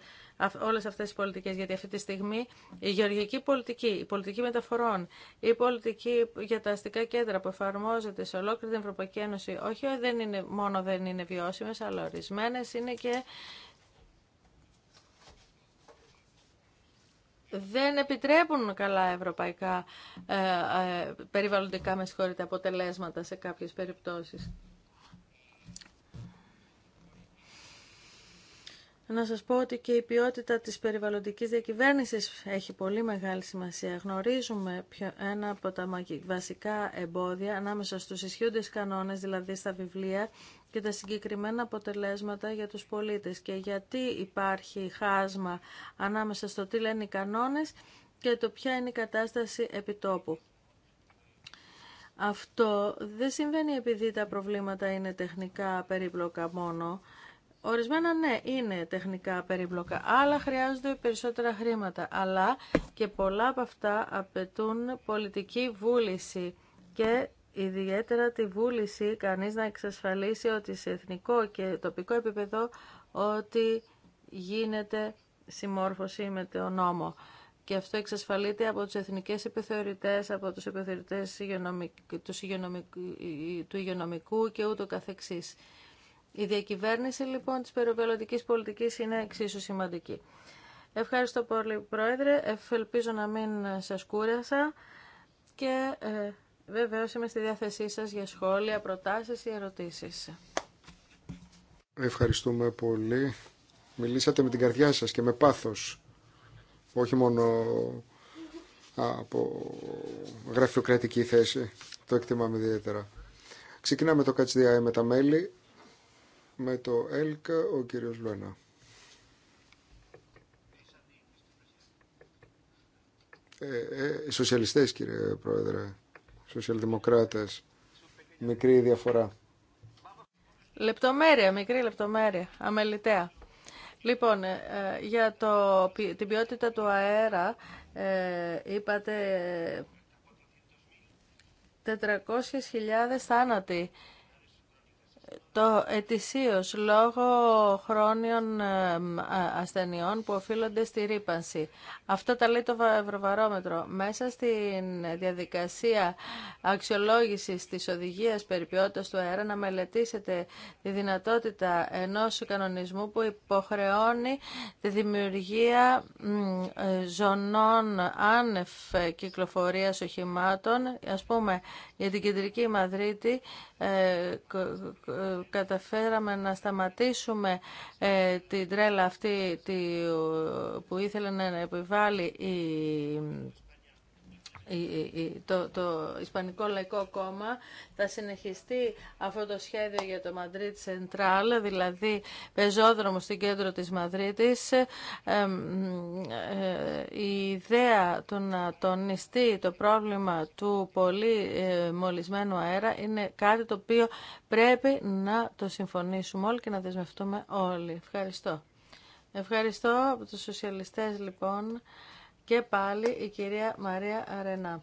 όλε αυτέ τις πολιτικέ, Γιατί αυτή τη στιγμή η γεωργική πολιτική, η πολιτική μεταφορών, η πολιτική για τα αστικά κέντρα που εφαρμόζεται σε ολόκληρη την Ευρωπαϊκή Ένωση, όχι δεν είναι, μόνο δεν είναι βιώσιμε, αλλά ορισμένε είναι και δεν επιτρέπουν καλά ευρωπαϊκά ε, ε, περιβαλλοντικά με αποτελέσματα σε κάποιες περιπτώσεις. Να σας πω ότι και η ποιότητα της περιβαλλοντικής διακυβέρνησης έχει πολύ μεγάλη σημασία. Γνωρίζουμε ένα από τα βασικά εμπόδια ανάμεσα στους ισχύοντες κανόνες, δηλαδή στα βιβλία, και τα συγκεκριμένα αποτελέσματα για τους πολίτες και γιατί υπάρχει χάσμα ανάμεσα στο τι λένε οι κανόνες και το ποια είναι η κατάσταση επιτόπου. Αυτό δεν συμβαίνει επειδή τα προβλήματα είναι τεχνικά περίπλοκα μόνο, Ορισμένα ναι, είναι τεχνικά περίπλοκα, άλλα χρειάζονται περισσότερα χρήματα, αλλά και πολλά από αυτά απαιτούν πολιτική βούληση και ιδιαίτερα τη βούληση κανείς να εξασφαλίσει ότι σε εθνικό και τοπικό επίπεδο ότι γίνεται συμμόρφωση με το νόμο. Και αυτό εξασφαλείται από τους εθνικές επιθεωρητές, από τους επιθεωρητές του υγειονομικού και ούτω καθεξής. Η διακυβέρνηση λοιπόν της περιβαλλοντικής πολιτικής είναι εξίσου σημαντική. Ευχαριστώ πολύ Πρόεδρε, ελπίζω να μην σας κούρασα και ε, βεβαίως είμαι στη διάθεσή σας για σχόλια, προτάσεις ή ερωτήσεις.
Ευχαριστούμε πολύ. Μιλήσατε με την καρδιά σας και με πάθος, όχι μόνο από γραφειοκρατική θέση. Το εκτιμάμε ιδιαίτερα. Ξεκινάμε το ΚΑΤΣΔΙΑΕ με τα μέλη με το έλκα ο κύριος Λουένα. Ε, ε, σοσιαλιστές κύριε Πρόεδρε, σοσιαλδημοκράτες, μικρή διαφορά.
Λεπτομέρεια, μικρή λεπτομέρεια, αμεληταία. Λοιπόν, ε, για το, την ποιότητα του αέρα ε, είπατε 400.000 θάνατοι το ετησίω λόγω χρόνιων ε, ασθενειών που οφείλονται στη ρήπανση. Αυτό τα λέει το Ευρωβαρόμετρο. Μέσα στη διαδικασία αξιολόγηση της οδηγίας περιποιότητας του αέρα να μελετήσετε τη δυνατότητα ενό κανονισμού που υποχρεώνει τη δημιουργία ε, ζωνών άνευ κυκλοφορία οχημάτων, ας πούμε για την κεντρική Μαδρίτη ε, καταφέραμε να σταματήσουμε ε, την τρέλα αυτή που ήθελε να επιβάλλει η το, Ισπανικό Λαϊκό Κόμμα θα συνεχιστεί αυτό το σχέδιο για το Μαδρίτη Σεντράλ, δηλαδή πεζόδρομο στην κέντρο της Μαδρίτης. Ε, η ιδέα του να τονιστεί το πρόβλημα του πολύ ε, μολυσμένου αέρα είναι κάτι το οποίο πρέπει να το συμφωνήσουμε όλοι και να δεσμευτούμε όλοι. Ευχαριστώ. Ευχαριστώ από τους σοσιαλιστές λοιπόν. Και πάλι η κυρία Μαρία Αρενά.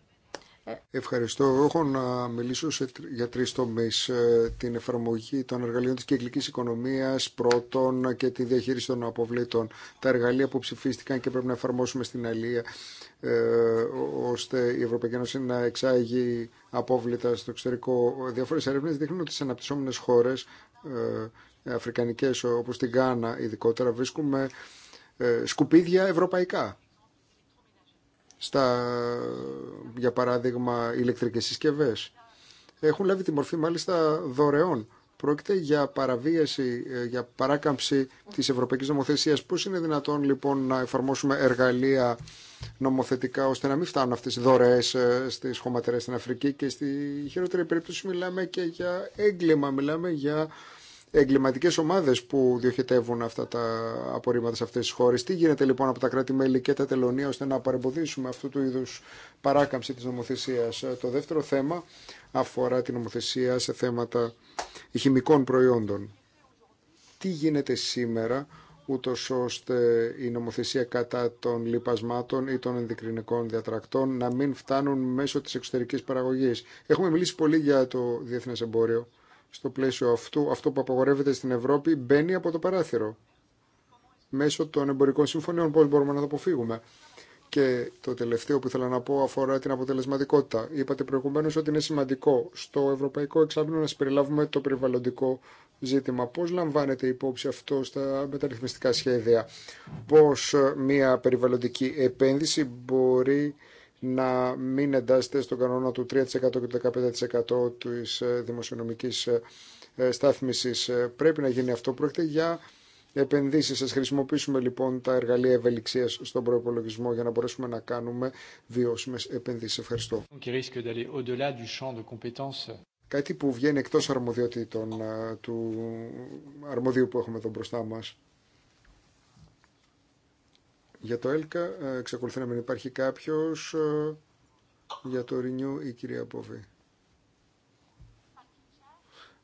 Ευχαριστώ. Έχω να μιλήσω σε, για τρεις τομείς. Ε, την εφαρμογή των εργαλείων της κυκλικής οικονομίας, πρώτον και τη διαχείριση των αποβλήτων. Τα εργαλεία που ψηφίστηκαν και πρέπει να εφαρμόσουμε στην Αλία, ε, ώστε η Ευρωπαϊκή Ένωση να εξάγει απόβλητα στο εξωτερικό. Διάφορες έρευνες δείχνουν ότι σε αναπτυσσόμενες χώρες, ε, αφρικανικές όπως την Γκάνα ειδικότερα, βρίσκουμε ε, σκουπίδια ευρωπαϊκά στα, για παράδειγμα, ηλεκτρικές συσκευές. Έχουν λάβει τη μορφή μάλιστα δωρεών. Πρόκειται για παραβίαση, ε, για παράκαμψη της Ευρωπαϊκής Νομοθεσίας. Πώς είναι δυνατόν λοιπόν να εφαρμόσουμε εργαλεία νομοθετικά ώστε να μην φτάνουν αυτές οι δωρεές ε, στις χωματερές στην Αφρική και στη χειρότερη περίπτωση μιλάμε και για έγκλημα, μιλάμε για εγκληματικέ ομάδε που διοχετεύουν αυτά τα απορρίμματα σε αυτέ τι χώρε. Τι γίνεται λοιπόν από τα κράτη-μέλη και τα τελωνία ώστε να παρεμποδίσουμε αυτού του είδου παράκαμψη τη νομοθεσία. Το δεύτερο θέμα αφορά την νομοθεσία σε θέματα χημικών προϊόντων. Τι γίνεται σήμερα ούτω ώστε η νομοθεσία κατά των λοιπασμάτων ή των ενδικρινικών διατρακτών να μην φτάνουν μέσω της εξωτερικής παραγωγής. Έχουμε μιλήσει πολύ για το διεθνές εμπόριο στο πλαίσιο αυτού, αυτό που απαγορεύεται στην Ευρώπη μπαίνει από το παράθυρο. Μέσω των εμπορικών συμφωνίων πώς μπορούμε να το αποφύγουμε. Και το τελευταίο που ήθελα να πω αφορά την αποτελεσματικότητα. Είπατε προηγουμένω ότι είναι σημαντικό στο Ευρωπαϊκό Εξάμεινο να συμπεριλάβουμε το περιβαλλοντικό ζήτημα. Πώς λαμβάνεται υπόψη αυτό στα μεταρρυθμιστικά σχέδια. Πώς ε, μια περιβαλλοντική επένδυση μπορεί να μην εντάσσεται στον κανόνα του 3% και του 15% της ε, δημοσιονομικής ε, ε, στάθμισης. Πρέπει να γίνει αυτό. Πρόκειται για επενδύσεις. Σας χρησιμοποιήσουμε λοιπόν τα εργαλεία ευελιξίας στον προϋπολογισμό για να μπορέσουμε να κάνουμε βιώσιμες επενδύσεις. Ευχαριστώ. Κάτι που βγαίνει εκτός αρμοδιότητων του αρμοδίου που έχουμε εδώ μπροστά μας. Για το ΕΛΚΑ ε, εξακολουθεί να μην υπάρχει κάποιο ε, Για το ΡΙΝΙΟΥ η κυρία Πόβη.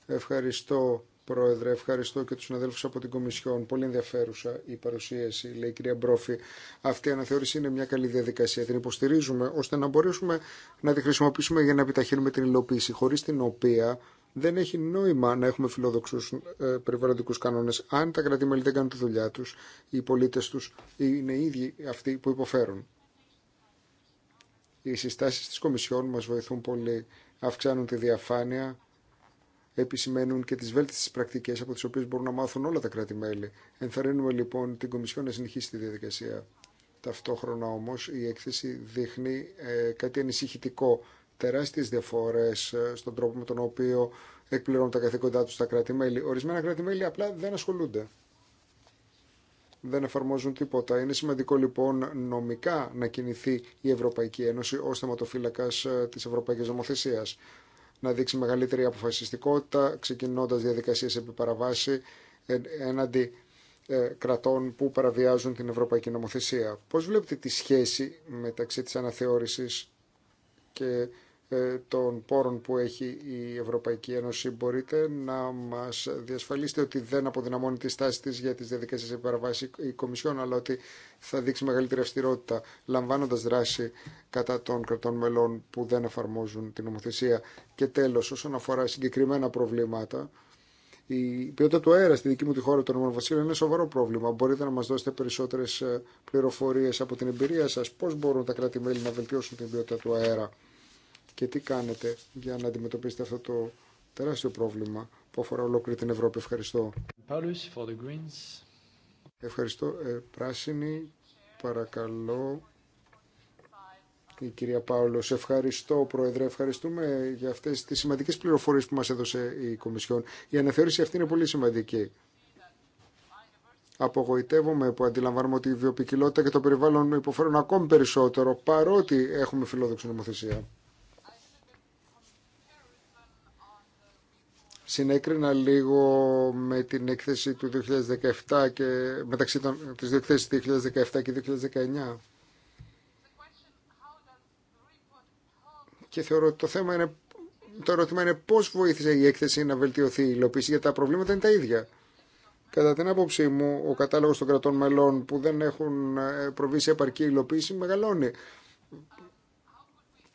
Ευχαριστώ Πρόεδρε, ευχαριστώ και του συναδέλφου από την Κομισιόν. Πολύ ενδιαφέρουσα η παρουσίαση, λέει η κυρία Μπρόφη. Αυτή η αναθεώρηση είναι μια καλή διαδικασία. Την υποστηρίζουμε ώστε να μπορέσουμε να τη χρησιμοποιήσουμε για να επιταχύνουμε την υλοποίηση, χωρί την οποία δεν έχει νόημα να έχουμε φιλόδοξους ε, περιβαλλοντικού κανόνες αν τα κράτη-μέλη δεν κάνουν τη δουλειά τους, οι πολίτες τους είναι οι ίδιοι αυτοί που υποφέρουν. Οι συστάσεις της Κομισιόν μας βοηθούν πολύ, αυξάνουν τη διαφάνεια, επισημαίνουν και τις βέλτιστες πρακτικές από τις οποίες μπορούν να μάθουν όλα τα κράτη-μέλη. Ενθαρρύνουμε λοιπόν την Κομισιόν να συνεχίσει τη διαδικασία. Ταυτόχρονα όμως η έκθεση δείχνει ε, κάτι ανησυχητικό τεράστιες διαφορέ ε, στον τρόπο με τον οποίο εκπληρώνουν τα καθήκοντά του τα κράτη-μέλη. Ορισμένα κράτη-μέλη απλά δεν ασχολούνται. Δεν εφαρμόζουν τίποτα. Είναι σημαντικό λοιπόν νομικά να κινηθεί η Ευρωπαϊκή Ένωση ω θεματοφύλακα ε, τη Ευρωπαϊκή Νομοθεσία, Να δείξει μεγαλύτερη αποφασιστικότητα, ξεκινώντα διαδικασίε επί παραβάση ε, έναντι κρατών που παραβιάζουν την Ευρωπαϊκή Νομοθεσία. Πώς βλέπετε τη σχέση μεταξύ τη αναθεώρησης και ε, των πόρων που έχει η Ευρωπαϊκή Ένωση. Μπορείτε να μας διασφαλίσετε ότι δεν αποδυναμώνει τη στάση της για τις διαδικασίε επιπαραβάσεις η Κομισιόν, αλλά ότι θα δείξει μεγαλύτερη αυστηρότητα, λαμβάνοντας δράση κατά των κρατών μελών που δεν εφαρμόζουν την νομοθεσία. Και τέλος, όσον αφορά συγκεκριμένα προβλήματα, η ποιότητα του αέρα στη δική μου τη χώρα, των ΗΠΑ Βασίλειο, είναι σοβαρό πρόβλημα. Μπορείτε να μα δώσετε περισσότερε πληροφορίε από την εμπειρία σα, πώ μπορούν τα κράτη-μέλη να βελτιώσουν την ποιότητα του αέρα και τι κάνετε για να αντιμετωπίσετε αυτό το τεράστιο πρόβλημα που αφορά ολόκληρη την Ευρώπη. Ευχαριστώ. Ευχαριστώ. Ε, πράσινη, παρακαλώ. Η κυρία Πάολο, ευχαριστώ Πρόεδρε, ευχαριστούμε για αυτέ τι σημαντικέ πληροφορίε που μα έδωσε η Κομισιόν. Η αναθεώρηση αυτή είναι πολύ σημαντική. Απογοητεύομαι που αντιλαμβάνουμε ότι η βιοπικιλότητα και το περιβάλλον υποφέρουν ακόμη περισσότερο παρότι έχουμε φιλόδοξη νομοθεσία. συνέκρινα λίγο με την έκθεση του 2017 και μεταξύ των, της έκθεσης 2017 και 2019. Και θεωρώ ότι το θέμα είναι, το ερώτημα είναι πώς βοήθησε η έκθεση να βελτιωθεί η υλοποίηση, γιατί τα προβλήματα είναι τα ίδια. Κατά την άποψή μου, ο κατάλογος των κρατών μελών που δεν έχουν ε, προβεί σε επαρκή υλοποίηση μεγαλώνει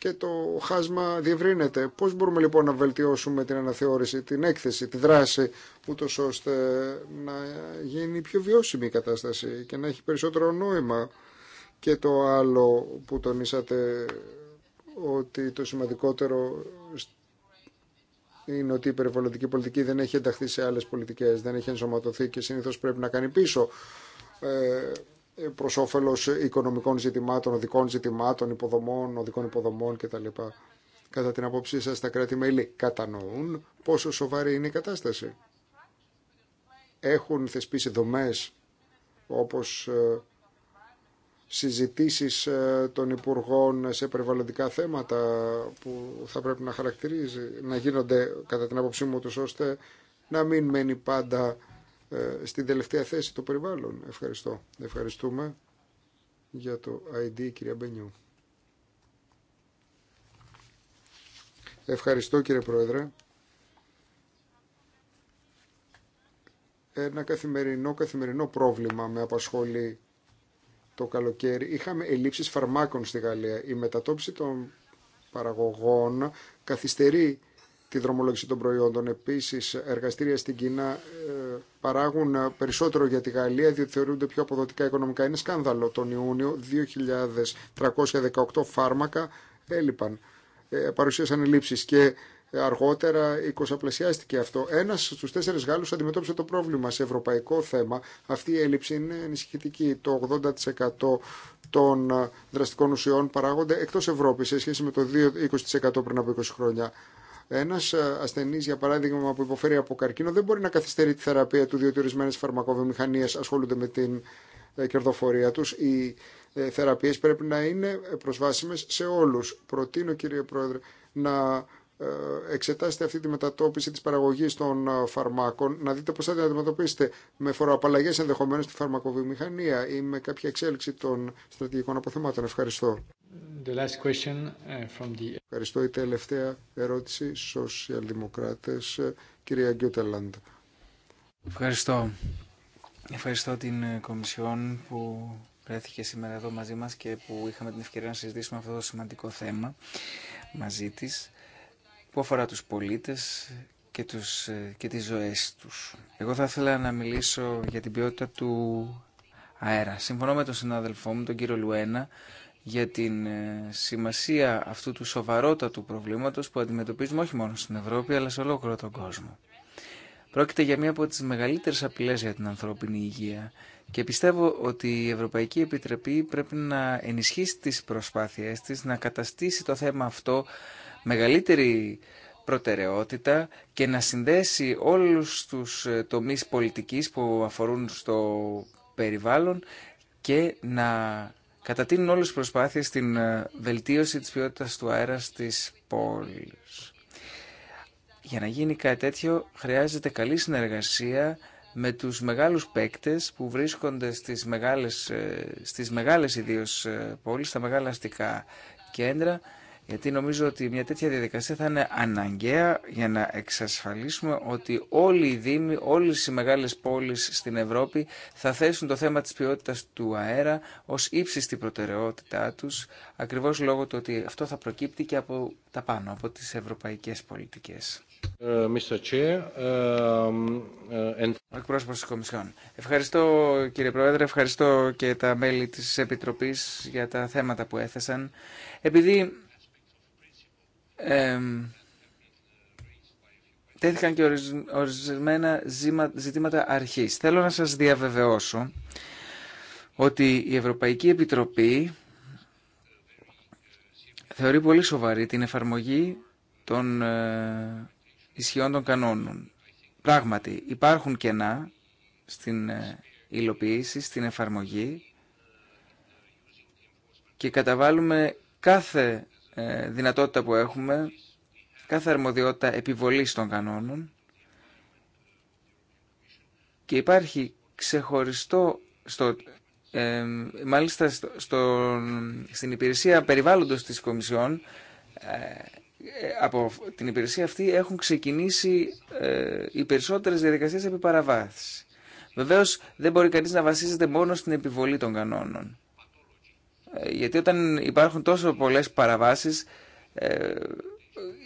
και το χάσμα διευρύνεται. Πώς μπορούμε λοιπόν να βελτιώσουμε την αναθεώρηση, την έκθεση, τη δράση, ούτω ώστε να γίνει πιο βιώσιμη η κατάσταση και να έχει περισσότερο νόημα. Και το άλλο που τονίσατε ότι το σημαντικότερο είναι ότι η περιβαλλοντική πολιτική δεν έχει ενταχθεί σε άλλες πολιτικές, δεν έχει ενσωματωθεί και συνήθως πρέπει να κάνει πίσω. Ε, Προ όφελο οικονομικών ζητημάτων, οδικών ζητημάτων, υποδομών, οδικών υποδομών κτλ. Κατά την απόψή σα τα κράτη-μέλη κατανοούν πόσο σοβαρή είναι η κατάσταση. Έχουν θεσπίσει δομές όπως ε, συζητήσεις ε, των Υπουργών σε περιβαλλοντικά θέματα που θα πρέπει να χαρακτηρίζει, να γίνονται κατά την άποψή μου τους, ώστε να μην μένει πάντα ε, στην τελευταία θέση το περιβάλλον. Ευχαριστώ. Ευχαριστούμε για το ID κυρία Μπενιού. Ευχαριστώ κύριε Πρόεδρε. Ένα καθημερινό, καθημερινό πρόβλημα με απασχολεί το καλοκαίρι. Είχαμε ελλείψεις φαρμάκων στη Γαλλία. Η μετατόπιση των παραγωγών καθυστερεί τη δρομολόγηση των προϊόντων. Επίσης, εργαστήρια στην Κίνα ε, παράγουν ε, περισσότερο για τη Γαλλία διότι θεωρούνται πιο αποδοτικά οικονομικά. Είναι σκάνδαλο. Τον Ιούνιο 2.318 φάρμακα έλειπαν, ε, παρουσίασαν ελλείψει και αργότερα πλασιάστηκε αυτό. Ένα στου τέσσερι Γάλλου αντιμετώπισε το πρόβλημα σε ευρωπαϊκό θέμα. Αυτή η έλλειψη είναι ενισχυτική. Το 80% των δραστικών ουσιών παράγονται εκτό Ευρώπη σε σχέση με το 20% πριν από 20 χρόνια. Ένα ε, ασθενή, για παράδειγμα, που υποφέρει από καρκίνο δεν μπορεί να καθυστερεί τη θεραπεία του, διότι ορισμένε φαρμακοβιομηχανίε ασχολούνται με την ε, κερδοφορία του. Οι ε, θεραπείε πρέπει να είναι προσβάσιμε σε όλου. Προτείνω, κύριε Πρόεδρε, να ε, εξετάσετε αυτή τη μετατόπιση της παραγωγής των ε, φαρμάκων, να δείτε πώς θα την αντιμετωπίσετε με φοροαπαλλαγές ενδεχομένως στη φαρμακοβιομηχανία ή με κάποια εξέλιξη των στρατηγικών αποθεμάτων. Ευχαριστώ. The last question ε, from the... Ευχαριστώ. Η τελευταία ερώτηση, σοσιαλδημοκράτες, κυρία Γκιούτελαντ. Ευχαριστώ.
Ευχαριστώ την Κομισιόν που βρέθηκε σήμερα εδώ μαζί μας και που είχαμε την ευκαιρία να συζητήσουμε αυτό το σημαντικό θέμα μαζί της που αφορά τους πολίτες και, τους, ε, και τις ζωές τους. Εγώ θα ήθελα να μιλήσω για την ποιότητα του αέρα. Συμφωνώ με τον συνάδελφό μου, τον κύριο Λουένα, για την ε, σημασία αυτού του σοβαρότατου προβλήματος που αντιμετωπίζουμε όχι μόνο στην Ευρώπη αλλά σε ολόκληρο τον κόσμο. Πρόκειται για μία από τις μεγαλύτερες απειλές για την ανθρώπινη υγεία και πιστεύω ότι η Ευρωπαϊκή Επιτροπή πρέπει να ενισχύσει τις προσπάθειές της να καταστήσει το θέμα αυτό μεγαλύτερη προτεραιότητα και να συνδέσει όλους τους ε, τομείς πολιτικής που αφορούν στο περιβάλλον και να κατατείνουν όλες τις προσπάθειες στην ε, βελτίωση της ποιότητας του αέρα στις πόλεις. Για να γίνει κάτι τέτοιο χρειάζεται καλή συνεργασία με τους μεγάλους παίκτες που βρίσκονται στις μεγάλες, ε, στις μεγάλες ιδίως πόλεις, στα μεγάλα αστικά κέντρα γιατί νομίζω ότι μια τέτοια διαδικασία θα είναι αναγκαία για να εξασφαλίσουμε ότι όλοι οι Δήμοι, όλες οι μεγάλες πόλεις στην Ευρώπη θα θέσουν το θέμα της ποιότητας του αέρα ως ύψιστη προτεραιότητά τους, ακριβώς λόγω του ότι αυτό θα προκύπτει και από τα πάνω, από τις ευρωπαϊκές πολιτικές.
Ε, ε, ε,
ευχαριστώ κύριε Πρόεδρε, ευχαριστώ και τα μέλη της Επιτροπής για τα θέματα που έθεσαν. Επειδή ε, τέθηκαν και ορισμένα ζητήματα αρχής. Θέλω να σας διαβεβαιώσω ότι η Ευρωπαϊκή Επιτροπή θεωρεί πολύ σοβαρή την εφαρμογή των ε, ισχυών των κανόνων. Πράγματι, υπάρχουν κενά στην ε, υλοποίηση, στην εφαρμογή και καταβάλουμε κάθε ε, δυνατότητα που έχουμε, κάθε αρμοδιότητα επιβολής των κανόνων και υπάρχει ξεχωριστό στο, ε, μάλιστα στο, στην υπηρεσία περιβάλλοντος της Κομισιόν ε, από την υπηρεσία αυτή έχουν ξεκινήσει οι περισσότερες διαδικασίες επί Βεβαίως δεν μπορεί κανείς να βασίζεται μόνο στην επιβολή των κανόνων γιατί όταν υπάρχουν τόσο πολλές παραβάσεις ε,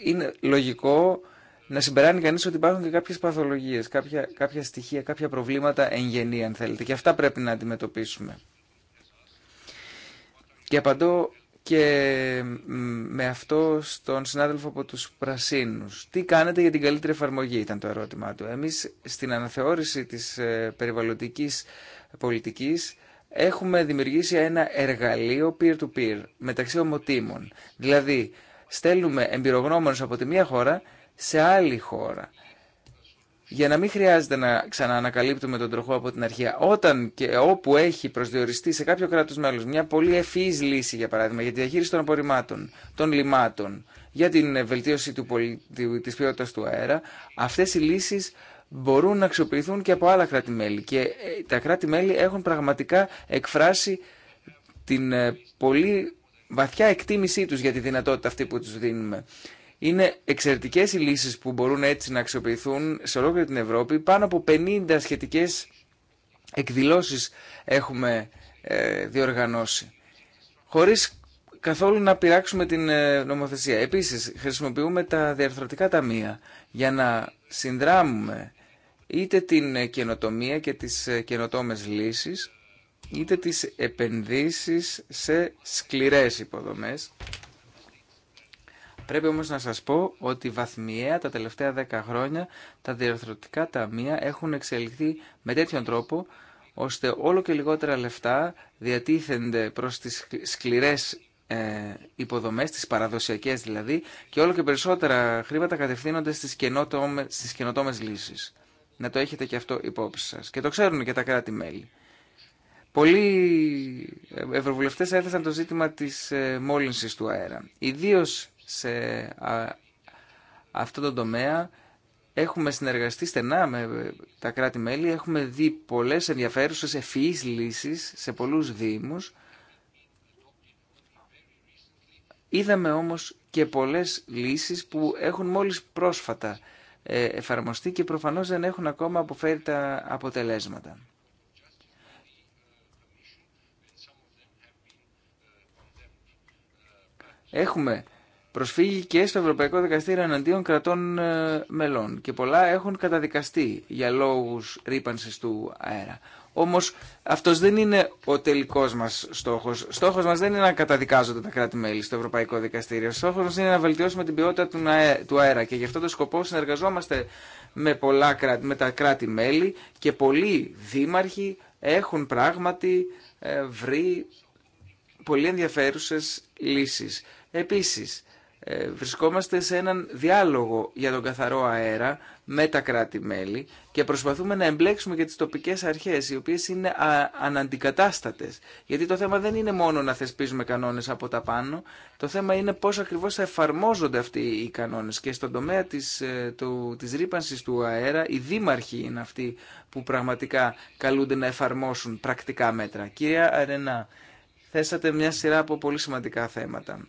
είναι λογικό να συμπεράνει κανείς ότι υπάρχουν και κάποιες παθολογίες, κάποια, κάποια στοιχεία, κάποια προβλήματα εν γενή αν θέλετε και αυτά πρέπει να αντιμετωπίσουμε. Και απαντώ και με αυτό στον συνάδελφο από τους Πρασίνους. Τι κάνετε για την καλύτερη εφαρμογή ήταν το ερώτημά του. Εμείς στην αναθεώρηση της ε, περιβαλλοντικής πολιτικής έχουμε δημιουργήσει ένα εργαλείο peer-to-peer μεταξύ ομοτήμων. Δηλαδή, στέλνουμε εμπειρογνώμονες από τη μία χώρα σε άλλη χώρα. Για να μην χρειάζεται να ξαναανακαλύπτουμε τον τροχό από την αρχή. Όταν και όπου έχει προσδιοριστεί σε κάποιο κράτο μέλο μια πολύ ευφυή λύση, για παράδειγμα, για τη διαχείριση των απορριμμάτων, των λιμάτων, για την βελτίωση τη ποιότητα του αέρα, αυτέ οι λύσει μπορούν να αξιοποιηθούν και από άλλα κράτη-μέλη. Και ε, τα κράτη-μέλη έχουν πραγματικά εκφράσει την ε, πολύ βαθιά εκτίμησή τους για τη δυνατότητα αυτή που τους δίνουμε. Είναι εξαιρετικές οι λύσεις που μπορούν έτσι να αξιοποιηθούν σε ολόκληρη την Ευρώπη. Πάνω από 50 σχετικές εκδηλώσεις έχουμε ε, διοργανώσει. Χωρίς καθόλου να πειράξουμε την νομοθεσία. Επίσης, χρησιμοποιούμε τα διαρθρωτικά ταμεία για να συνδράμουμε είτε την ε, καινοτομία και τις ε, καινοτόμες λύσεις, είτε τις επενδύσεις σε σκληρές υποδομές. Πρέπει όμως να σας πω ότι βαθμιαία τα τελευταία 10 χρόνια τα διαρθρωτικά ταμεία έχουν εξελιχθεί με τέτοιον τρόπο ώστε όλο και λιγότερα λεφτά διατίθενται προς τις σκληρές ε, υποδομές, τις παραδοσιακές δηλαδή, και όλο και περισσότερα χρήματα κατευθύνονται στις στις καινοτόμες λύσεις. Να το έχετε και αυτό υπόψη σα. Και το ξέρουν και τα κράτη-μέλη. Πολλοί ευρωβουλευτέ έθεσαν το ζήτημα της ε, μόλυνσης του αέρα. Ιδίω σε αυτό το τομέα έχουμε συνεργαστεί στενά με ε, τα κράτη-μέλη, έχουμε δει πολλέ ενδιαφέρουσες ευφυεί λύσει σε πολλούς δήμους. Είδαμε όμως και πολλές λύσεις που έχουν μόλις πρόσφατα ε, εφαρμοστεί και προφανώς δεν έχουν ακόμα αποφέρει τα αποτελέσματα. Έχουμε προσφύγει και στο Ευρωπαϊκό Δικαστήριο εναντίον κρατών ε, μελών και πολλά έχουν καταδικαστεί για λόγους ρήπανσης του αέρα. Όμως αυτός δεν είναι ο τελικός μας στόχος. Στόχος μας δεν είναι να καταδικάζονται τα κράτη-μέλη στο Ευρωπαϊκό Δικαστήριο. Στόχος μας είναι να βελτιώσουμε την ποιότητα του αέρα και γι' αυτό το σκοπό συνεργαζόμαστε με, πολλά, με τα κράτη-μέλη και πολλοί δήμαρχοι έχουν πράγματι ε, βρει πολύ ενδιαφέρουσες λύσεις. Επίσης, ε, βρισκόμαστε σε έναν διάλογο για τον καθαρό αέρα με τα κράτη-μέλη και προσπαθούμε να εμπλέξουμε και τις τοπικές αρχές οι οποίες είναι αναντικατάστατες γιατί το θέμα δεν είναι μόνο να θεσπίζουμε κανόνες από τα πάνω το θέμα είναι πώς ακριβώς θα εφαρμόζονται αυτοί οι κανόνες και στον τομέα της, ε, του, της ρήπανσης του αέρα οι δήμαρχοι είναι αυτοί που πραγματικά καλούνται να εφαρμόσουν πρακτικά μέτρα. Κυρία Αρενά, θέσατε μια σειρά από πολύ σημαντικά θέματα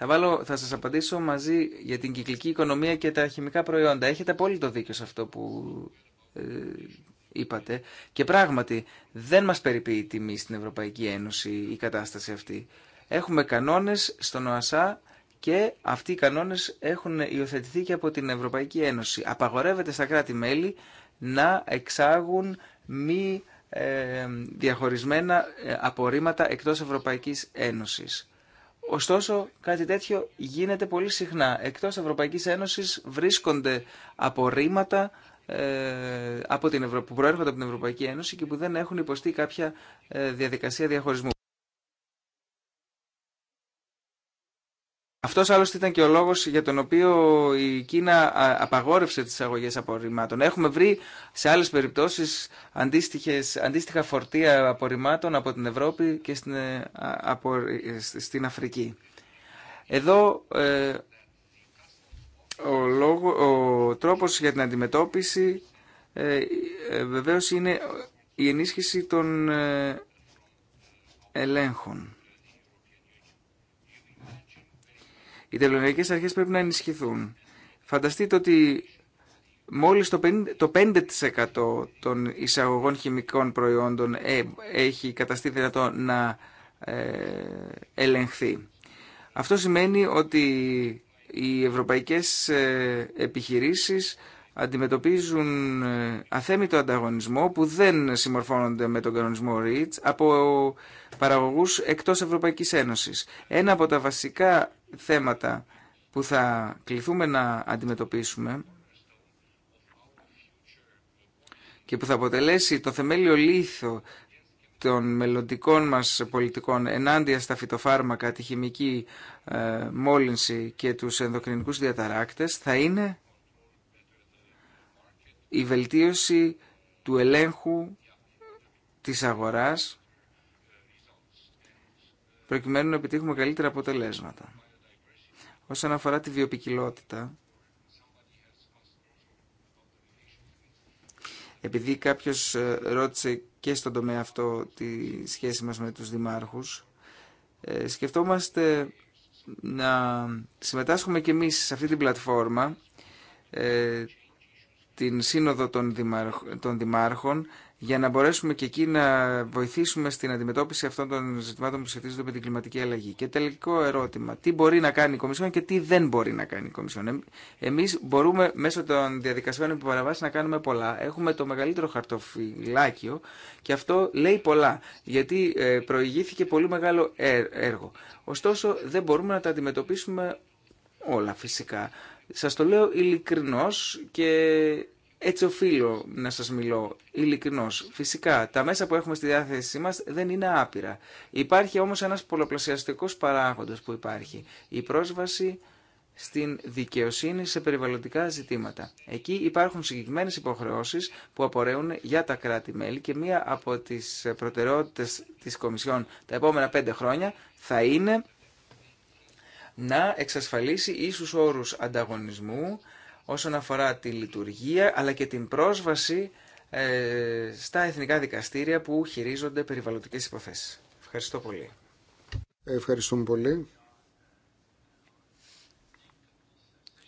θα, βάλω, θα σας απαντήσω μαζί για την κυκλική οικονομία και τα χημικά προϊόντα. Έχετε απόλυτο δίκιο σε αυτό που ε, είπατε. Και πράγματι δεν μας περιποιεί η τιμή στην Ευρωπαϊκή Ένωση η κατάσταση αυτή. Έχουμε κανόνες στον ΟΑΣΑ και αυτοί οι κανόνες έχουν υιοθετηθεί και από την Ευρωπαϊκή Ένωση. Απαγορεύεται στα κράτη-μέλη να εξάγουν μη ε, διαχωρισμένα ε, απορρίμματα εκτός Ευρωπαϊκής Ένωσης. Ωστόσο, κάτι τέτοιο γίνεται πολύ συχνά. Εκτός Ευρωπαϊκής Ένωσης βρίσκονται απορρίμματα ε, από την Ευρω... που προέρχονται από την Ευρωπαϊκή Ένωση και που δεν έχουν υποστεί κάποια ε, διαδικασία διαχωρισμού. Αυτό άλλωστε ήταν και ο λόγο για τον οποίο η Κίνα απαγόρευσε τι αγωγέ απορριμμάτων. Έχουμε βρει σε άλλε περιπτώσει αντίστοιχα φορτία απορριμμάτων από την Ευρώπη και στην, ε, από, ε, Αφρική. Εδώ ε, ο, λόγο, ο τρόπος για την αντιμετώπιση ε, βεβαίως είναι η ενίσχυση των ελέγχων. Οι τελωνιακέ αρχέ πρέπει να ενισχυθούν. Φανταστείτε ότι μόλις το 5% των εισαγωγών χημικών προϊόντων ε, έχει καταστεί δυνατό να ε, ελεγχθεί. Αυτό σημαίνει ότι οι ευρωπαϊκές ε, επιχειρήσεις αντιμετωπίζουν αθέμητο ανταγωνισμό που δεν συμμορφώνονται με τον κανονισμό REACH από παραγωγούς εκτός Ευρωπαϊκής Ένωσης. Ένα από τα βασικά θέματα που θα κληθούμε να αντιμετωπίσουμε και που θα αποτελέσει το θεμέλιο λίθο των μελλοντικών μας πολιτικών ενάντια στα φυτοφάρμακα, τη χημική ε, μόλυνση και τους ενδοκρινικούς διαταράκτες θα είναι η βελτίωση του ελέγχου της αγοράς προκειμένου να επιτύχουμε καλύτερα αποτελέσματα. Όσον αφορά τη βιοπικιλότητα, επειδή κάποιος ε, ρώτησε και στον τομέα αυτό τη σχέση μας με τους δημάρχους, ε, σκεφτόμαστε να συμμετάσχουμε και εμείς σε αυτή την πλατφόρμα, ε, την Σύνοδο των Δημάρχων, για να μπορέσουμε και εκεί να βοηθήσουμε στην αντιμετώπιση αυτών των ζητημάτων που σχετίζονται με την κλιματική αλλαγή. Και τελικό ερώτημα, τι μπορεί να κάνει η Κομισιόν και τι δεν μπορεί να κάνει η Κομισιόν. Εμείς μπορούμε μέσω των διαδικασιών παραβάσει να κάνουμε πολλά. Έχουμε το μεγαλύτερο χαρτοφυλάκιο και αυτό λέει πολλά, γιατί ε, προηγήθηκε πολύ μεγάλο ε, έργο. Ωστόσο δεν μπορούμε να τα αντιμετωπίσουμε όλα φυσικά. Σας το λέω ειλικρινώς και έτσι οφείλω να σας μιλώ ειλικρινώς. Φυσικά, τα μέσα που έχουμε στη διάθεσή μας δεν είναι άπειρα. Υπάρχει όμως ένας πολλαπλασιαστικός παράγοντας που υπάρχει. Η πρόσβαση στην δικαιοσύνη σε περιβαλλοντικά ζητήματα. Εκεί υπάρχουν συγκεκριμένες υποχρεώσεις που απορρέουν για τα κράτη-μέλη και μία από τις προτεραιότητες της Κομισιόν τα επόμενα πέντε χρόνια θα είναι να εξασφαλίσει ίσους όρους ανταγωνισμού όσον αφορά τη λειτουργία αλλά και την πρόσβαση ε, στα εθνικά δικαστήρια που χειρίζονται περιβαλλοντικές υποθέσεις. Ευχαριστώ πολύ.
Ευχαριστούμε πολύ.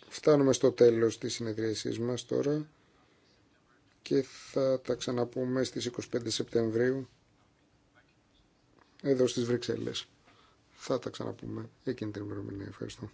Φτάνουμε στο τέλος της συνεδρίασής μας τώρα και θα τα ξαναπούμε στις 25 Σεπτεμβρίου εδώ στις Βρυξέλλες. Θα τα ξαναπούμε εκείνη την ημερομηνία. Ευχαριστώ.